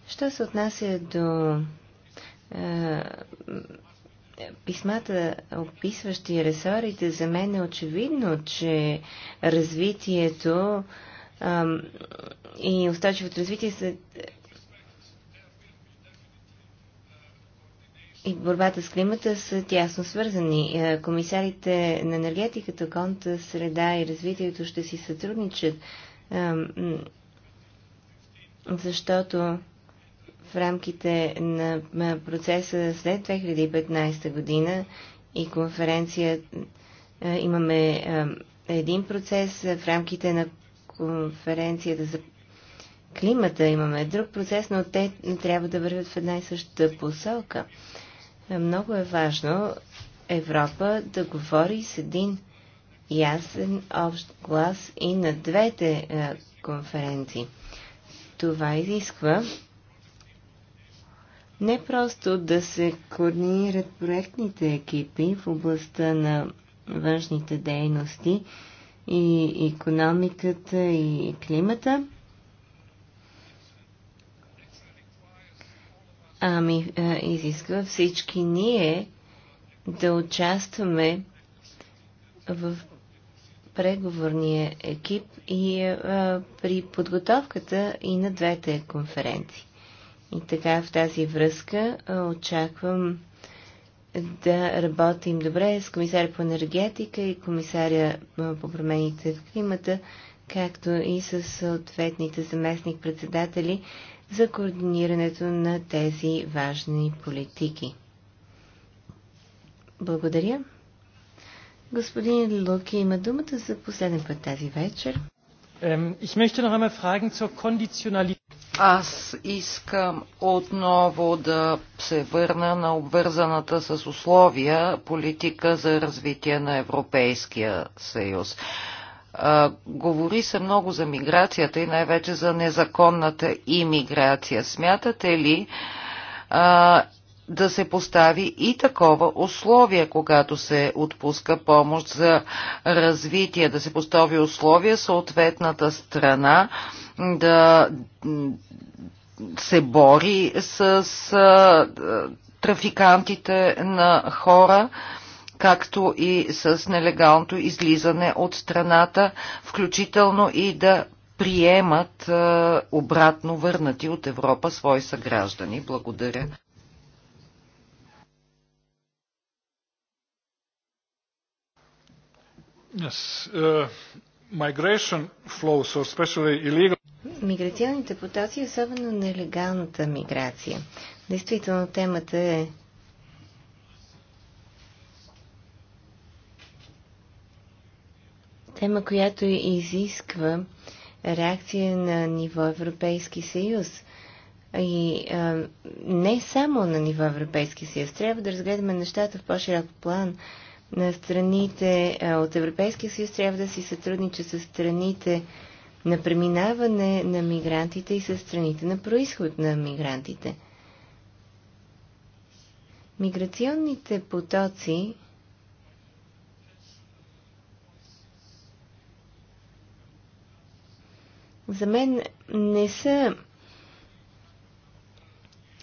Що се отнася до а, писмата, описващи ресорите, за мен е очевидно, че развитието и устойчивото развитие са и борбата с климата са тясно свързани. Е, комисарите на енергетиката, конта, среда и развитието ще си сътрудничат, защото в рамките на процеса след 2015 година и конференция е, имаме е, един процес е, в рамките на конференцията за климата имаме друг процес, но те трябва да вървят в една и съща посока. Много е важно Европа да говори с един ясен общ глас и на двете конференции. Това изисква не просто да се координират проектните екипи в областта на външните дейности и економиката и климата, ами е, изисква всички ние да участваме в преговорния екип и а, е, е, при подготовката и на двете конференции. И така в тази връзка очаквам да работим добре с комисаря по енергетика и комисаря по промените в климата, както и с съответните заместник-председатели за координирането на тези важни политики. Благодаря. Господин Луки има думата за последен път тази вечер. Ich möchte noch einmal fragen zur Konditionalität. Аз искам отново да се върна на обвързаната с условия политика за развитие на Европейския съюз. А, говори се много за миграцията и най-вече за незаконната имиграция. Смятате ли, а, да се постави и такова условие, когато се отпуска помощ за развитие, да се постави условие съответната страна да се бори с трафикантите на хора, както и с нелегалното излизане от страната, включително и да приемат обратно върнати от Европа свои съграждани. Благодаря. Yes. Uh, migration flows, or especially illegal... Миграционните потоци, особено нелегалната миграция. Действително темата е тема, която изисква реакция на ниво Европейски съюз. И а, не само на ниво Европейски съюз. Трябва да разгледаме нещата в по-широк план. А, на страните от Европейския съюз трябва да си сътруднича с страните на преминаване на мигрантите и с страните на происход на мигрантите. Миграционните потоци за мен не са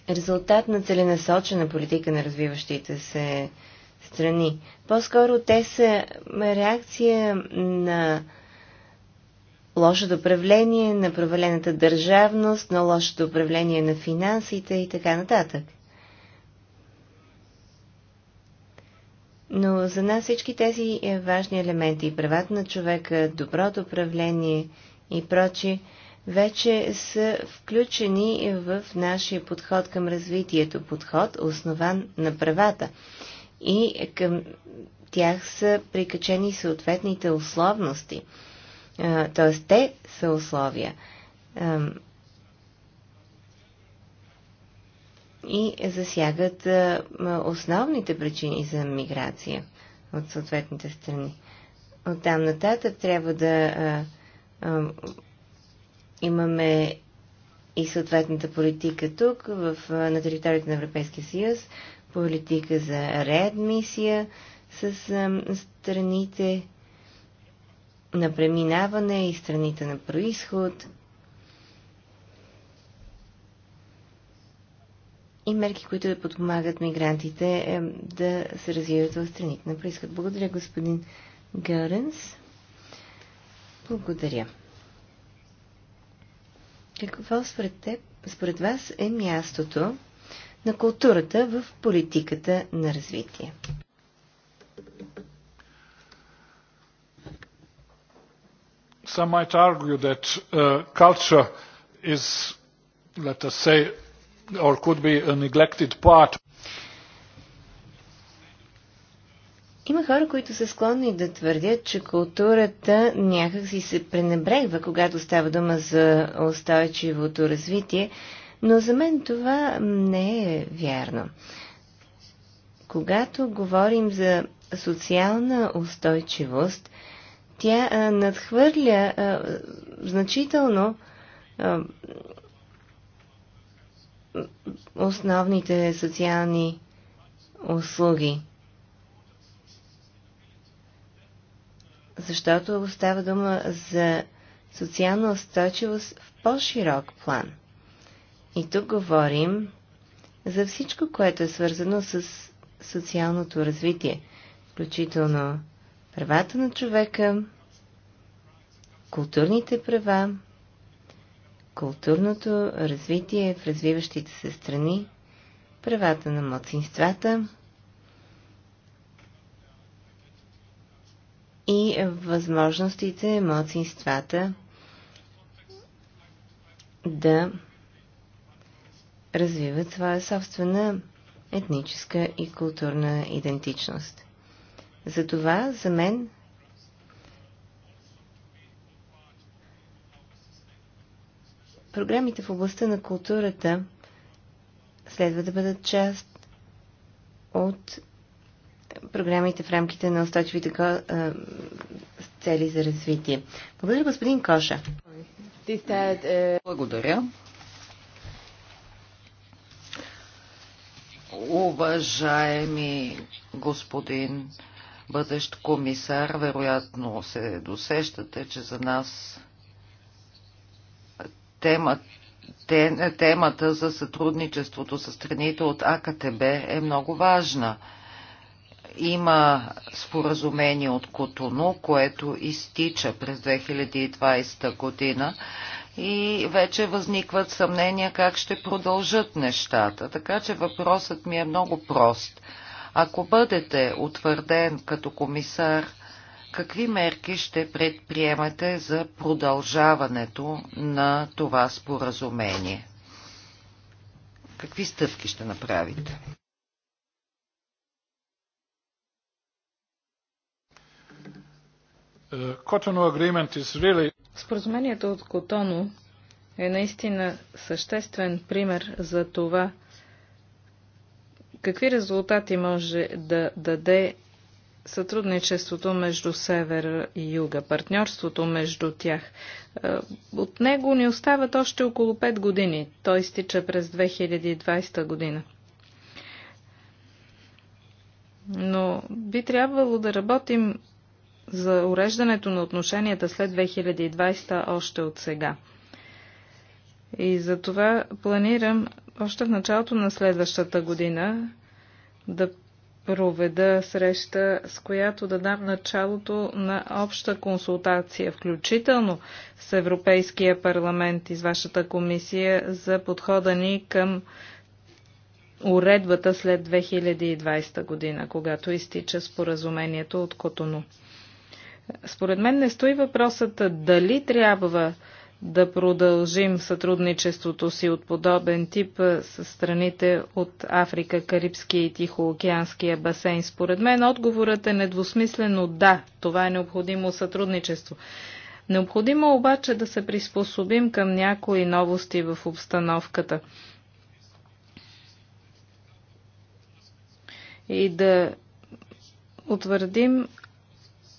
резултат на целенасочена политика на развиващите се страни. По-скоро те са реакция на лошото управление, на провалената държавност, на лошото управление на финансите и така нататък. Но за нас всички тези е важни елементи, правата на човека, доброто управление и прочи, вече са включени в нашия подход към развитието. Подход, основан на правата и към тях са прикачени съответните условности. Т.е. те са условия. И засягат основните причини за миграция от съответните страни. От там нататък трябва да имаме и съответната политика тук, в, на територията на Европейския съюз, политика за реадмисия с страните на преминаване и страните на происход и мерки, които да подпомагат мигрантите да се развиват в страните на происход. Благодаря, господин Гъренс. Благодаря. Какво според, теб, според вас е мястото, на културата в политиката на развитие. Some might argue that uh, culture is, let us say, or could be a neglected part. Има хора, които са склонни да твърдят, че културата някак си се пренебрегва, когато става дума за устойчивото развитие, но за мен това не е вярно. Когато говорим за социална устойчивост, тя а, надхвърля а, значително а, основните социални услуги. Защото става дума за социална устойчивост в по-широк план. И тук говорим за всичко, което е свързано с социалното развитие, включително правата на човека, културните права, културното развитие в развиващите се страни, правата на младсинствата и възможностите младсинствата да развиват своя собствена етническа и културна идентичност. Затова за мен програмите в областта на културата следва да бъдат част от програмите в рамките на устойчивите цели за развитие. Благодаря, господин Коша. Е, Благодаря. Уважаеми господин бъдещ комисар, вероятно се досещате, че за нас темата темата за сътрудничеството с страните от АКТБ е много важна. Има споразумение от Котону, което изтича през 2020 година и вече възникват съмнения как ще продължат нещата. Така че въпросът ми е много прост. Ако бъдете утвърден като комисар, какви мерки ще предприемате за продължаването на това споразумение? Какви стъпки ще направите? Uh, Cotonou agreement is really Споразумението от Котоно е наистина съществен пример за това, какви резултати може да даде сътрудничеството между север и юга, партньорството между тях. Е, от него ни остават още около 5 години. Той стича през 2020 година. Но би трябвало да работим за уреждането на отношенията след 2020 още от сега. И за това планирам още в началото на следващата година да проведа среща, с която да дам началото на обща консултация, включително с Европейския парламент и с вашата комисия за подхода ни към уредбата след 2020 година, когато изтича споразумението от Котону. Според мен не стои въпросът дали трябва да продължим сътрудничеството си от подобен тип с страните от Африка, Карибския и Тихоокеанския басейн. Според мен отговорът е недвусмислено да, това е необходимо сътрудничество. Необходимо обаче да се приспособим към някои новости в обстановката и да утвърдим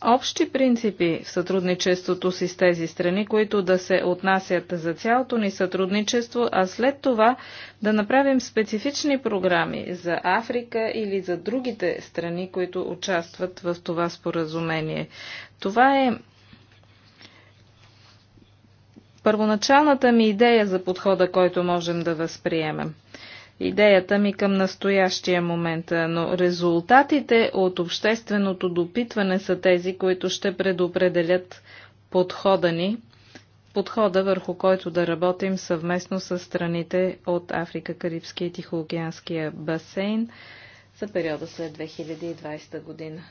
общи принципи в сътрудничеството си с тези страни, които да се отнасят за цялото ни сътрудничество, а след това да направим специфични програми за Африка или за другите страни, които участват в това споразумение. Това е първоначалната ми идея за подхода, който можем да възприемем идеята ми към настоящия момент, но резултатите от общественото допитване са тези, които ще предопределят подхода ни, подхода върху който да работим съвместно с страните от Африка, Карибския и Тихоокеанския басейн за периода след 2020 година.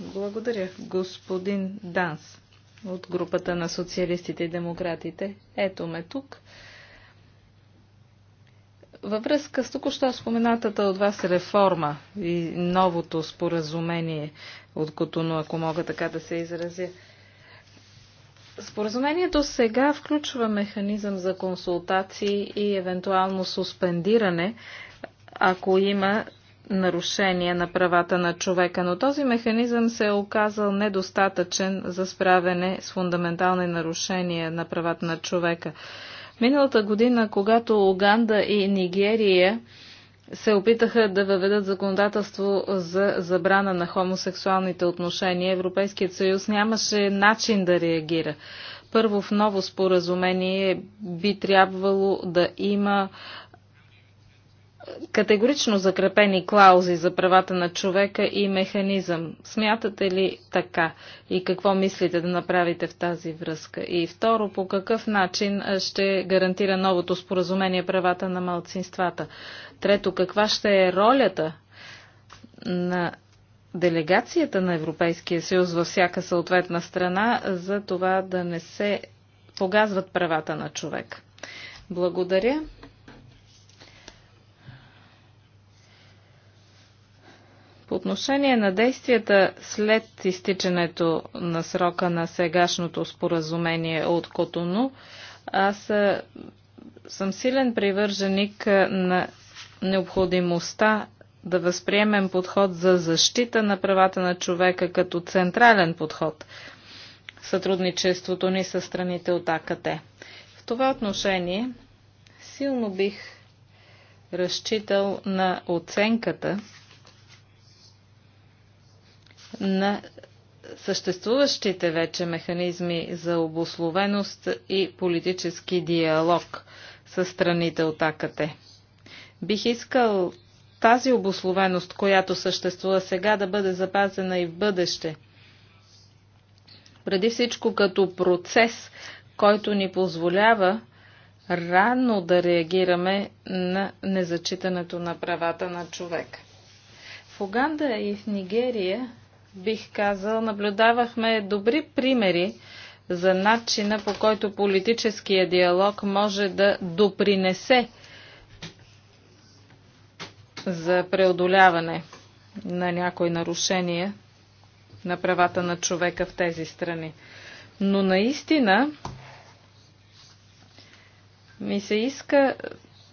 Благодаря, господин Данс от групата на социалистите и демократите. Ето ме тук. Във връзка с току-що споменатата от вас реформа и новото споразумение от Котуно, ако мога така да се изразя, Споразумението сега включва механизъм за консултации и евентуално суспендиране, ако има нарушение на правата на човека, но този механизъм се е оказал недостатъчен за справяне с фундаментални нарушения на правата на човека. Миналата година, когато Уганда и Нигерия се опитаха да въведат законодателство за забрана на хомосексуалните отношения, Европейският съюз нямаше начин да реагира. Първо в ново споразумение би трябвало да има категорично закрепени клаузи за правата на човека и механизъм. Смятате ли така и какво мислите да направите в тази връзка? И второ, по какъв начин ще гарантира новото споразумение правата на малцинствата? Трето, каква ще е ролята на делегацията на Европейския съюз във всяка съответна страна за това да не се погазват правата на човек? Благодаря. По отношение на действията след изтичането на срока на сегашното споразумение от Котону, аз съм силен привърженик на необходимостта да възприемем подход за защита на правата на човека като централен подход в сътрудничеството ни с страните от АКТ. В това отношение силно бих разчитал на оценката на съществуващите вече механизми за обословеност и политически диалог с страните от АКТ. Бих искал тази обословеност, която съществува сега, да бъде запазена и в бъдеще. Преди всичко като процес, който ни позволява рано да реагираме на незачитането на правата на човек. В Уганда и в Нигерия бих казал, наблюдавахме добри примери за начина по който политическия диалог може да допринесе за преодоляване на някои нарушения на правата на човека в тези страни. Но наистина ми се иска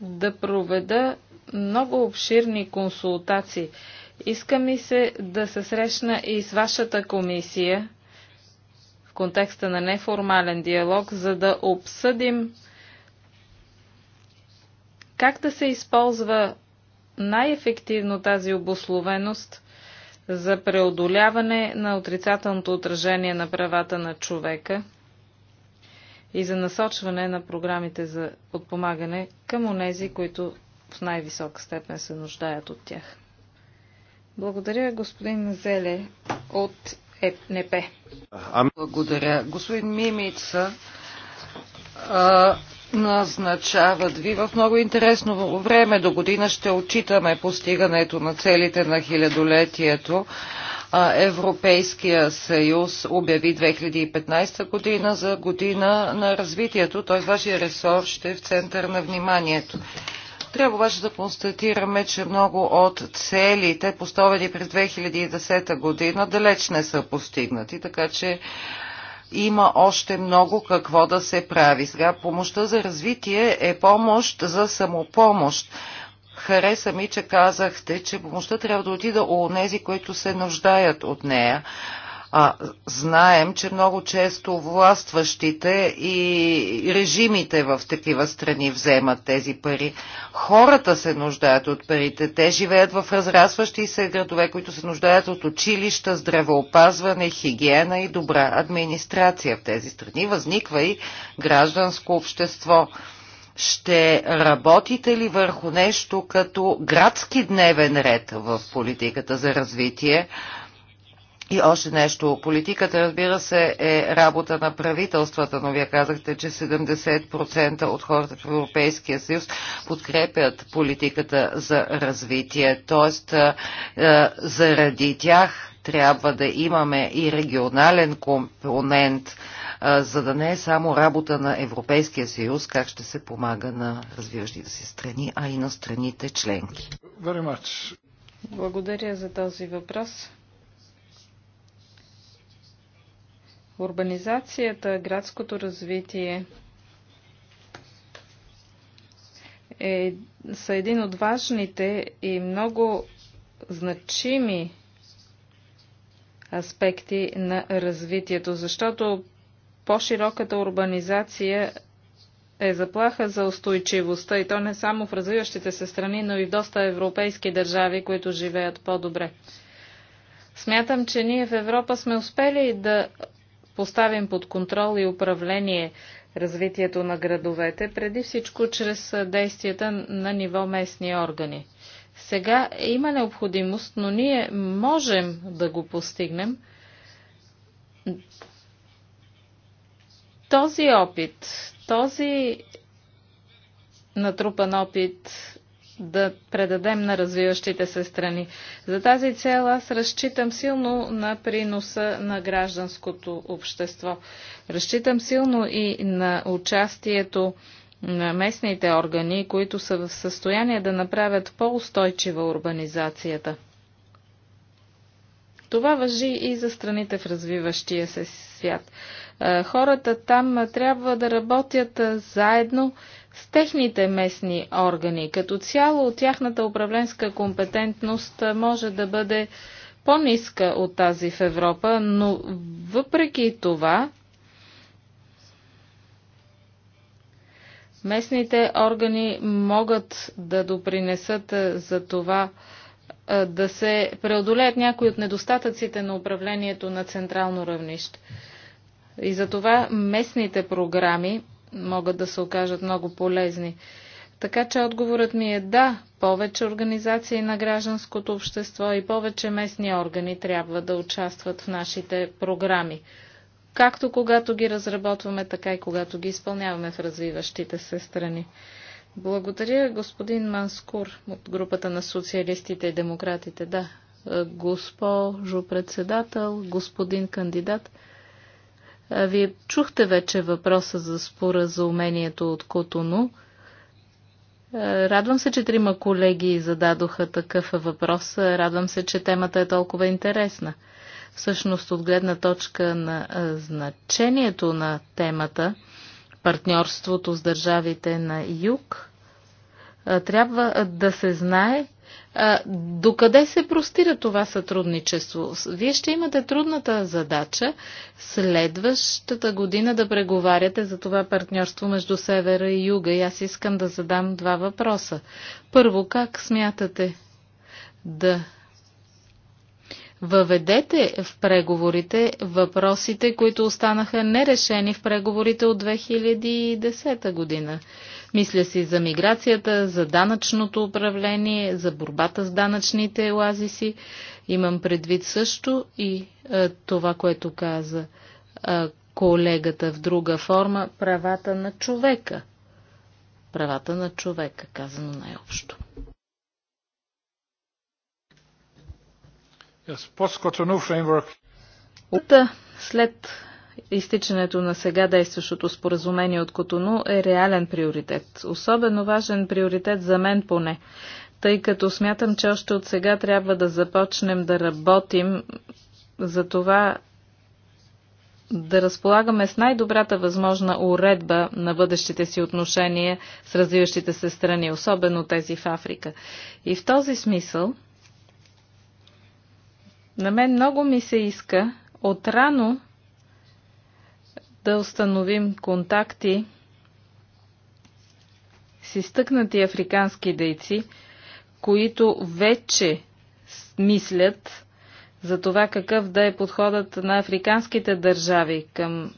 да проведа много обширни консултации иска ми се да се срещна и с вашата комисия в контекста на неформален диалог, за да обсъдим как да се използва най-ефективно тази обословеност за преодоляване на отрицателното отражение на правата на човека и за насочване на програмите за подпомагане към онези, които в най-висока степен се нуждаят от тях. Благодаря, господин Зеле от НП. Благодаря. Господин Мимица, а, назначават ви в много интересно време. До година ще отчитаме постигането на целите на хилядолетието. Европейския съюз обяви 2015 година за година на развитието, т.е. вашия ресор ще е в център на вниманието. Трябва обаче да констатираме, че много от целите, поставени през 2010 година, далеч не са постигнати, така че има още много какво да се прави. Сега помощта за развитие е помощ за самопомощ. Хареса ми, че казахте, че помощта трябва да отида у нези, които се нуждаят от нея. А, знаем, че много често властващите и режимите в такива страни вземат тези пари. Хората се нуждаят от парите. Те живеят в разрастващи се градове, които се нуждаят от училища, здравеопазване, хигиена и добра администрация в тези страни. Възниква и гражданско общество. Ще работите ли върху нещо като градски дневен ред в политиката за развитие? И още нещо. Политиката, разбира се, е работа на правителствата, но вие казахте, че 70% от хората в Европейския съюз подкрепят политиката за развитие. Тоест, заради тях трябва да имаме и регионален компонент, за да не е само работа на Европейския съюз, как ще се помага на развиващите се страни, а и на страните членки. Благодаря за този въпрос. Урбанизацията, градското развитие е, са един от важните и много значими аспекти на развитието, защото по-широката урбанизация е заплаха за устойчивостта и то не само в развиващите се страни, но и в доста европейски държави, които живеят по-добре. Смятам, че ние в Европа сме успели да поставим под контрол и управление развитието на градовете, преди всичко чрез действията на ниво местни органи. Сега има необходимост, но ние можем да го постигнем. Този опит, този натрупан опит да предадем на развиващите се страни. За тази цел аз разчитам силно на приноса на гражданското общество. Разчитам силно и на участието на местните органи, които са в състояние да направят по-устойчива урбанизацията. Това въжи и за страните в развиващия се свят. Хората там трябва да работят заедно с техните местни органи. Като цяло тяхната управленска компетентност може да бъде по-ниска от тази в Европа, но въпреки това местните органи могат да допринесат за това да се преодолеят някои от недостатъците на управлението на централно равнище. И за това местните програми могат да се окажат много полезни. Така че отговорът ми е да, повече организации на гражданското общество и повече местни органи трябва да участват в нашите програми. Както когато ги разработваме, така и когато ги изпълняваме в развиващите се страни. Благодаря, господин Манскур от групата на социалистите и демократите. Да, госпожо председател, господин кандидат. Вие чухте вече въпроса за спора за умението от Котону. Радвам се, че трима колеги зададоха такъв въпрос. Радвам се, че темата е толкова интересна. Всъщност, от гледна точка на значението на темата, партньорството с държавите на юг, трябва да се знае, Докъде се простира това сътрудничество? Вие ще имате трудната задача следващата година да преговаряте за това партньорство между севера и юга. И аз искам да задам два въпроса. Първо, как смятате да въведете в преговорите въпросите, които останаха нерешени в преговорите от 2010 година. Мисля си за миграцията, за данъчното управление, за борбата с данъчните оазиси. Имам предвид също и е, това, което каза е, колегата в друга форма правата на човека. Правата на човека, казано най-общо. Yes, след изтичането на сега действащото споразумение от Котону е реален приоритет. Особено важен приоритет за мен поне, тъй като смятам, че още от сега трябва да започнем да работим за това да разполагаме с най-добрата възможна уредба на бъдещите си отношения с развиващите се страни, особено тези в Африка. И в този смисъл на мен много ми се иска отрано да установим контакти с изтъкнати африкански дейци, които вече мислят за това какъв да е подходът на африканските държави към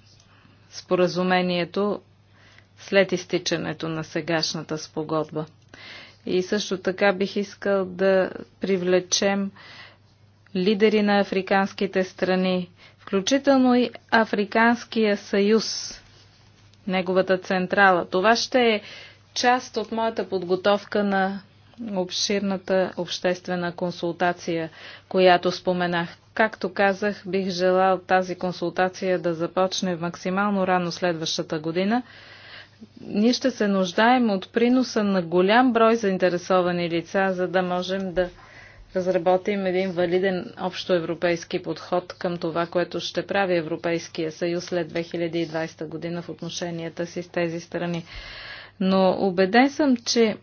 споразумението след изтичането на сегашната спогодба. И също така бих искал да привлечем лидери на африканските страни, включително и Африканския съюз, неговата централа. Това ще е част от моята подготовка на обширната обществена консултация, която споменах. Както казах, бих желал тази консултация да започне максимално рано следващата година. Ние ще се нуждаем от приноса на голям брой заинтересовани лица, за да можем да разработим един валиден общоевропейски подход към това, което ще прави Европейския съюз след 2020 година в отношенията си с тези страни. Но убеден съм, че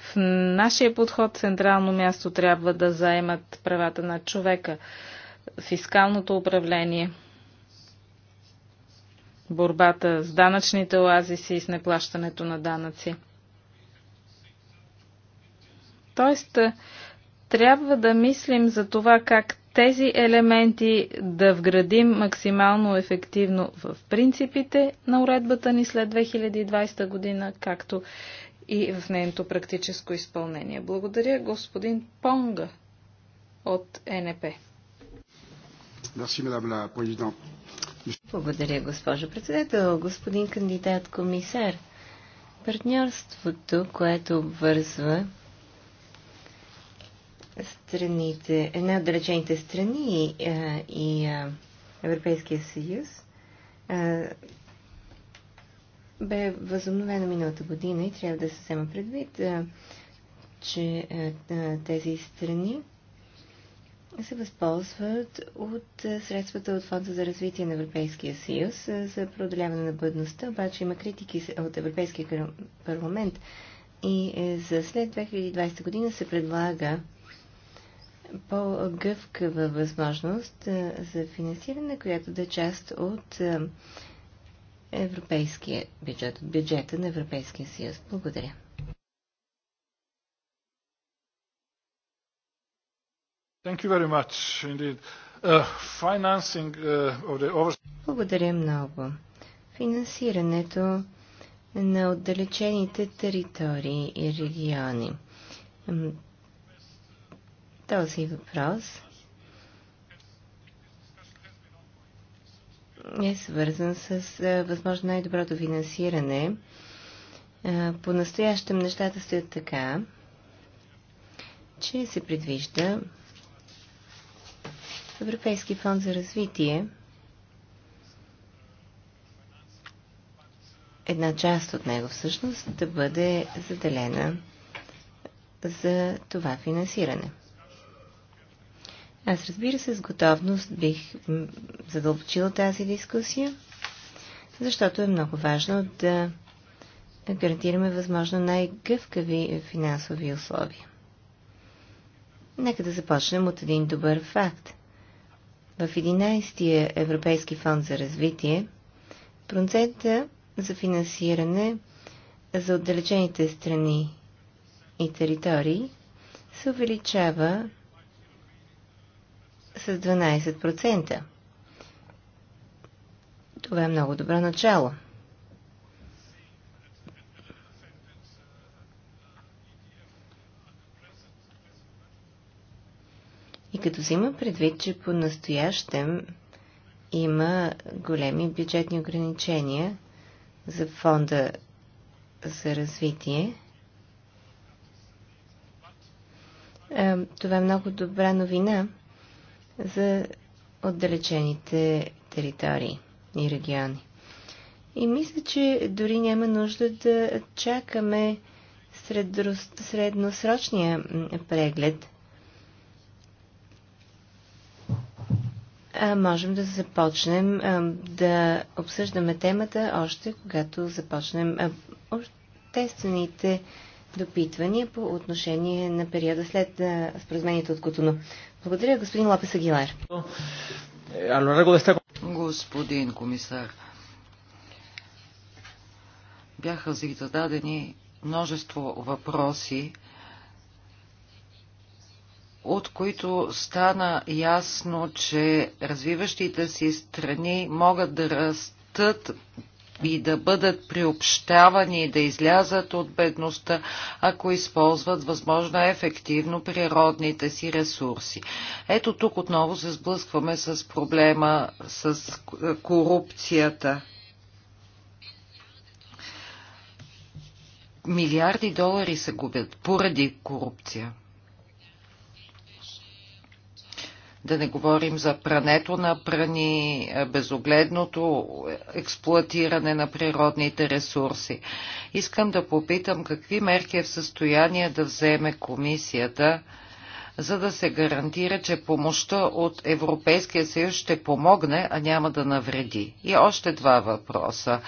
в нашия подход централно място трябва да заемат правата на човека, фискалното управление, борбата с данъчните оазиси и с неплащането на данъци. Тоест, е, трябва да мислим за това как тези елементи да вградим максимално ефективно в принципите на уредбата ни след 2020 година, както и в нейното практическо изпълнение. Благодаря господин Понга от НП. Благодаря, госпожо председател. Господин кандидат комисар, партньорството, което обвързва страните, една от далечените страни а, е, и а, е, Европейския съюз а, е, бе възобновена миналата година и трябва да се взема предвид, а, че а, тези страни се възползват от средствата от Фонда за развитие на Европейския съюз за преодоляване на бъдността, обаче има критики от Европейския парламент и за след 2020 година се предлага по-гъвкава възможност за финансиране, която да е част от европейския бюджет, от бюджета на Европейския съюз. Благодаря. Thank you very much indeed. Uh, uh, of the over... Благодаря много. Финансирането на отдалечените територии и региони този въпрос е свързан с възможно най-доброто финансиране. По настоящем нещата стоят така, че се предвижда Европейски фонд за развитие една част от него всъщност да бъде заделена за това финансиране. Аз разбира се, с готовност бих задълбочила тази дискусия, защото е много важно да гарантираме възможно най-гъвкави финансови условия. Нека да започнем от един добър факт. В 11 тия Европейски фонд за развитие процента за финансиране за отдалечените страни и територии се увеличава с 12%. Това е много добро начало. И като се има предвид, че по-настоящем има големи бюджетни ограничения за фонда за развитие, е, това е много добра новина за отдалечените територии и региони. И мисля, че дори няма нужда да чакаме средносрочния преглед. А можем да започнем да обсъждаме темата още когато започнем обществените допитвания по отношение на периода след споразумението от Котоно. Благодаря, господин Лапес Агилар. Е, господин комисар, бяха зададени множество въпроси, от които стана ясно, че развиващите си страни могат да растат и да бъдат приобщавани и да излязат от бедността, ако използват възможно ефективно природните си ресурси. Ето тук отново се сблъскваме с проблема с корупцията. Милиарди долари се губят поради корупция. Да не говорим за прането на прани, безогледното експлуатиране на природните ресурси. Искам да попитам какви мерки е в състояние да вземе комисията, за да се гарантира, че помощта от Европейския съюз ще помогне, а няма да навреди. И още два въпроса.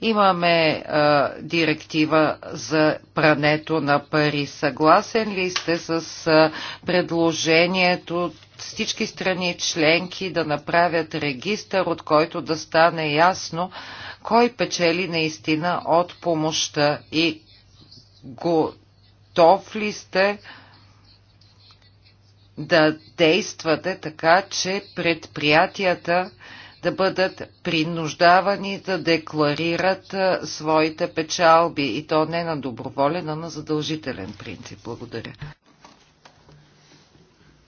Имаме а, директива за прането на пари. Съгласен ли сте с а, предложението всички страни членки да направят регистър, от който да стане ясно кой печели наистина от помощта и готов ли сте да действате така, че предприятията да бъдат принуждавани да декларират своите печалби и то не на доброволен, а на задължителен принцип. Благодаря.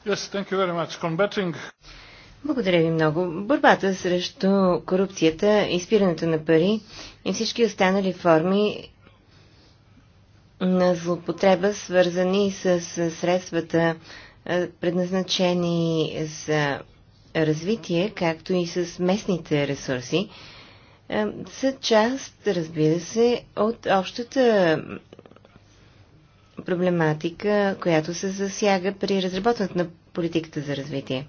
Yes, Combating... Благодаря ви много. Борбата срещу корупцията, изпирането на пари и всички останали форми на злопотреба, свързани с средствата, е, предназначени за развитие, както и с местните ресурси, е, са част, разбира се, от общата проблематика, която се засяга при разработването на политиката за развитие.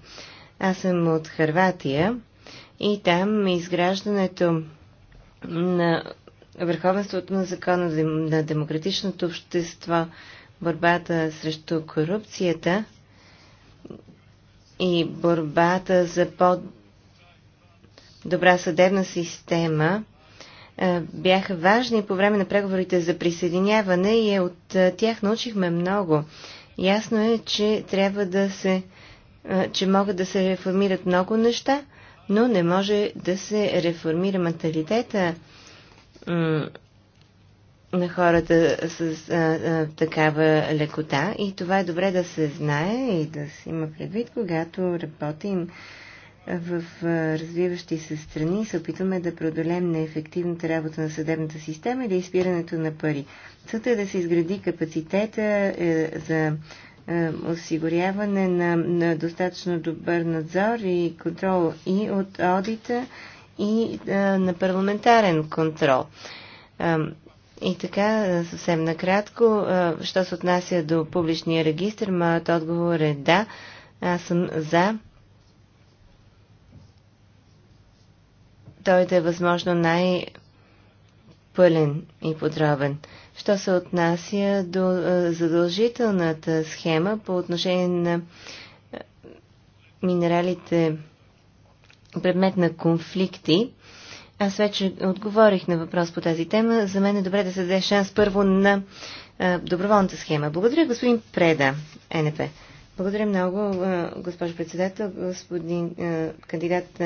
Аз съм от Харватия и там изграждането на върховенството на закона на демократичното общество, борбата срещу корупцията и борбата за по-добра съдебна система – е, бяха важни по време на преговорите за присъединяване и е от е, тях научихме много. Ясно е, че трябва да се че могат да се реформират много неща, но не може да се реформира менталитета на хората с а, а, такава лекота и това е добре да се знае и да се има предвид, когато работим в развиващи се страни се опитваме да преодолем неефективната работа на съдебната система или е изпирането на пари. Целта е да се изгради капацитета е, за е, осигуряване на, достатъчно добър надзор и контрол и от аудита, и на парламентарен контрол. и така, съвсем накратко, що се отнася до публичния регистр, моят отговор е да, аз съм за той да е възможно най-пълен и подробен. Що се отнася до задължителната схема по отношение на минералите предмет на конфликти, аз вече отговорих на въпрос по тази тема. За мен е добре да се даде шанс първо на доброволната схема. Благодаря, господин Преда, НП. Благодаря много, госпожо председател, господин кандидат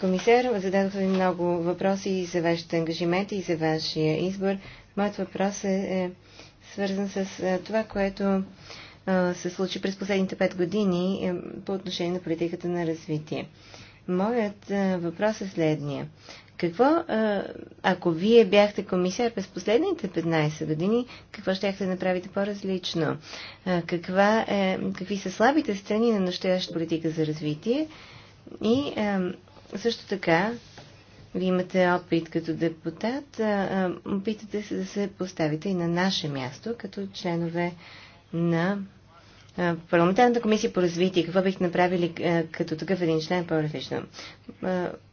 комисар. Зададох ви много въпроси и за вашите ангажименти и за вашия избор. Моят въпрос е, е свързан с е, това, което е, се случи през последните пет години е, по отношение на политиката на развитие. Моят е, въпрос е следния. Какво, е, ако вие бяхте комисар през последните 15 години, какво ще да направите по-различно? Е, каква е, какви са слабите страни на настоящата политика за развитие? И е, също така, вие имате опит като депутат, опитате се да се поставите и на наше място, като членове на парламентарната комисия по развитие. Какво бихте направили като такъв един член по-различно?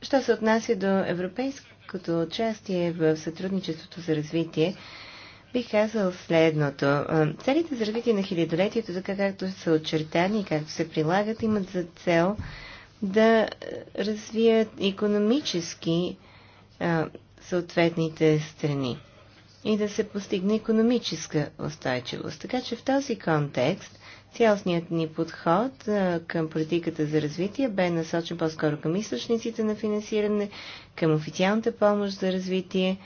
Що се отнася до европейското участие в сътрудничеството за развитие, бих казал следното. Целите за развитие на хилядолетието, така както са очертани и както се прилагат, имат за цел да развият економически а, съответните страни и да се постигне економическа устойчивост. Така че в този контекст цялостният ни подход а, към политиката за развитие бе насочен по-скоро към източниците на финансиране, към официалната помощ за развитие,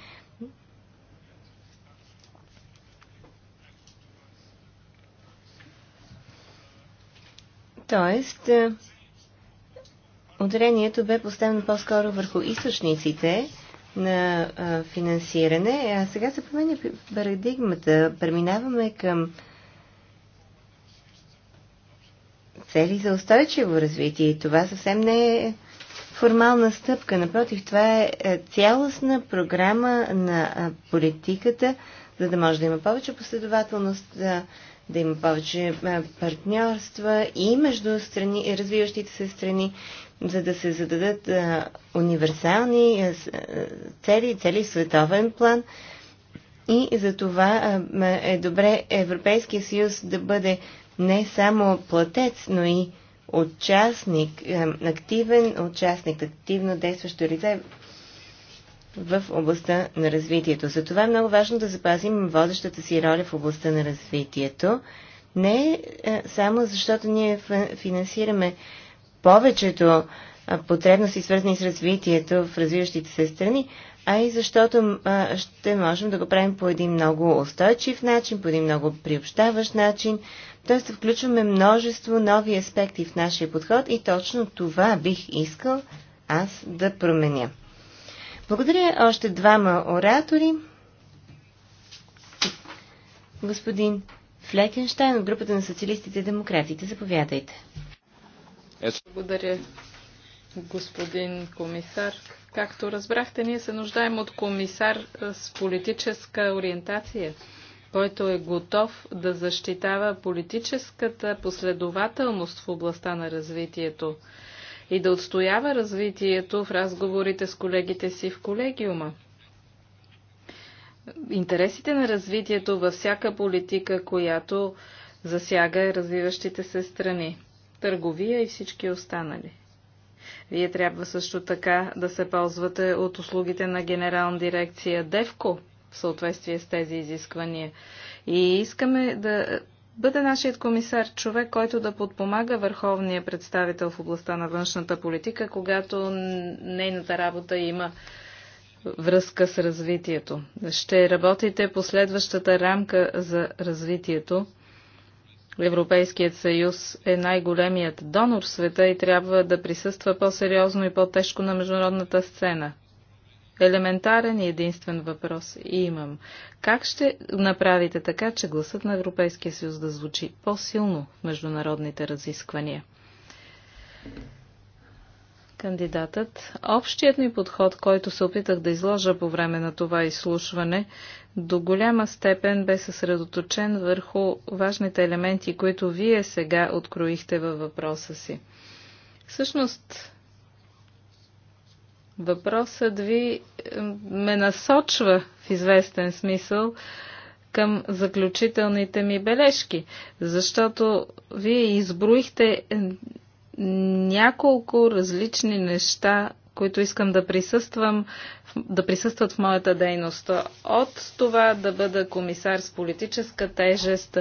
Тоест, ударението бе поставено по-скоро върху източниците на а, финансиране, а сега се променя парадигмата. Преминаваме към цели за устойчиво развитие. Това съвсем не е формална стъпка. Напротив, това е, е цялостна програма на политиката, за да може да има повече последователност, да, да има повече партньорства и между страни, развиващите се страни, за да се зададат а, универсални а, цели, цели световен план. И за това а, е добре Европейския съюз да бъде не само платец, но и участник, а, активен участник, активно действащо лице в областта на развитието. Затова е много важно да запазим водещата си роля в областта на развитието. Не а, само защото ние финансираме повечето потребности, свързани с развитието в развиващите се страни, а и защото а, ще можем да го правим по един много устойчив начин, по един много приобщаващ начин. Тоест да включваме множество нови аспекти в нашия подход и точно това бих искал аз да променя. Благодаря още двама оратори. Господин Флекенштайн от групата на социалистите и демократите, заповядайте. Благодаря, господин комисар. Както разбрахте, ние се нуждаем от комисар е, с политическа ориентация, който е готов да защитава политическата последователност в областта на развитието и да отстоява развитието в разговорите с колегите си в колегиума. Интересите на развитието във всяка политика, която засяга развиващите се страни търговия и всички останали. Вие трябва също така да се ползвате от услугите на генерална дирекция ДЕВКО в съответствие с тези изисквания. И искаме да бъде нашият комисар човек, който да подпомага върховния представител в областта на външната политика, когато нейната работа има връзка с развитието. Ще работите по следващата рамка за развитието Европейският съюз е най-големият донор в света и трябва да присъства по-сериозно и по-тежко на международната сцена. Елементарен и единствен въпрос и имам. Как ще направите така, че гласът на Европейския съюз да звучи по-силно в международните разисквания? кандидатът. Общият ми подход, който се опитах да изложа по време на това изслушване, до голяма степен бе съсредоточен върху важните елементи, които вие сега откроихте във въпроса си. Всъщност, въпросът ви ме насочва в известен смисъл към заключителните ми бележки, защото вие изброихте няколко различни неща, които искам да присъствам, да присъстват в моята дейност. От това да бъда комисар с политическа тежест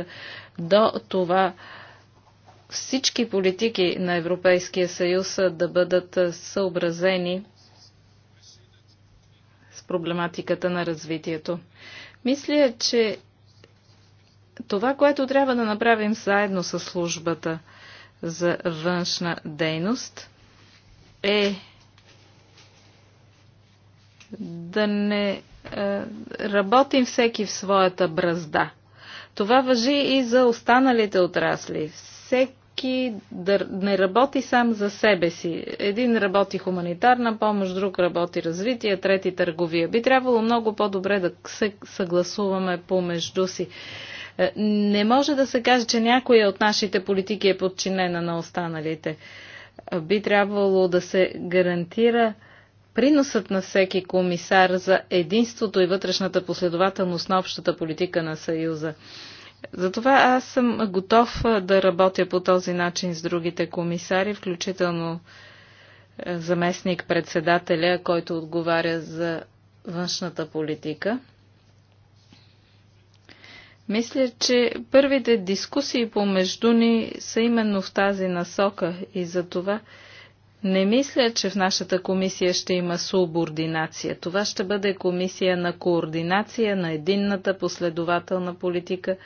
до това всички политики на Европейския съюз да бъдат съобразени с проблематиката на развитието. Мисля, че това, което трябва да направим заедно с службата, за външна дейност е да не е, работим всеки в своята бразда. Това въжи и за останалите отрасли. Всеки да не работи сам за себе си. Един работи хуманитарна помощ, друг работи развитие, трети търговия. Би трябвало много по-добре да се съгласуваме помежду си. Е, не може да се каже, че някоя от нашите политики е подчинена на останалите. Би трябвало да се гарантира приносът на всеки комисар за единството и вътрешната последователност на общата политика на Съюза. Затова аз съм готов е, да работя по този начин с другите комисари, включително е, заместник председателя, който отговаря за външната политика. Мисля, че първите дискусии помежду ни са именно в тази насока и за това не мисля, че в нашата комисия ще има субординация. Това ще бъде комисия на координация на единната последователна политика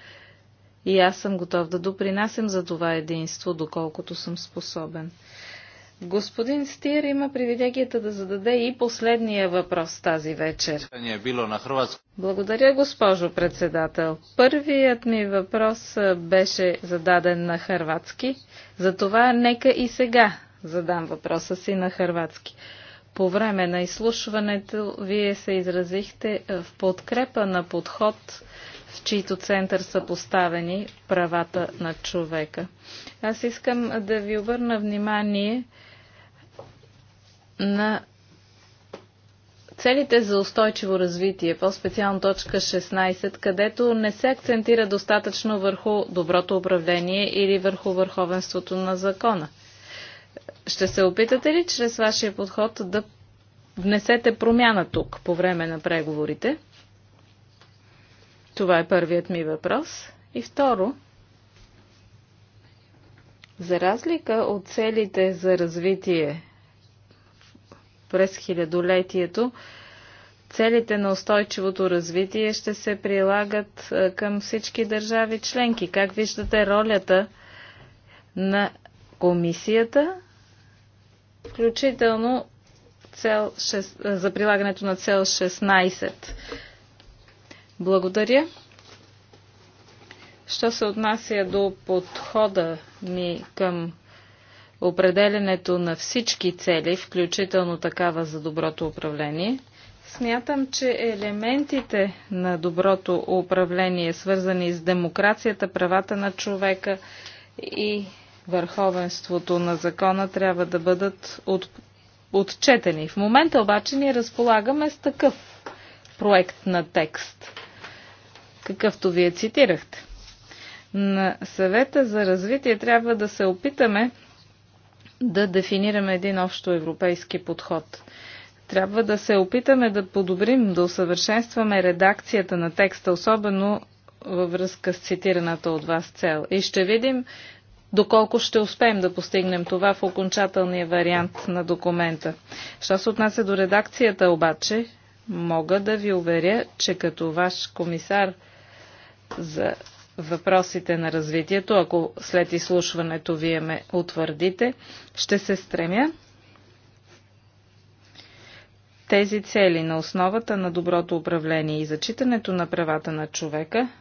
и аз съм готов да допринасям за това единство, доколкото съм способен. Господин Стир има привилегията да зададе и последния въпрос тази вечер. Е Благодаря, госпожо председател. Първият ми въпрос беше зададен на хърватски, затова нека и сега задам въпроса си на хърватски. По време на изслушването вие се изразихте в подкрепа на подход, в чийто център са поставени правата на човека. Аз искам да ви обърна внимание на целите за устойчиво развитие, по-специално точка 16, където не се акцентира достатъчно върху доброто управление или върху върховенството на закона. Ще се опитате ли чрез вашия подход да внесете промяна тук по време на преговорите? Това е първият ми въпрос. И второ, за разлика от целите за развитие през хилядолетието, целите на устойчивото развитие ще се прилагат към всички държави членки. Как виждате ролята на комисията, включително цел 6, за прилагането на цел 16? Благодаря. Що се отнася до подхода ми към определенето на всички цели, включително такава за доброто управление, смятам, че елементите на доброто управление, свързани с демокрацията, правата на човека и върховенството на закона, трябва да бъдат от, отчетени. В момента обаче ние разполагаме с такъв проект на текст, какъвто вие цитирахте. На съвета за развитие трябва да се опитаме да дефинираме един общо европейски подход. Трябва да се опитаме да подобрим, да усъвършенстваме редакцията на текста, особено във връзка с цитираната от вас цел. И ще видим доколко ще успеем да постигнем това в окончателния вариант на документа. Що се отнася до редакцията обаче, Мога да ви уверя, че като ваш комисар за въпросите на развитието, ако след изслушването вие ме утвърдите, ще се стремя тези цели на основата на доброто управление и зачитането на правата на човека –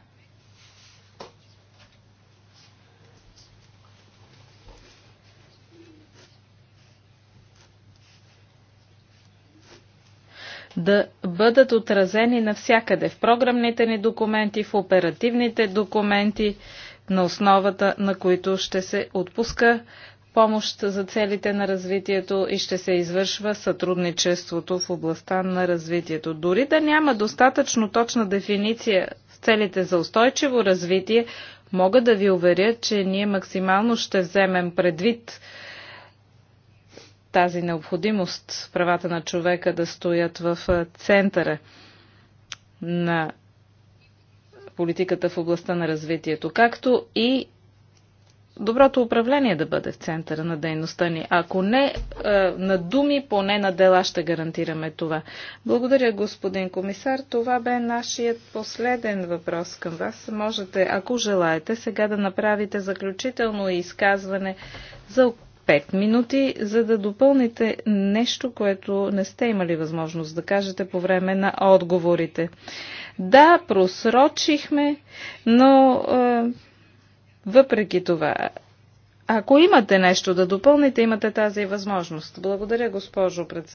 да бъдат отразени навсякъде в програмните ни документи, в оперативните документи, на основата на които ще се отпуска помощ за целите на развитието и ще се извършва сътрудничеството в областта на развитието. Дори да няма достатъчно точна дефиниция в целите за устойчиво развитие, мога да ви уверя, че ние максимално ще вземем предвид тази необходимост правата на човека да стоят в центъра на политиката в областта на развитието, както и доброто управление да бъде в центъра на дейността ни. Ако не на думи, поне на дела ще гарантираме това. Благодаря, господин комисар. Това бе нашият последен въпрос към вас. Можете, ако желаете, сега да направите заключително изказване за 5 минути, за да допълните нещо, което не сте имали възможност да кажете по време на отговорите. Да, просрочихме, но е, въпреки това, ако имате нещо да допълните, имате тази възможност. Благодаря, госпожо председател.